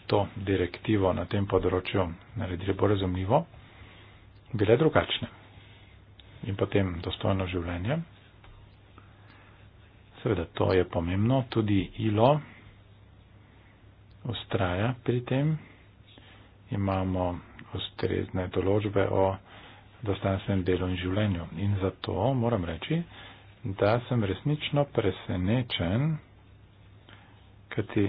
to direktivo na tem področju naredili bolj razumljivo, bile drugačne in potem dostojno življenje. Seveda to je pomembno, tudi ilo ustraja pri tem. Imamo ustrezne določbe o dostanstvenem delu in življenju. In zato moram reči, da sem resnično presenečen, kajti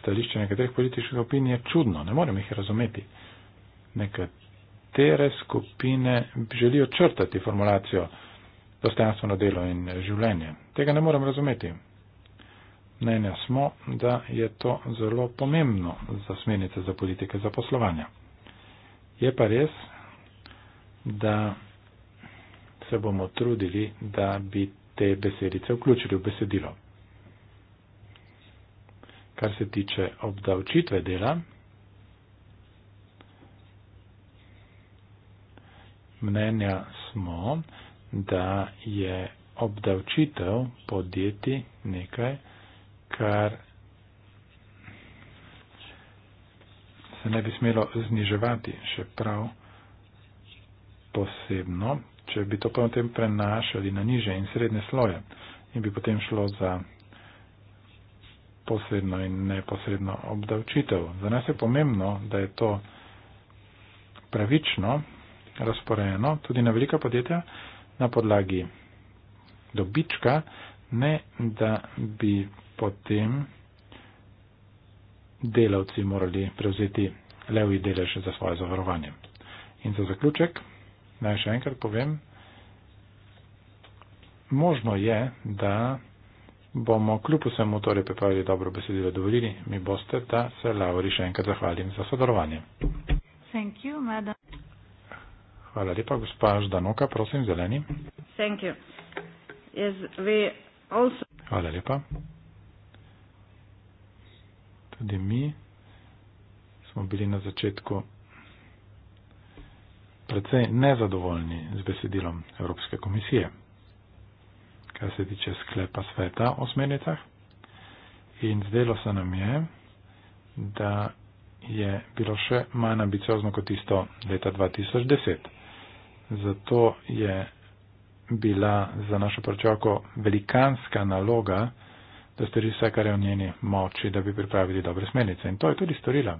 stališče nekaterih političnih opin je čudno, ne morem jih razumeti. Nekat, nekatere skupine želijo črtati formulacijo dostojanstveno delo in življenje. Tega ne morem razumeti. Mnenja smo, da je to zelo pomembno za smernice za politike za poslovanje. Je pa res, da se bomo trudili, da bi te besedice vključili v besedilo. Kar se tiče obdavčitve dela, mnenja smo, da je obdavčitev podjetij nekaj, kar se ne bi smelo zniževati, še prav posebno, če bi to potem prenašali na niže in srednje sloje in bi potem šlo za posredno in neposredno obdavčitev. Za nas je pomembno, da je to pravično, razporejeno tudi na velika podjetja na podlagi dobička, ne da bi potem delavci morali prevzeti levji delež za svoje zavarovanje. In za zaključek, naj še enkrat povem, možno je, da bomo kljub vsemu torej pripravili dobro besedilo, dovolili mi boste, da se Lauri še enkrat zahvalim za sodelovanje. Thank you, madam. Hvala lepa. Gospa Ždanoka, prosim, zeleni. Thank you. Yes, we also... Hvala lepa. Tudi mi smo bili na začetku predvsej nezadovoljni z besedilom Evropske komisije, kar se tiče sklepa sveta o smernicah. In zdelo se nam je, da je bilo še manj ambiciozno kot tisto leta 2010. Zato je bila za našo pročako velikanska naloga, da stori vse, kar je v njeni moči, da bi pripravili dobre smernice. In to je tudi storila.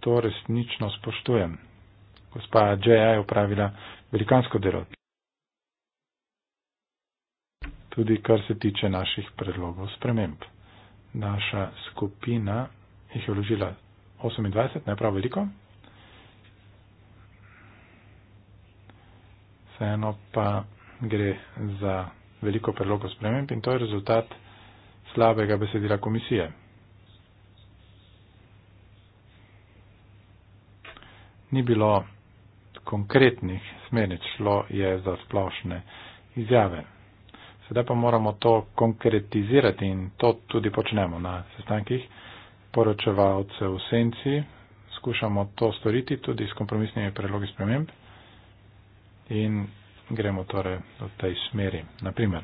To resnično spoštujem. Gospa Džeja je upravila velikansko delo. Tudi kar se tiče naših predlogov sprememb. Naša skupina jih je vložila 28, ne prav veliko. vseeno pa gre za veliko predlogov sprememb in to je rezultat slabega besedila komisije. Ni bilo konkretnih smernic, šlo je za splošne izjave. Sedaj pa moramo to konkretizirati in to tudi počnemo na sestankih poročevalcev v senci. Skušamo to storiti tudi s kompromisnimi predlogi sprememb in gremo torej v tej smeri. Naprimer,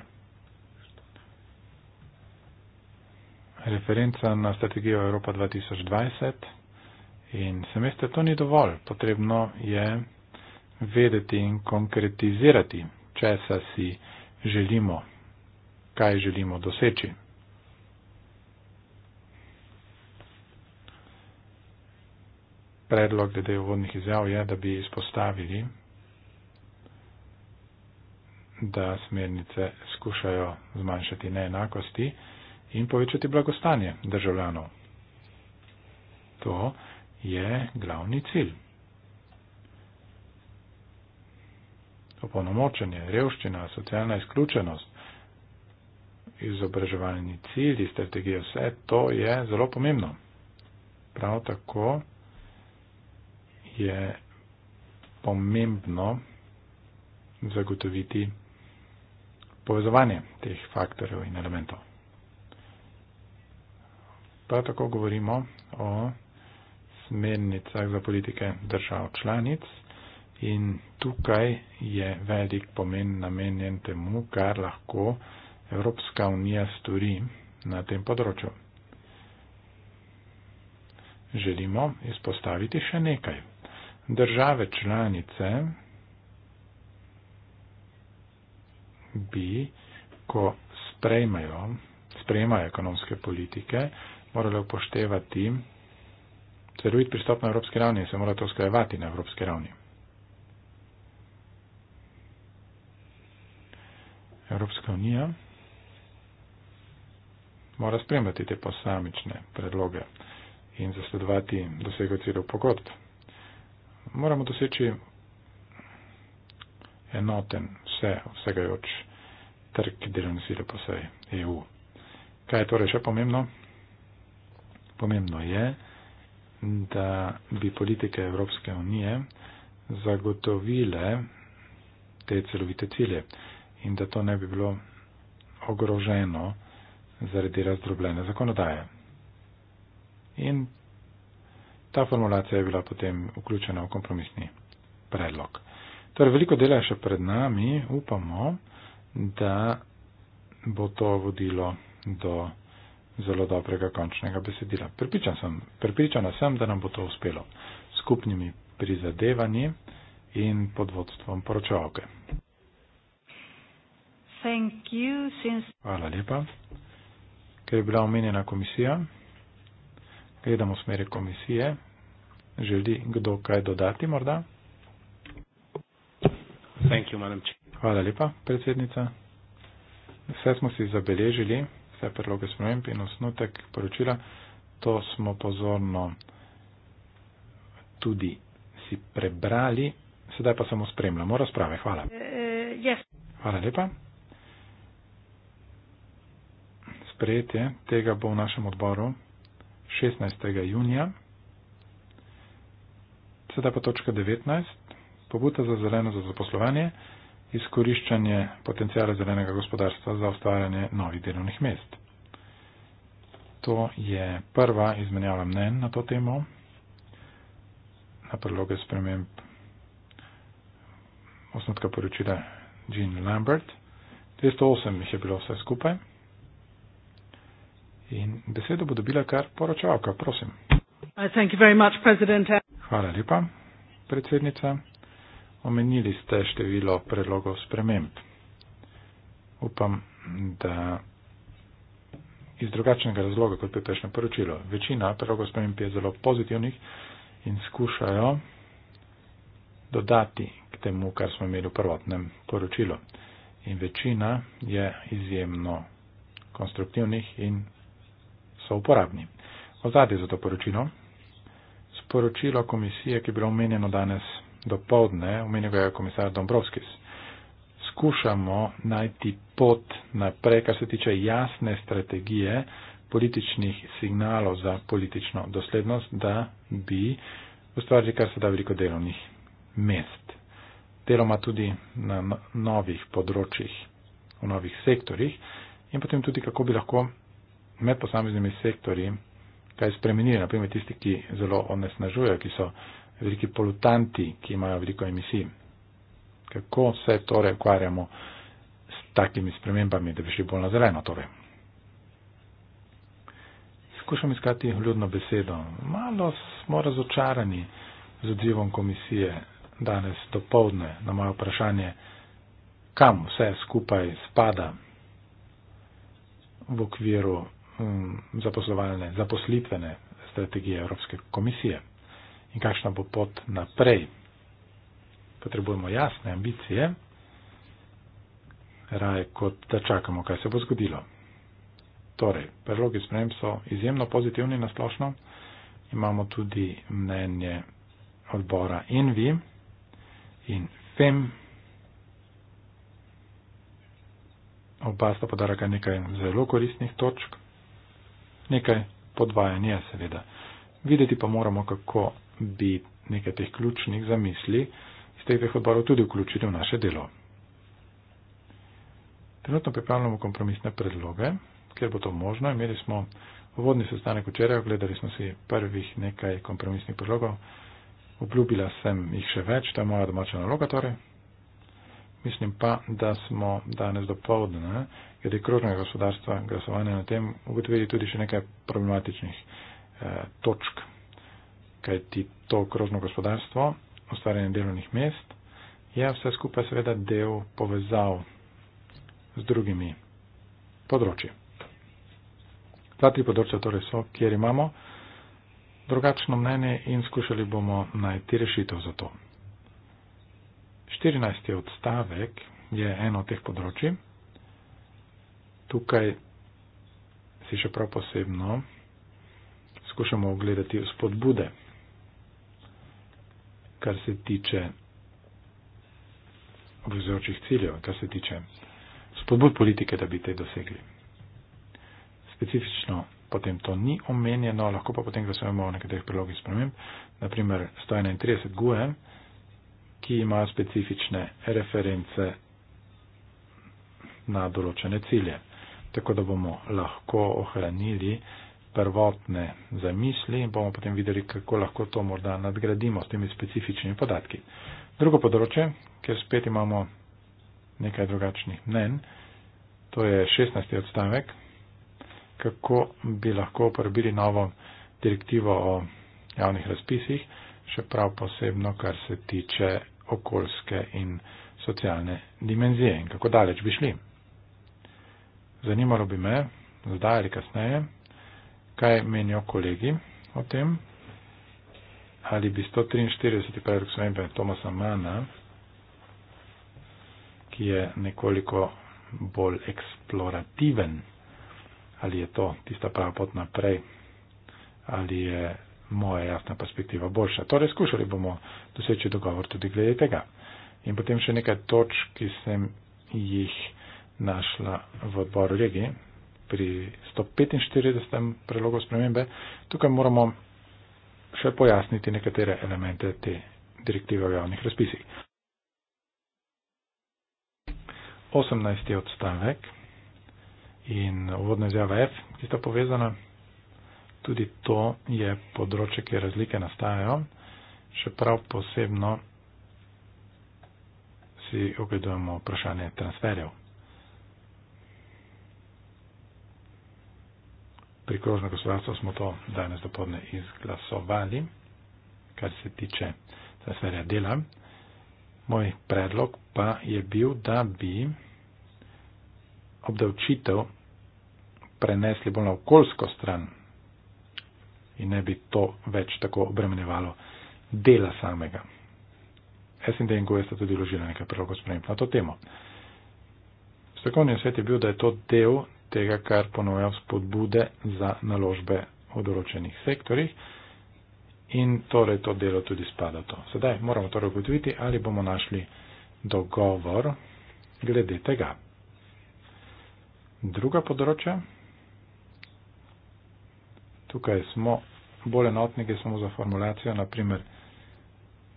referenca na strategijo Evropa 2020 in se veste, to ni dovolj. Potrebno je vedeti in konkretizirati, česa si želimo, kaj želimo doseči. Predlog glede uvodnih izjav je, da bi izpostavili da smernice skušajo zmanjšati neenakosti in povečati blagostanje državljanov. To je glavni cilj. Opolnomočenje, revščina, socialna izključenost, izobraževalni cilj, strategija, vse to je zelo pomembno. Prav tako je pomembno zagotoviti povezovanje teh faktorjev in elementov. Prav tako govorimo o smernicah za politike držav članic in tukaj je velik pomen namenjen temu, kar lahko Evropska unija stori na tem področju. Želimo izpostaviti še nekaj. Države članice bi, ko sprejmajo, sprejmajo ekonomske politike, morali upoštevati celovit pristop na evropski ravni in se morate usklajevati na evropski ravni. Evropska unija mora spremljati te posamične predloge in zasledovati dosego ciljev pogodb. Moramo doseči enoten vse, vsegajoč trg delovne sile po vsej EU. Kaj je torej še pomembno? Pomembno je, da bi politike Evropske unije zagotovile te celovite cilje in da to ne bi bilo ogroženo zaradi razdrobljene zakonodaje. In ta formulacija je bila potem vključena v kompromisni predlog. Torej, veliko dela je še pred nami, upamo, da bo to vodilo do zelo dobrega končnega besedila. Pripričana sem, pripričana sem, da nam bo to uspelo s skupnimi prizadevanji in pod vodstvom poročavke. Hvala lepa. Ker je bila omenjena komisija, gledamo smeri komisije. Želi kdo kaj dodati morda? Thank you, madam. Hvala lepa, predsednica. Vse smo si zabeležili, vse predloge sprememb in osnutek poročila. To smo pozorno tudi si prebrali. Sedaj pa samo spremljamo razprave. Hvala. Uh, yes. Hvala lepa. Sprejetje tega bo v našem odboru 16. junija. Sedaj pa točka 19 pobuda za zeleno za zaposlovanje, izkoriščanje potencijala zelenega gospodarstva za ustvarjanje novih delovnih mest. To je prva izmenjava mnen na to temo, na predloge sprememb osnotka poročila Jean Lambert. 208 jih je bilo vse skupaj. In besedo bo dobila kar poročavka, prosim. Uh, Hvala lepa, predsednica omenili ste število predlogov sprememb. Upam, da iz drugačnega razloga, kot je prejšnje poročilo, večina predlogov sprememb je zelo pozitivnih in skušajo dodati k temu, kar smo imeli v prvotnem poročilu. In večina je izjemno konstruktivnih in so uporabni. Ozadje za to poročilo. Sporočilo komisije, ki je bilo omenjeno danes do povdne, omenil ga je komisar Dombrovskis. Skušamo najti pot naprej, kar se tiče jasne strategije političnih signalov za politično doslednost, da bi ustvarili kar se da veliko delovnih mest. Deloma tudi na no-, novih področjih, v novih sektorjih in potem tudi, kako bi lahko med posameznimi sektorji kaj spremenili, naprimer tisti, ki zelo onesnažujejo, ki so veliki polutanti, ki imajo veliko emisij. Kako se torej ukvarjamo s takimi spremembami, da bi šli bolj na zeleno? Torej? Skušam iskati ljudno besedo. Malo smo razočarani z odzivom komisije danes do povdne na moje vprašanje, kam vse skupaj spada v okviru mm, zaposlovalne, zaposlitvene strategije Evropske komisije in kakšna bo pot naprej. Potrebujemo jasne ambicije, raje kot da čakamo, kaj se bo zgodilo. Torej, predlogi sprem so izjemno pozitivni na splošno. Imamo tudi mnenje odbora Envi in FEM. Oba sta podaraka nekaj zelo koristnih točk, nekaj podvajanja seveda. Videti pa moramo, kako bi nekaj teh ključnih zamisli iz teh dveh odborov tudi vključili v naše delo. Trenutno pripravljamo kompromisne predloge, kjer bo to možno. Imeli smo uvodni sestanek včeraj, ogledali smo si prvih nekaj kompromisnih predlogov. Obljubila sem jih še več, to je moja domača naloga torej. Mislim pa, da smo danes do povdne, glede krožnega gospodarstva, glasovanja na tem, ugotovili tudi še nekaj problematičnih eh, točk kajti to krožno gospodarstvo, ustvarjanje delovnih mest, je vse skupaj seveda del povezav z drugimi področji. Ta tri področja torej so, kjer imamo drugačno mnenje in skušali bomo najti rešitev za to. 14. odstavek je eno od teh področji. Tukaj si še prav posebno skušamo ogledati spodbude kar se tiče obvezujočih ciljev, kar se tiče spodbud politike, da bi te dosegli. Specifično potem to ni omenjeno, lahko pa potem glasujemo o nekaterih prilogih sprememb, naprimer 131 GUE, ki ima specifične reference na določene cilje. Tako da bomo lahko ohranili prvotne zamisli in bomo potem videli, kako lahko to morda nadgradimo s temi specifičnimi podatki. Drugo področje, kjer spet imamo nekaj drugačnih mnen, to je 16. odstavek, kako bi lahko uporabili novo direktivo o javnih razpisih, še prav posebno, kar se tiče okoljske in socialne dimenzije in kako daleč bi šli. Zanimalo bi me, zdaj ali kasneje, kaj menijo kolegi o tem, ali bi 143. predlog spremembe Tomasa Mana, ki je nekoliko bolj eksplorativen, ali je to tista prava pot naprej, ali je moja jasna perspektiva boljša. Torej, skušali bomo doseči dogovor tudi glede tega. In potem še nekaj točk, ki sem jih našla v odboru regije, pri 145. prelogu spremembe, tukaj moramo še pojasniti nekatere elemente te direktive o javnih razpisih. 18. odstavek in uvodna izjava F, ki sta povezana, tudi to je področje, kjer razlike nastajajo, še prav posebno si ogledujemo vprašanje transferjev. pri krožnem gospodarstvu smo to danes dopodne izglasovali, kar se tiče transferja dela. Moj predlog pa je bil, da bi obdavčitev prenesli bolj na okoljsko stran in ne bi to več tako obremenjevalo dela samega. SND in GOE sta tudi vložila nekaj predlogov sprememb na to temo. Strokovni svet je bil, da je to del tega, kar ponuja spodbude za naložbe v določenih sektorjih. In torej to delo tudi spada to. Sedaj moramo torej ugotoviti, ali bomo našli dogovor glede tega. Druga področja. Tukaj smo bolj enotni, gre samo za formulacijo, naprimer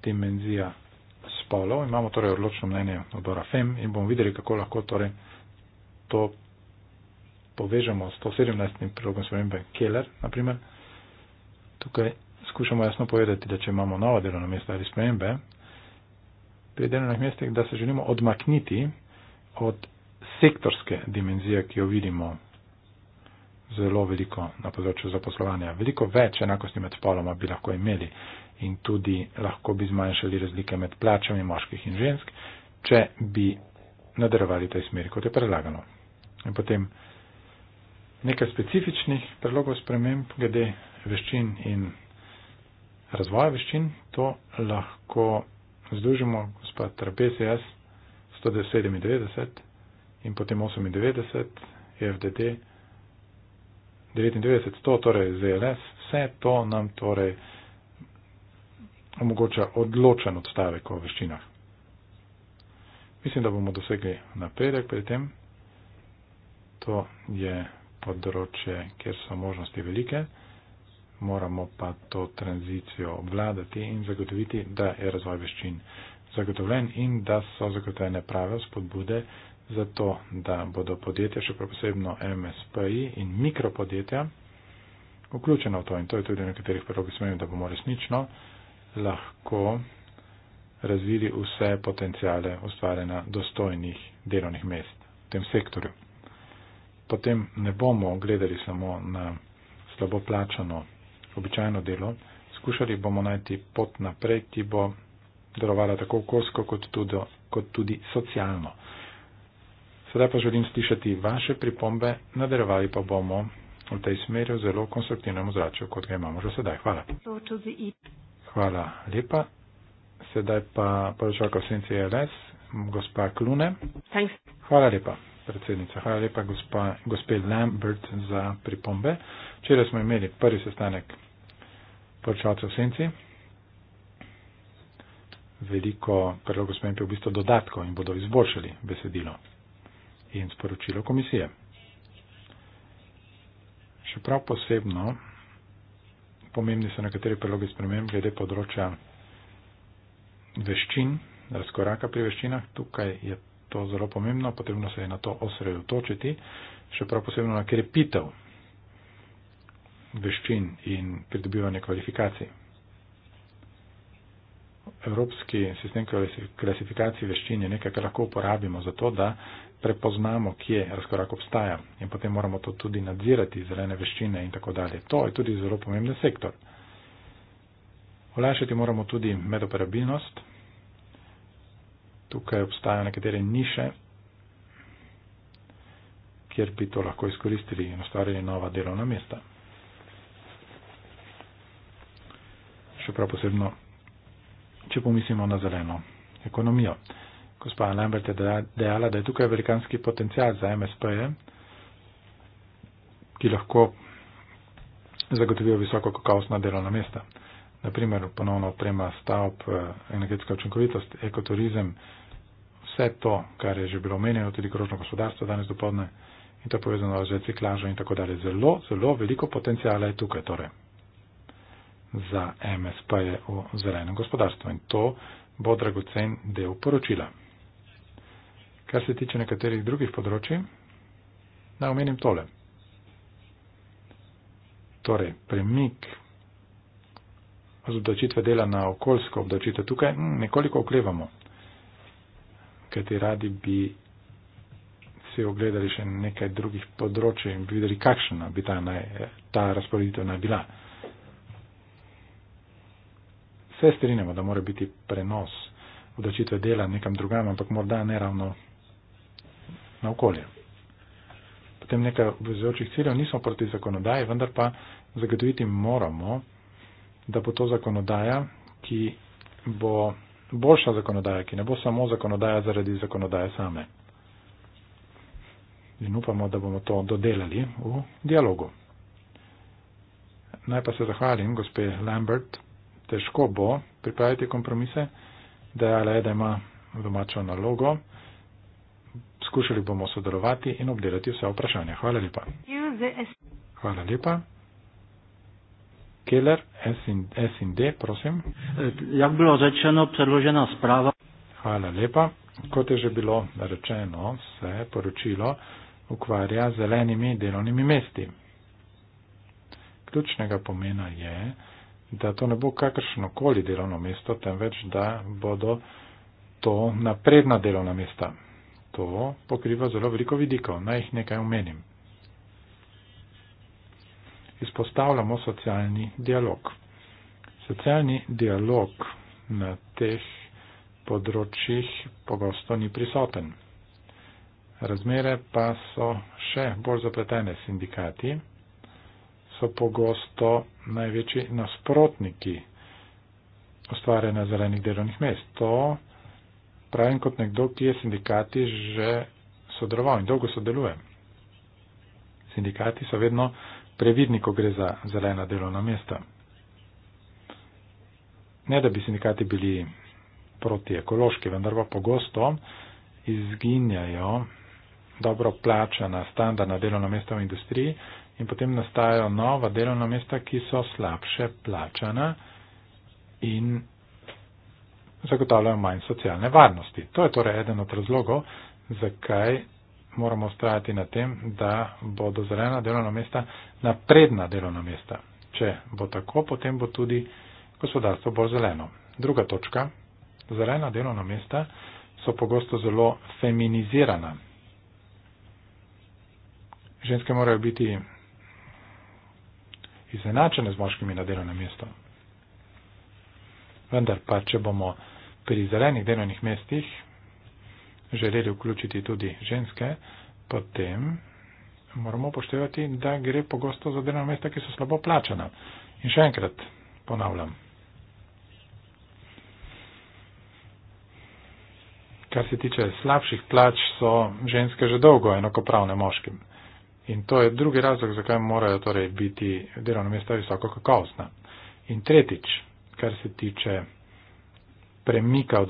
dimenzija spolov. Imamo torej odločno mnenje odbora FEM in bomo videli, kako lahko torej to povežemo s 117. prilogom spremembe Keller, naprimer, tukaj skušamo jasno povedati, da če imamo nova delovna mesta ali spremembe, pri delovnih mestih, da se želimo odmakniti od sektorske dimenzije, ki jo vidimo zelo veliko na področju zaposlovanja. Veliko več enakosti med spoloma bi lahko imeli in tudi lahko bi zmanjšali razlike med plačami moških in žensk, če bi nadarvali taj smer, kot je predlagano. In potem nekaj specifičnih predlogov sprememb glede veščin in razvoja veščin. To lahko združimo s trapezi S197 in potem 98, FDD 99, torej ZLS. Vse to nam torej omogoča odločen odstavek o veščinah. Mislim, da bomo dosegli napredek pri tem. To je. Yeah področje, kjer so možnosti velike, moramo pa to tranzicijo obvladati in zagotoviti, da je razvoj veščin zagotovljen in da so zagotovljene prave spodbude za to, da bodo podjetja, še posebno MSPI in mikropodjetja, vključena v to in to je tudi v nekaterih prerogih smem, da bomo resnično lahko razvili vse potencijale ustvarjanja dostojnih delovnih mest v tem sektorju potem ne bomo gledali samo na slabo plačano običajno delo, skušali bomo najti pot naprej, ki bo darovala tako okoljsko kot, kot tudi socialno. Sedaj pa želim slišati vaše pripombe, nadaljevali pa bomo v tej smeri v zelo konstruktivnem ozračju, kot ga imamo že sedaj. Hvala. Hvala lepa. Sedaj pa poročalka v senci e LS, gospa Klune. Hvala lepa predsednica. Hvala lepa, gospa, gospod Lambert, za pripombe. Včeraj smo imeli prvi sestanek poročalcev v senci. Veliko predlogov smo imeli v bistvu dodatkov in bodo izboljšali besedilo in sporočilo komisije. Še prav posebno pomembni so nekateri predlogi sprememb glede področja veščin, razkoraka pri veščinah. Tukaj je to zelo pomembno, potrebno se je na to osredotočiti, še prav posebno na krepitev veščin in pridobivanje kvalifikacij. Evropski sistem klasifikacij veščin je nekaj, kar lahko uporabimo za to, da prepoznamo, kje razkorak obstaja in potem moramo to tudi nadzirati, zelene veščine in tako dalje. To je tudi zelo pomemben sektor. Olajšati moramo tudi medoperabilnost tukaj obstajajo nekatere niše, kjer bi to lahko izkoristili in ustvarili nova delovna mesta. Še prav posebno, če pomislimo na zeleno ekonomijo. Gospa Lambert je dejala, da je tukaj velikanski potencial za MSP-je, ki lahko zagotovijo visoko kakovostna delovna mesta naprimer ponovno oprema stavb, eh, energetska očinkovitost, ekoturizem, vse to, kar je že bilo omenjeno, tudi krožno gospodarstvo danes dopoledne in to je povezano z reciklažo in tako dalje. Zelo, zelo veliko potencijala je tukaj torej za MSP je v zelenem gospodarstvu in to bo dragocen del poročila. Kar se tiče nekaterih drugih področji, naj omenim tole. Torej, premik z obdočitve dela na okoljsko obdočitev. Tukaj hm, nekoliko oklevamo, ker ti radi bi si ogledali še nekaj drugih področji in bi videli, kakšna bi ta, naj, ta razporeditev naj bila. Vse strinjamo, da mora biti prenos odločitve dela nekam drugam, ampak morda ne ravno na okolje. Potem nekaj obvezujočih ciljev nismo proti zakonodaji, vendar pa zagotoviti moramo, da bo to zakonodaja, ki bo boljša zakonodaja, ki ne bo samo zakonodaja zaradi zakonodaje same. In upamo, da bomo to dodelali v dialogu. Naj pa se zahvalim, gospe Lambert, težko bo pripraviti kompromise, dejala je, da ima domačo nalogo. Skušali bomo sodelovati in obdelati vse vprašanja. Hvala lepa. Hvala lepa. Keller, SND, prosim. Jak bilo rečeno, predložena sprava. Hvala lepa. Kot je že bilo rečeno, se poročilo ukvarja z zelenimi delovnimi mesti. Ključnega pomena je, da to ne bo kakršnokoli delovno mesto, temveč da bodo to napredna delovna mesta. To pokriva zelo veliko vidikov. Naj jih nekaj omenim izpostavljamo socialni dialog. Socialni dialog na teh področjih pogosto ni prisoten. Razmere pa so še bolj zapletene. Sindikati so pogosto največji nasprotniki ustvarjanja zelenih delovnih mest. To pravim kot nekdo, ki je sindikati že sodeloval in dolgo sodeluje. Sindikati so vedno previdni, ko gre za zelena delovna mesta. Ne, da bi sindikati bili proti ekološki, vendar pa pogosto izginjajo dobro plačana, standardna delovna mesta v industriji in potem nastajajo nova delovna mesta, ki so slabše plačana in zagotavljajo manj socialne varnosti. To je torej eden od razlogov, zakaj moramo ustrajati na tem, da bodo zelena delovna mesta napredna delovna mesta. Če bo tako, potem bo tudi gospodarstvo bolj zeleno. Druga točka. Zelena delovna mesta so pogosto zelo feminizirana. Ženske morajo biti izenačene z moškimi na delovnem mestu. Vendar pa, če bomo pri zelenih delovnih mestih želeli vključiti tudi ženske, potem moramo poštevati, da gre pogosto za delovna mesta, ki so slabo plačana. In še enkrat ponavljam. Kar se tiče slabših plač, so ženske že dolgo enakopravne moškim. In to je drugi razlog, zakaj morajo torej biti delovna mesta visoko kakovostna. In tretjič, kar se tiče premika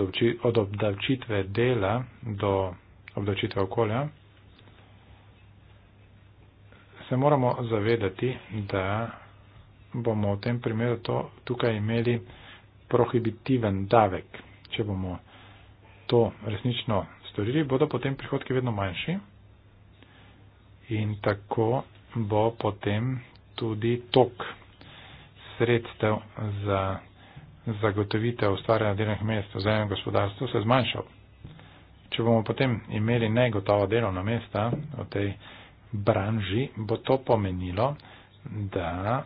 od obdavčitve dela do obdavčitve okolja, se moramo zavedati, da bomo v tem primeru to tukaj imeli prohibitiven davek. Če bomo to resnično storili, bodo potem prihodki vedno manjši in tako bo potem tudi tok sredstev za zagotovitev ustvarjanja delovnih mest v zemljem gospodarstvu se zmanjšal. Če bomo potem imeli negotova delovna mesta v tej branži, bo to pomenilo, da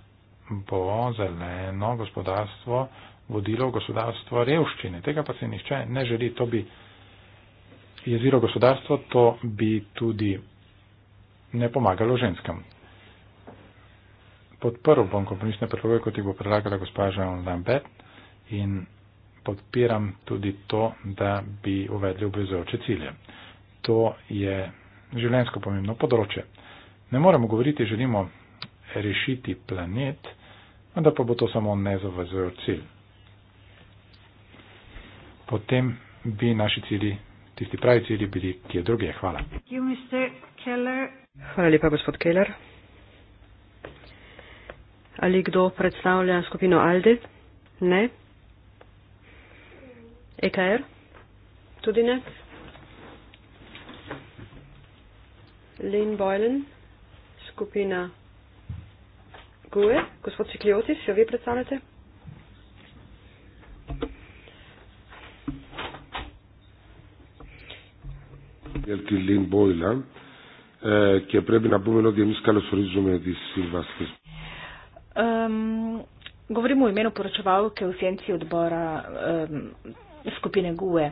bo zeleno gospodarstvo vodilo v gospodarstvo revščine. Tega pa se nihče ne želi. To bi jezilo gospodarstvo, to bi tudi ne pomagalo ženskam. Podprl bom kompromisne predloge, kot jih bo predlagala gospa Žan Lambert in podpiram tudi to, da bi uvedli obvezujoče cilje. To je življensko pomembno področje. Ne moremo govoriti, želimo rešiti planet, vendar pa bo to samo nezavezujoč cilj. Potem bi naši cilji, tisti pravi cilji, bili kje druge. Hvala. Hvala lepa, gospod Keller. Ali kdo predstavlja skupino Alde? Ne. EKR? Tudi ne. Lynn Boylan, skupina GUE. Gospod Cikliotis, jo vi predstavljate? για τη Λίν Μπόιλα ε, και πρέπει να πούμε ότι εμείς καλωσορίζουμε τις συμβαστές. Um, говорим у имену поручевалке у сенции отбора um, skupine GUE.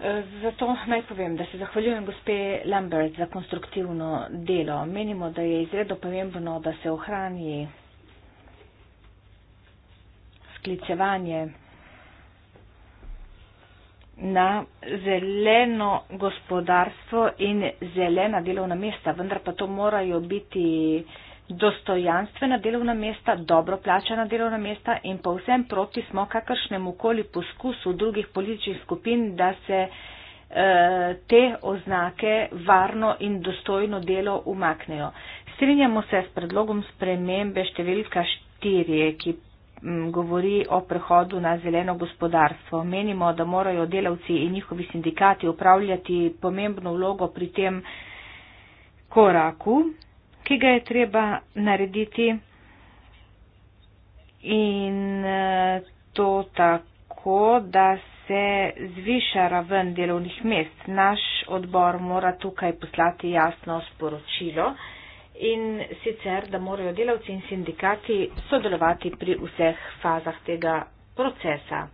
E, zato naj povem, da se zahvaljujem gospe Lambert za konstruktivno delo. Menimo, da je izredno pomembno, da se ohrani sklicevanje na zeleno gospodarstvo in zelena delovna mesta, vendar pa to morajo biti eh, dostojanstvena delovna mesta, dobro plačana delovna mesta in povsem proti smo kakršnemu koli poskusu drugih političnih skupin, da se eh, te oznake varno in dostojno delo umaknejo. Strinjamo se s predlogom spremembe številka 4, ki govori o prehodu na zeleno gospodarstvo. Menimo, da morajo delavci in njihovi sindikati upravljati pomembno vlogo pri tem koraku ki ga je treba narediti in eh, to tako, da se zviša raven delovnih mest. Naš odbor mora tukaj poslati jasno sporočilo in sicer, da morajo delavci in sindikati sodelovati pri vseh fazah tega procesa.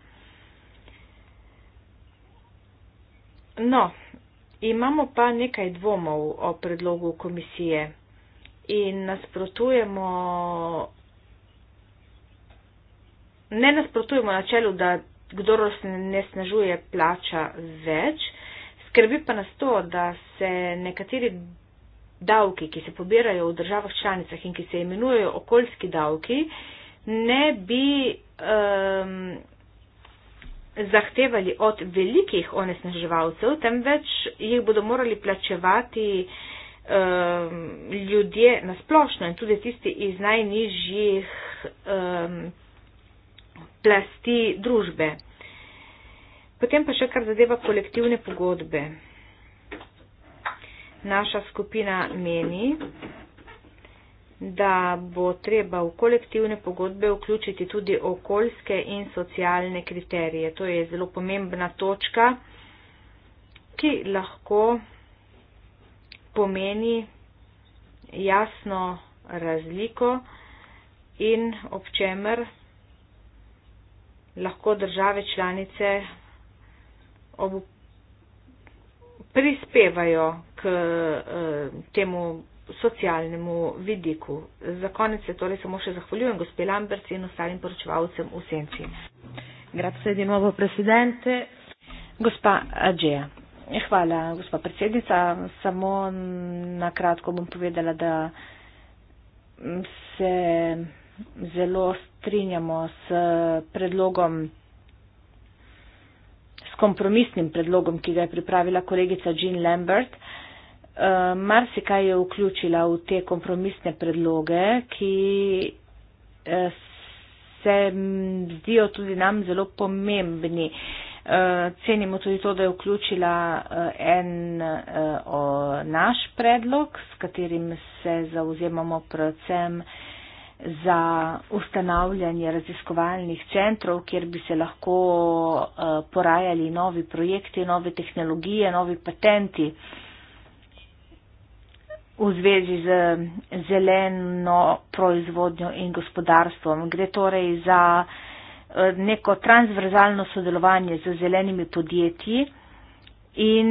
No, imamo pa nekaj dvomov o predlogu komisije in nasprotujemo, ne nasprotujemo načelu, da kdor ne snežuje plača več, skrbi pa nas to, da se nekateri davki, ki se pobirajo v državah članicah in ki se imenujejo okoljski davki, ne bi um, zahtevali od velikih onesnaževalcev, temveč jih bodo morali plačevati uh, um, ljudje nasplošno in tudi tisti iz najnižjih um, plasti družbe. Potem pa še kar zadeva kolektivne pogodbe. Naša skupina meni, da bo treba v kolektivne pogodbe vključiti tudi okoljske in socialne kriterije. To je zelo pomembna točka, ki lahko pomeni jasno razliko in ob čemer lahko države članice ob, prispevajo k eh, temu socialnemu vidiku. Za konec se torej samo še zahvaljujem gospe Lamberci in ostalim poročevalcem v senci. Grazie di nuovo, presidente. Gospa Adžeja. Hvala, gospa predsednica. Samo na kratko bom povedala, da se zelo strinjamo s predlogom, s kompromisnim predlogom, ki ga je pripravila kolegica Jean Lambert. Eh, marsikaj je vključila v te kompromisne predloge, ki eh, se zdijo tudi nam zelo pomembni cenimo tudi to, da je vključila eh, en eh, o, naš predlog, s katerim se zauzemamo predvsem za ustanavljanje raziskovalnih centrov, kjer bi se lahko eh, porajali novi projekti, nove tehnologije, novi patenti v zvezi z zeleno proizvodnjo in gospodarstvom. Gre torej za uh, neko transverzalno sodelovanje z zelenimi podjetji in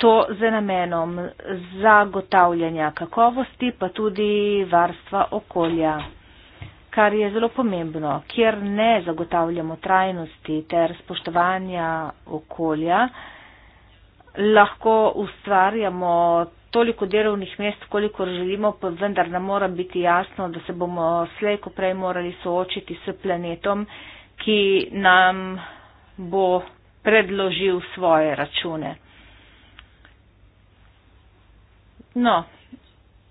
to z namenom zagotavljanja kakovosti, pa tudi varstva okolja, kar je zelo pomembno, kjer ne zagotavljamo trajnosti ter spoštovanja okolja, lahko ustvarjamo toliko delovnih mest, koliko želimo, pa vendar nam mora biti jasno, da se bomo slej, ko prej morali soočiti s planetom, ki nam bo predložil svoje račune. No,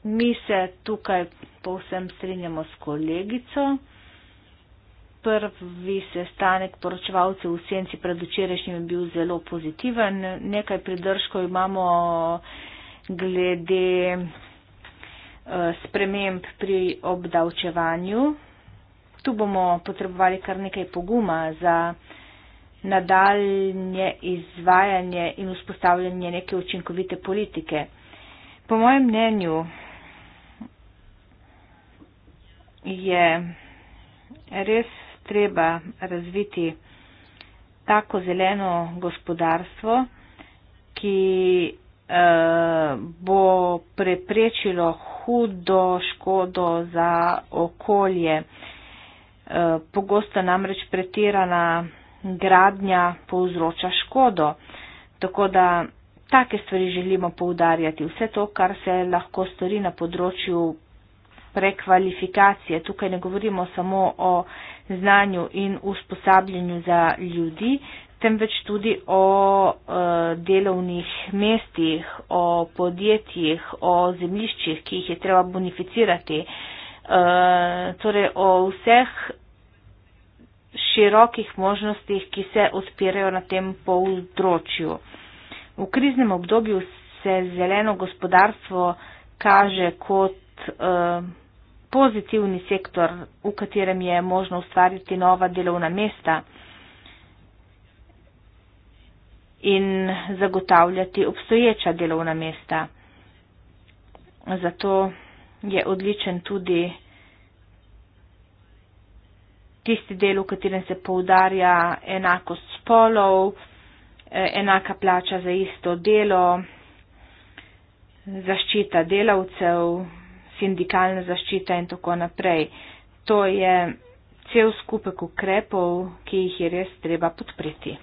mi se tukaj povsem strinjamo s kolegico. Prvi sestanek poročevalcev v senci pred včerajšnjim je bil zelo pozitiven. Nekaj pridržkov imamo glede eh, sprememb pri obdavčevanju. Tu bomo potrebovali kar nekaj poguma za nadaljnje izvajanje in vzpostavljanje neke učinkovite politike. Po mojem mnenju je res treba razviti tako zeleno gospodarstvo, ki Eh, bo preprečilo hudo škodo za okolje. Eh, pogosto namreč pretirana gradnja povzroča škodo. Tako da take stvari želimo poudarjati. Vse to, kar se lahko stori na področju prekvalifikacije. Tukaj ne govorimo samo o znanju in usposabljanju za ljudi, temveč tudi o uh, delovnih mestih, o podjetjih, o zemljiščih, ki jih je treba bonificirati, uh, torej o vseh širokih možnostih, ki se odpirajo na tem področju. V kriznem obdobju se zeleno gospodarstvo kaže kot uh, pozitivni sektor, v katerem je možno ustvariti nova delovna mesta in zagotavljati obstoječa delovna mesta. Zato je odličen tudi tisti del, v katerem se poudarja enakost spolov, eh, enaka plača za isto delo, zaščita delavcev, sindikalna zaščita in tako naprej. To je cel skupek ukrepov, ki jih je res treba podpreti.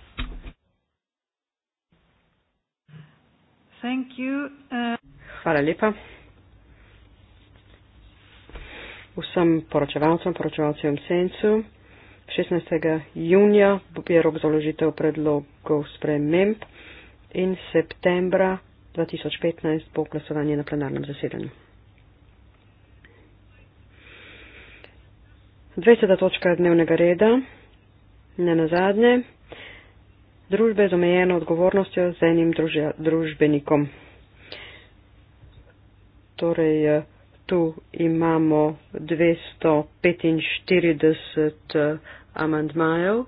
Thank you. Uh... Hvala lepa. Vsem poročevalcem, poročevalcem v Sencu. 16. junija je rok za vložitev predlogov sprememb in septembra 2015 bo glasovanje na plenarnem zasedanju. 20. točka dnevnega reda, ne na zadnje, družbe z omejeno odgovornostjo z enim druže, družbenikom. Torej, eh, tu imamo 245 eh, amandmajev,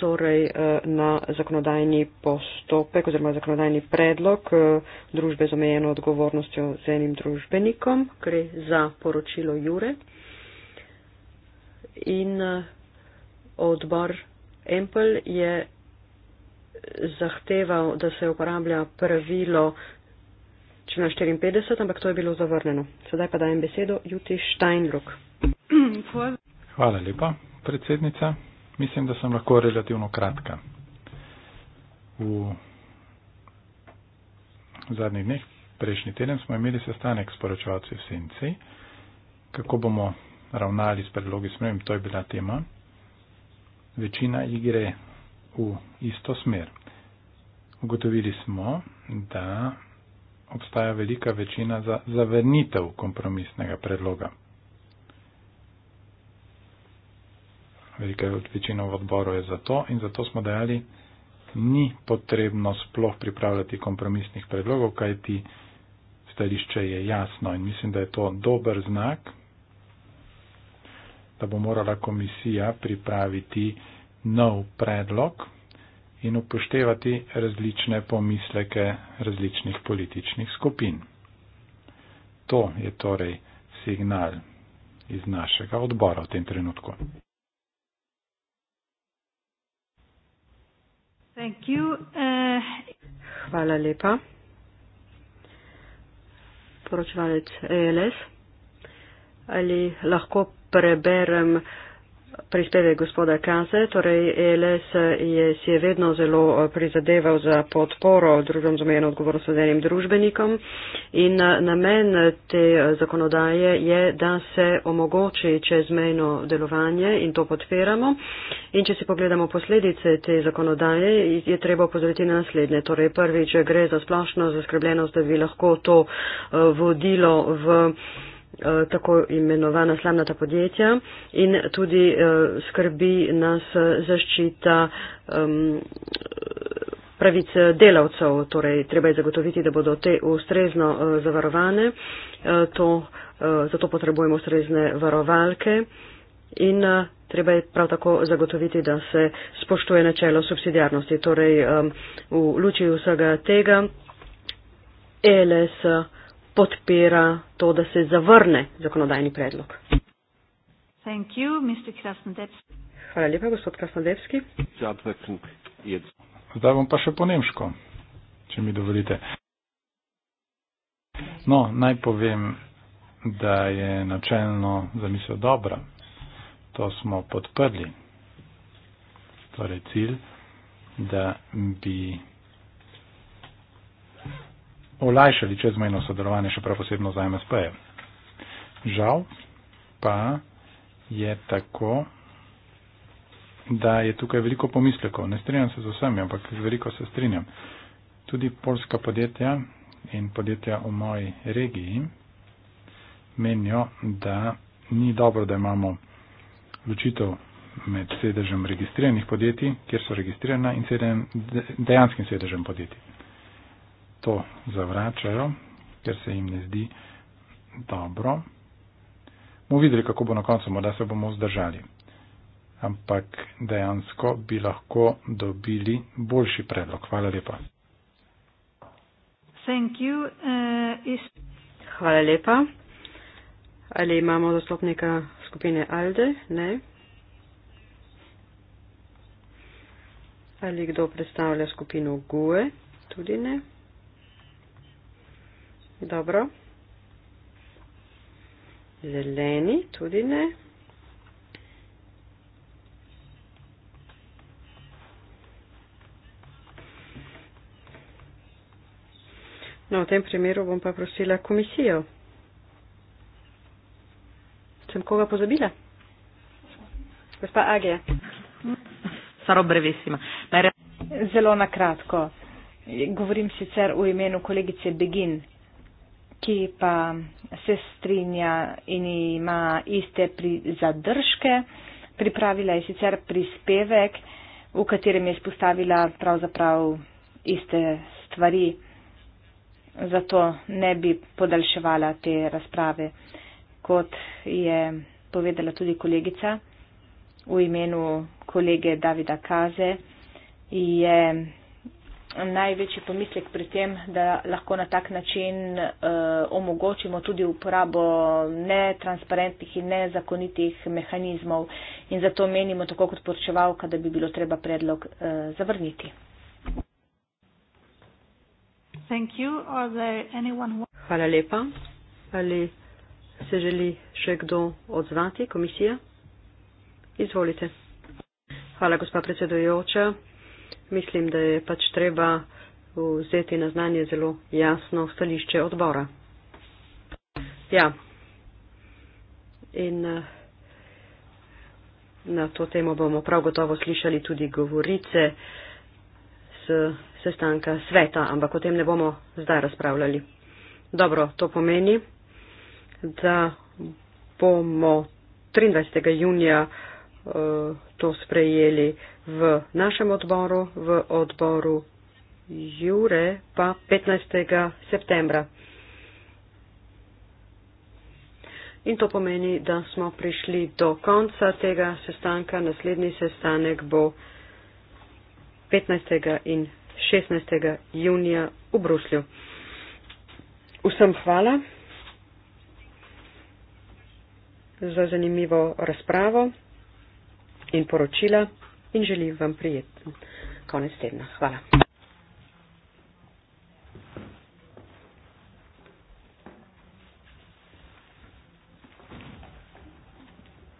torej eh, na zakonodajni postopek oziroma zakonodajni predlog družbe z omejeno odgovornostjo z enim družbenikom, gre za poročilo Jure. In odbor Empel je zahteval, da se uporablja pravilo člena 54, ampak to je bilo zavrneno. Sedaj pa dajem besedo Juti Steinbrück. Hvala lepa, predsednica. Mislim, da sem lahko relativno kratka. V zadnjih dneh, prejšnji teden, smo imeli sestanek s poročevalci v Senci, kako bomo ravnali s predlogi smrem, to je bila tema. Večina igre v isto smer. Ugotovili smo, da obstaja velika večina za zavrnitev kompromisnega predloga. Velika večina v odboru je za to in zato smo dejali, ni potrebno sploh pripravljati kompromisnih predlogov, kajti stališče je jasno in mislim, da je to dober znak, da bo morala komisija pripraviti nov predlog in upoštevati različne pomisleke različnih političnih skupin. To je torej signal iz našega odbora v tem trenutku. Thank you. Uh... Hvala lepa. Poročevalec ELS, ali lahko preberem uh, prispevek gospoda Kase, torej ELS je si je vedno zelo eh, prizadeval za podporo družbam z omejeno odgovornost z enim družbenikom in eh, namen eh, te zakonodaje je, da se omogoči čezmejno delovanje in to podpiramo. In če si pogledamo posledice te zakonodaje, je treba opozoriti na naslednje. Torej prvič gre za splošno zaskrbljenost, da bi lahko to vodilo v Eh, tako imenovana slamnata podjetja in tudi eh, skrbi nas zaščita pravic delavcev, torej treba je zagotoviti, da bodo te ustrezno eh, zavarovane, to, zato potrebujemo ustrezne varovalke in treba je prav tako zagotoviti, da se spoštuje načelo subsidijarnosti, torej v luči vsega tega ELS podpira to, da se zavrne zakonodajni predlog. You, Hvala lepa, gospod Krasnodevski. Zdaj bom pa še po nemško, če mi dovolite. No, naj povem, da je načelno zamisel dobra. To smo podprli. Torej cilj, da bi olajšali čezmejno sodelovanje, še prav posebno za MSP-je. Žal pa je tako, da je tukaj veliko pomislekov. Ne strinjam se z vsemi, ampak veliko se strinjam. Tudi polska podjetja in podjetja v moji regiji menijo, da ni dobro, da imamo ločitev med sedežem registriranih podjetij, kjer so registrirana, in sedežem, dejanskim sedežem podjetij to zavračajo, ker se jim ne zdi dobro. Mo videli, kako bo na koncu, morda se bomo vzdržali. Ampak dejansko bi lahko dobili boljši predlog. Hvala lepa. Thank you. Uh, is... Hvala lepa. Ali imamo zastopnika skupine Alde? Ne. Ali kdo predstavlja skupino GUE? Tudi ne. Dobro. Zeleni tudi ne. No, v tem primeru bom pa prosila komisijo. Sem koga pozabila? Gospa Age. Saro brevesima. Zelo nakratko. Govorim sicer v imenu kolegice Begin, ki pa se strinja in ima iste pri zadržke. Pripravila je sicer prispevek, v katerem je spostavila pravzaprav iste stvari, zato ne bi podaljševala te razprave, kot je povedala tudi kolegica v imenu kolege Davida Kaze. Je največji pomislek pri tem, da lahko na tak način uh, omogočimo tudi uporabo netransparentnih in nezakonitih mehanizmov in zato menimo tako kot poročevalka, da bi bilo treba predlog uh, zavrniti. Hvala lepa. Ali se želi še kdo odzvati? Komisija? Izvolite. Hvala, gospa predsedujoča mislim, da je pač treba vzeti na znanje zelo jasno stališče odbora. Ja. In eh, na to temo bomo prav gotovo slišali tudi govorice z sestanka sveta, ampak o tem ne bomo zdaj razpravljali. Dobro, to pomeni, da bomo 23. junija eh, to sprejeli v našem odboru, v odboru Jure pa 15. septembra. In to pomeni, da smo prišli do konca tega sestanka. Naslednji sestanek bo 15. in 16. junija v Bruslju. Vsem hvala za zanimivo razpravo in poročila in želim vam prijeten konec tedna. Hvala.